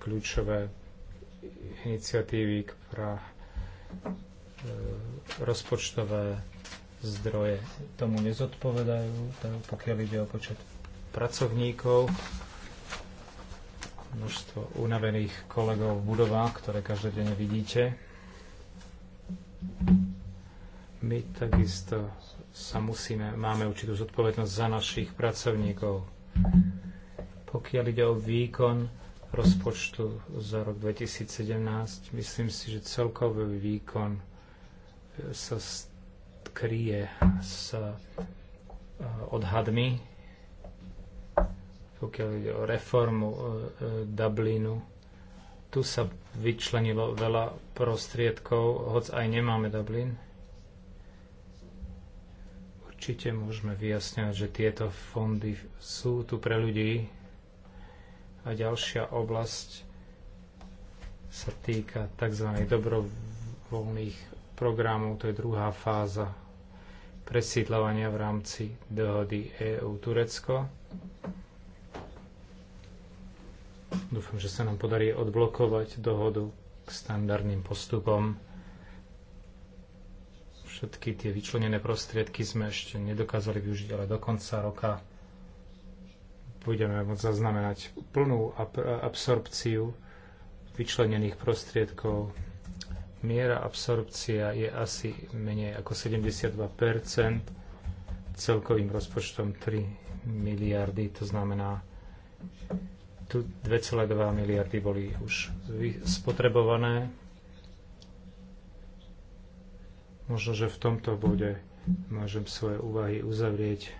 [SPEAKER 1] Kľúčové iniciatívy pre rozpočtové zdroje tomu nezodpovedajú, pokiaľ ide o počet pracovníkov, množstvo unavených kolegov v budovách, ktoré každodenne vidíte. My takisto sa musíme, máme určitú zodpovednosť za našich pracovníkov. Pokiaľ ide o výkon rozpočtu za rok 2017, myslím si, že celkový výkon e, sa kryje s e, odhadmi, pokiaľ ide o reformu e, Dublinu tu sa vyčlenilo veľa prostriedkov, hoc aj nemáme Dublin. Určite môžeme vyjasňovať, že tieto fondy sú tu pre ľudí. A ďalšia oblasť sa týka tzv. dobrovoľných programov, to je druhá fáza presídľovania v rámci dohody EU-Turecko. Dúfam, že sa nám podarí odblokovať dohodu k standardným postupom. Všetky tie vyčlenené prostriedky sme ešte nedokázali využiť, ale do konca roka budeme môcť zaznamenať plnú absorpciu vyčlenených prostriedkov. Miera absorpcia je asi menej ako 72 celkovým rozpočtom 3 miliardy, to znamená tu 2,2 miliardy boli už spotrebované. Možno, že v tomto bode môžem svoje úvahy uzavrieť.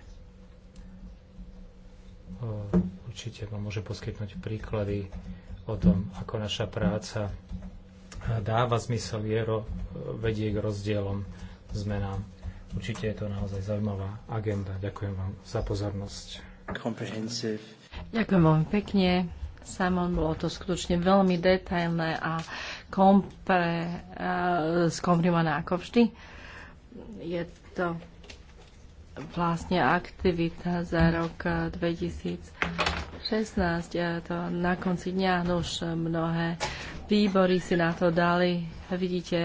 [SPEAKER 1] Určite vám môžem poskytnúť príklady o tom, ako naša práca dáva zmysel, je vedie k rozdielom, zmenám. Určite je to naozaj zaujímavá agenda. Ďakujem vám za pozornosť. Comprehensive
[SPEAKER 2] Ďakujem veľmi pekne. Simon, bolo to skutočne veľmi detailné a kompre, eh, skomprimované ako vždy. Je to vlastne aktivita za rok 2016. Eh, eh, to na konci dňa no už mnohé výbory si na to dali. Vidíte,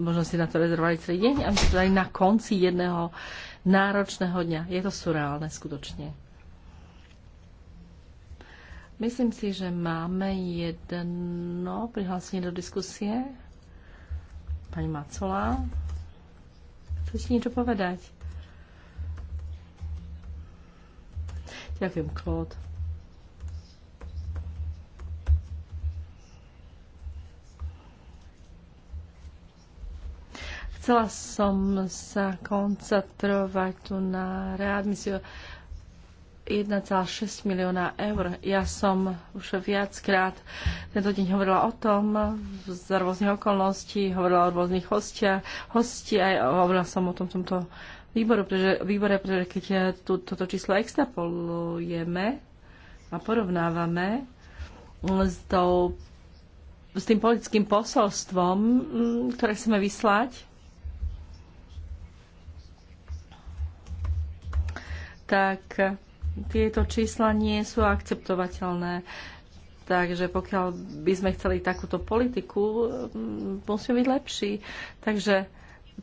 [SPEAKER 2] možno si na to rezervovali celý deň a si to dali na konci jedného náročného dňa. Je to surreálne skutočne. Myslím si, že máme jedno prihlásenie do diskusie. Pani Macola, chcete niečo povedať? Ďakujem, Claude. Chcela som sa koncentrovať tu na readmisiu 1,6 milióna eur. Ja som už viackrát tento deň hovorila o tom z rôznych okolností, hovorila o rôznych hostiach, hosti aj hovorila som o tom tomto výboru, pretože, výbore, pretože keď eh, tu, toto číslo extrapolujeme a porovnávame s, tou, s tým politickým posolstvom, mm, ktoré chceme vyslať, tak tieto čísla nie sú akceptovateľné. Takže pokiaľ by sme chceli takúto politiku, mm, musíme byť lepší. Takže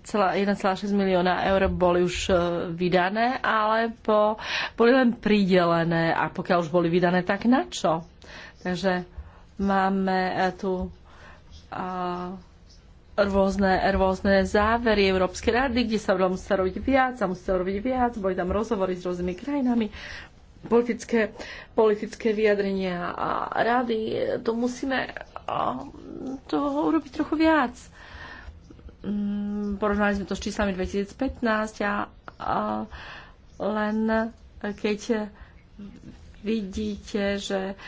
[SPEAKER 2] 1,6 milióna eur boli už e, vydané, alebo boli len pridelené. A pokiaľ už boli vydané, tak na čo? Takže máme e, tu uh, rôzne, rôzne závery Európskej rady, kde sa musí robiť viac a musí robiť viac, boli tam rozhovory s rôznymi krajinami, politické, politické vyjadrenia a rady. To musíme to urobiť trochu viac. Mm, porovnali sme to s číslami 2015 a, a len keď vidíte, že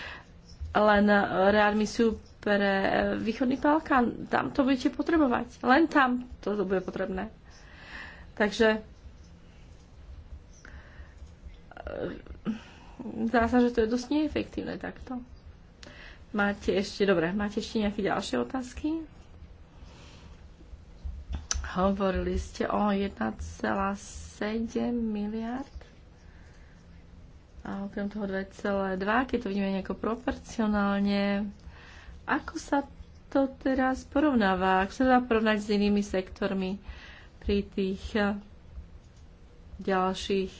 [SPEAKER 2] len readmisiu pre e, východný Balkán. Tam to budete potrebovať. Len tam to bude potrebné. Takže e, zdá sa, že to je dosť neefektívne takto. Máte ešte, dobre, máte ešte nejaké ďalšie otázky? Hovorili ste o 1,7 miliard a okrem toho 2,2, keď to vidíme nejako proporcionálne, ako sa to teraz porovnáva? Ak sa dá porovnať s inými sektormi pri tých eh, ďalších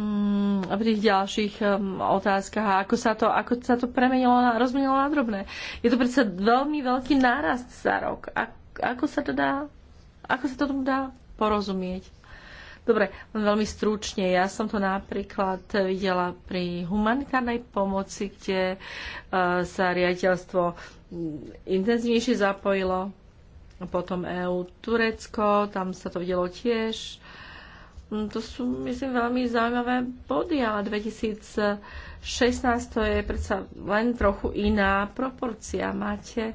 [SPEAKER 2] mm, pri tých ďalších um, otázkach ako sa to, ako sa to premenilo, a rozmenilo na drobné. Je to predsa veľmi veľký nárast za rok. A, ako sa to dá, ako sa to tomu dá porozumieť? Dobre, len veľmi stručne. Ja som to napríklad videla pri humanitárnej pomoci, kde e, sa riaditeľstvo intenzívnejšie zapojilo. Potom EU Turecko, tam sa to videlo tiež. Mm, to sú, myslím, veľmi zaujímavé body, ale 2016 to je predsa len trochu iná proporcia. Máte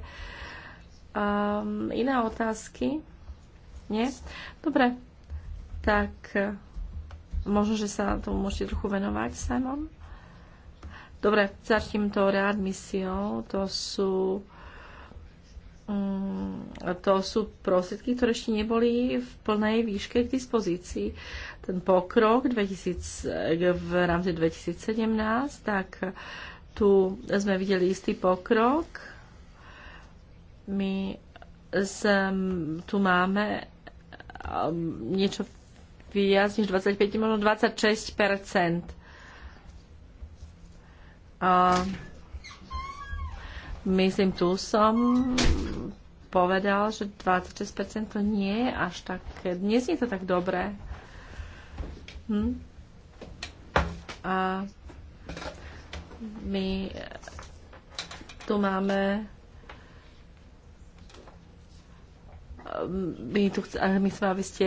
[SPEAKER 2] um, iné otázky? Nie? Dobre, tak eh, možno, že sa tomu môžete trochu venovať, Simon. Dobre, začnem to readmisiou. To sú, mm, to sú prostriedky, ktoré ešte neboli v plnej výške k dispozícii. Ten pokrok 2000, eh, v rámci 2017, tak tu sme videli istý pokrok. My sem, tu máme eh, niečo viac než 25, možno 26 A myslím, tu som povedal, že 26 to nie je až tak... Dnes je to tak dobré. Hm? A my tu máme my, tu chc- my chceme, aby ste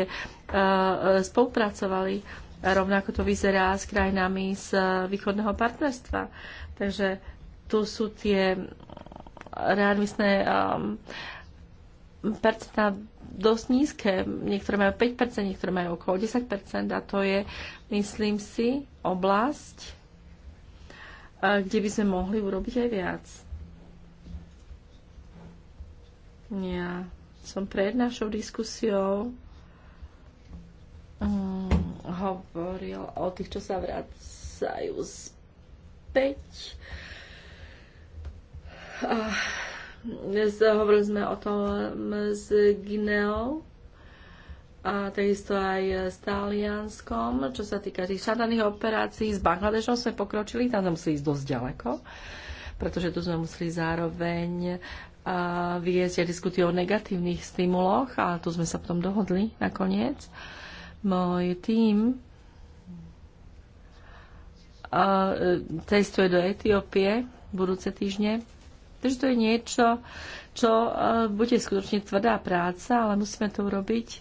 [SPEAKER 2] Eh, spolupracovali. Rovnako to vyzerá s krajinami z eh, východného partnerstva. Takže tu sú tie readmisné um, percentá dosť nízke. Niektoré majú 5%, niektoré majú okolo 10% a to je, myslím si, oblasť, kde by sme mohli urobiť aj viac. Ja som pred našou diskusiou hovoril o tých, čo sa vracajú späť. dnes hovorili sme o tom s Gineou a takisto aj s Talianskom, čo sa týka tých šataných operácií. S Bangladešom sme pokročili, tam sme museli ísť dosť ďaleko, pretože tu sme museli zároveň viesť a diskutovať o negatívnych stimuloch a tu sme sa potom dohodli nakoniec. Môj tím a e, cestuje do Etiópie budúce týždne. Takže to je niečo, čo e, bude skutočne tvrdá práca, ale musíme to urobiť e,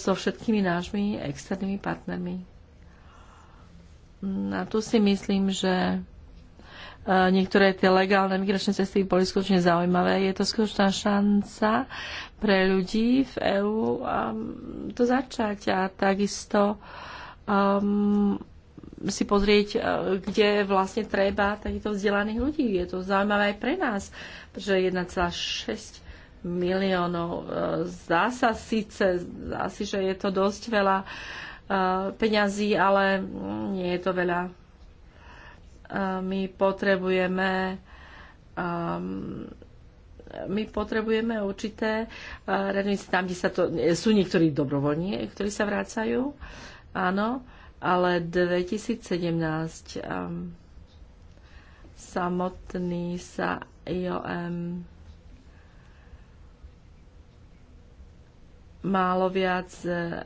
[SPEAKER 2] so všetkými nášmi externými partnermi. A tu si myslím, že E, niektoré tie legálne migračné cesty boli skutočne zaujímavé. Je to skutočná šanca pre ľudí v EÚ um, to začať a takisto um, si pozrieť, e, kde vlastne treba takýchto vzdelaných ľudí. Je to zaujímavé aj pre nás, pretože 1,6 miliónov. E, zdá sa síce, zdá si, že je to dosť veľa peňazí, ale mm, nie je to veľa my potrebujeme um, my potrebujeme určité redmice tam, kde sa to... Sú niektorí dobrovoľní, ktorí sa vrácajú, áno, ale 2017 um, samotný sa IOM málo viac uh,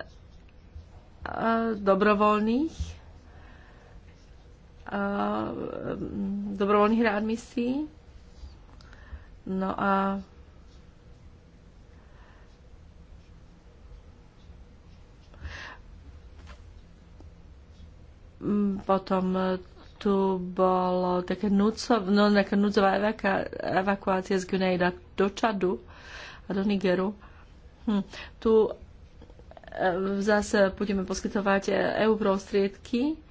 [SPEAKER 2] dobrovoľných Eh, dobrovoľných readmisí. No a potom tu bolo také núcov, no, núdzová evaku, evakuácia z Gunejda do Čadu a do Nigeru. Hm. Tu eh, zase budeme poskytovať eh, EU prostriedky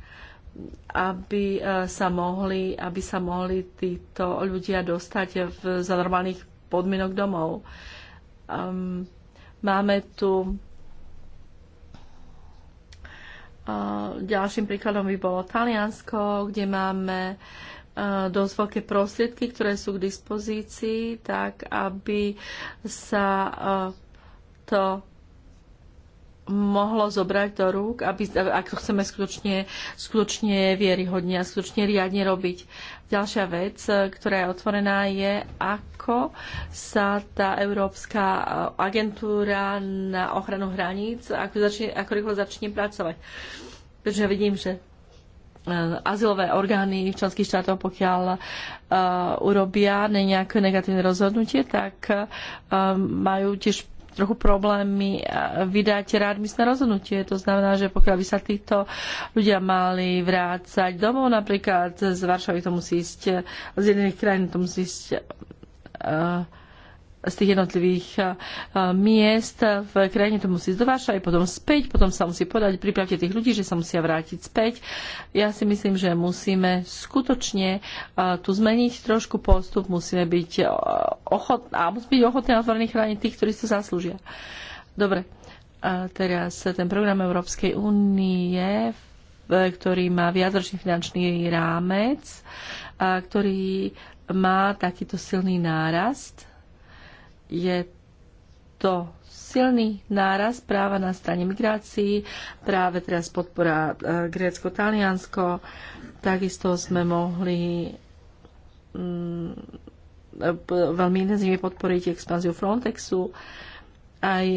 [SPEAKER 2] aby eh, sa mohli, aby sa mohli títo ľudia dostať v, za normálnych podmienok domov. Um, máme tu uh, Ďalším príkladom by bolo Taliansko, kde máme uh, dosť veľké prostriedky, ktoré sú k dispozícii, tak aby sa uh, to mohlo zobrať do rúk, aby, ak to chceme skutočne, skutočne vieryhodne a skutočne riadne robiť. Ďalšia vec, e, ktorá je otvorená, je, ako sa tá Európska e, agentúra na ochranu hraníc, ako, začne, ako rýchlo začne pracovať. Pretože vidím, že e, azylové orgány v členských štátoch, pokiaľ uh, urobia nejaké negatívne rozhodnutie, tak uh, majú tiež trochu problémy eh, vydať readmisné rozhodnutie. To znamená, že pokiaľ by sa títo ľudia mali vrácať domov, napríklad z Varšavy to musí ísť, eh, z jedných krajín to musí ísť uh, z tých jednotlivých eh, eh, miest v krajine to musí zdovášať, potom späť, potom sa musí podať, pripravte tých ľudí, že sa musia vrátiť späť. Ja si myslím, že musíme skutočne eh, tu zmeniť trošku postup, musíme byť ochotní a musí byť ochotní a otvorení chrániť tých, ktorí sa zaslúžia. Dobre, a teraz ten program Európskej únie, ktorý má viacročný finančný rámec, a ktorý má takýto silný nárast je to silný náraz práva na strane migrácií, práve teraz podpora e, Grécko-Taliansko. Takisto sme mohli mm, veľmi intenzívne podporiť expanziu Frontexu. Aj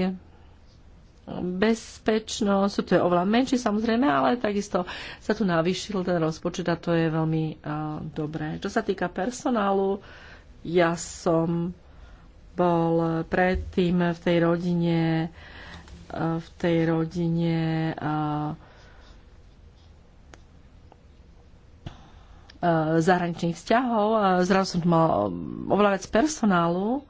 [SPEAKER 2] bezpečnosť, to je oveľa menšie samozrejme, ale takisto sa tu navýšil ten rozpočet a to je veľmi uh, dobré. Čo sa týka personálu, ja som bol predtým v tej rodine v tej rodine eh, eh, zahraničných vzťahov. Eh, zrazu som mal oveľa viac personálu,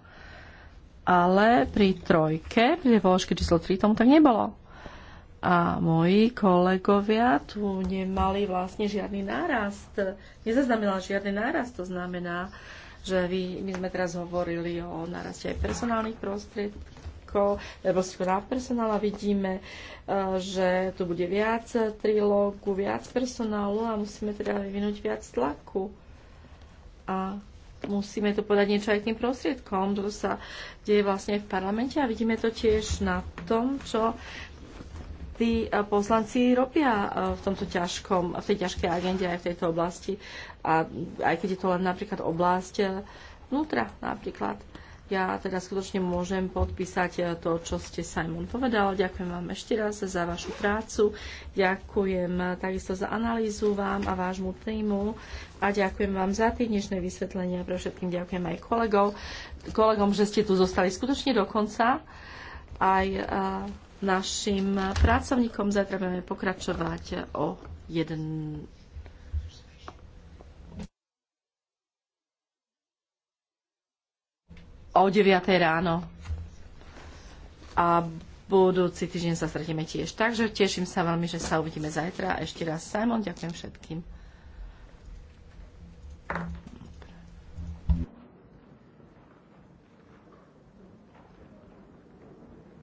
[SPEAKER 2] ale pri trojke, pri položke číslo 3 tomu tak nebolo. A moji kolegovia tu nemali vlastne žiadny nárast. Nezaznamenala žiadny nárast, to znamená, uh, že vy, my sme teraz hovorili o naraste aj personálnych prostriedkov, prostriedkov na personál a vidíme, eh, že tu bude viac trilógu, viac personálu a musíme teda vyvinúť viac tlaku. A musíme to podať niečo aj tým prostriedkom. To sa deje vlastne v parlamente a vidíme to tiež na tom, čo tí e, poslanci robia e, v tomto ťažkom, v tej ťažkej agende aj v tejto oblasti. A aj keď je to len napríklad oblasť e, vnútra napríklad. Ja teda skutočne môžem podpísať to, čo ste Simon povedal. Ďakujem vám ešte raz za vašu prácu. Ďakujem takisto za analýzu vám a vášmu týmu. A ďakujem vám za tie dnešné vysvetlenia. Pre všetkým ďakujem aj kolegov, kolegom, že ste tu zostali skutočne do konca. Aj našim pracovníkom. Zajtra budeme pokračovať o jeden o 9 ráno. A budúci týždeň sa stretneme tiež. Takže teším sa veľmi, že sa uvidíme zajtra. Ešte raz Simon, ďakujem všetkým.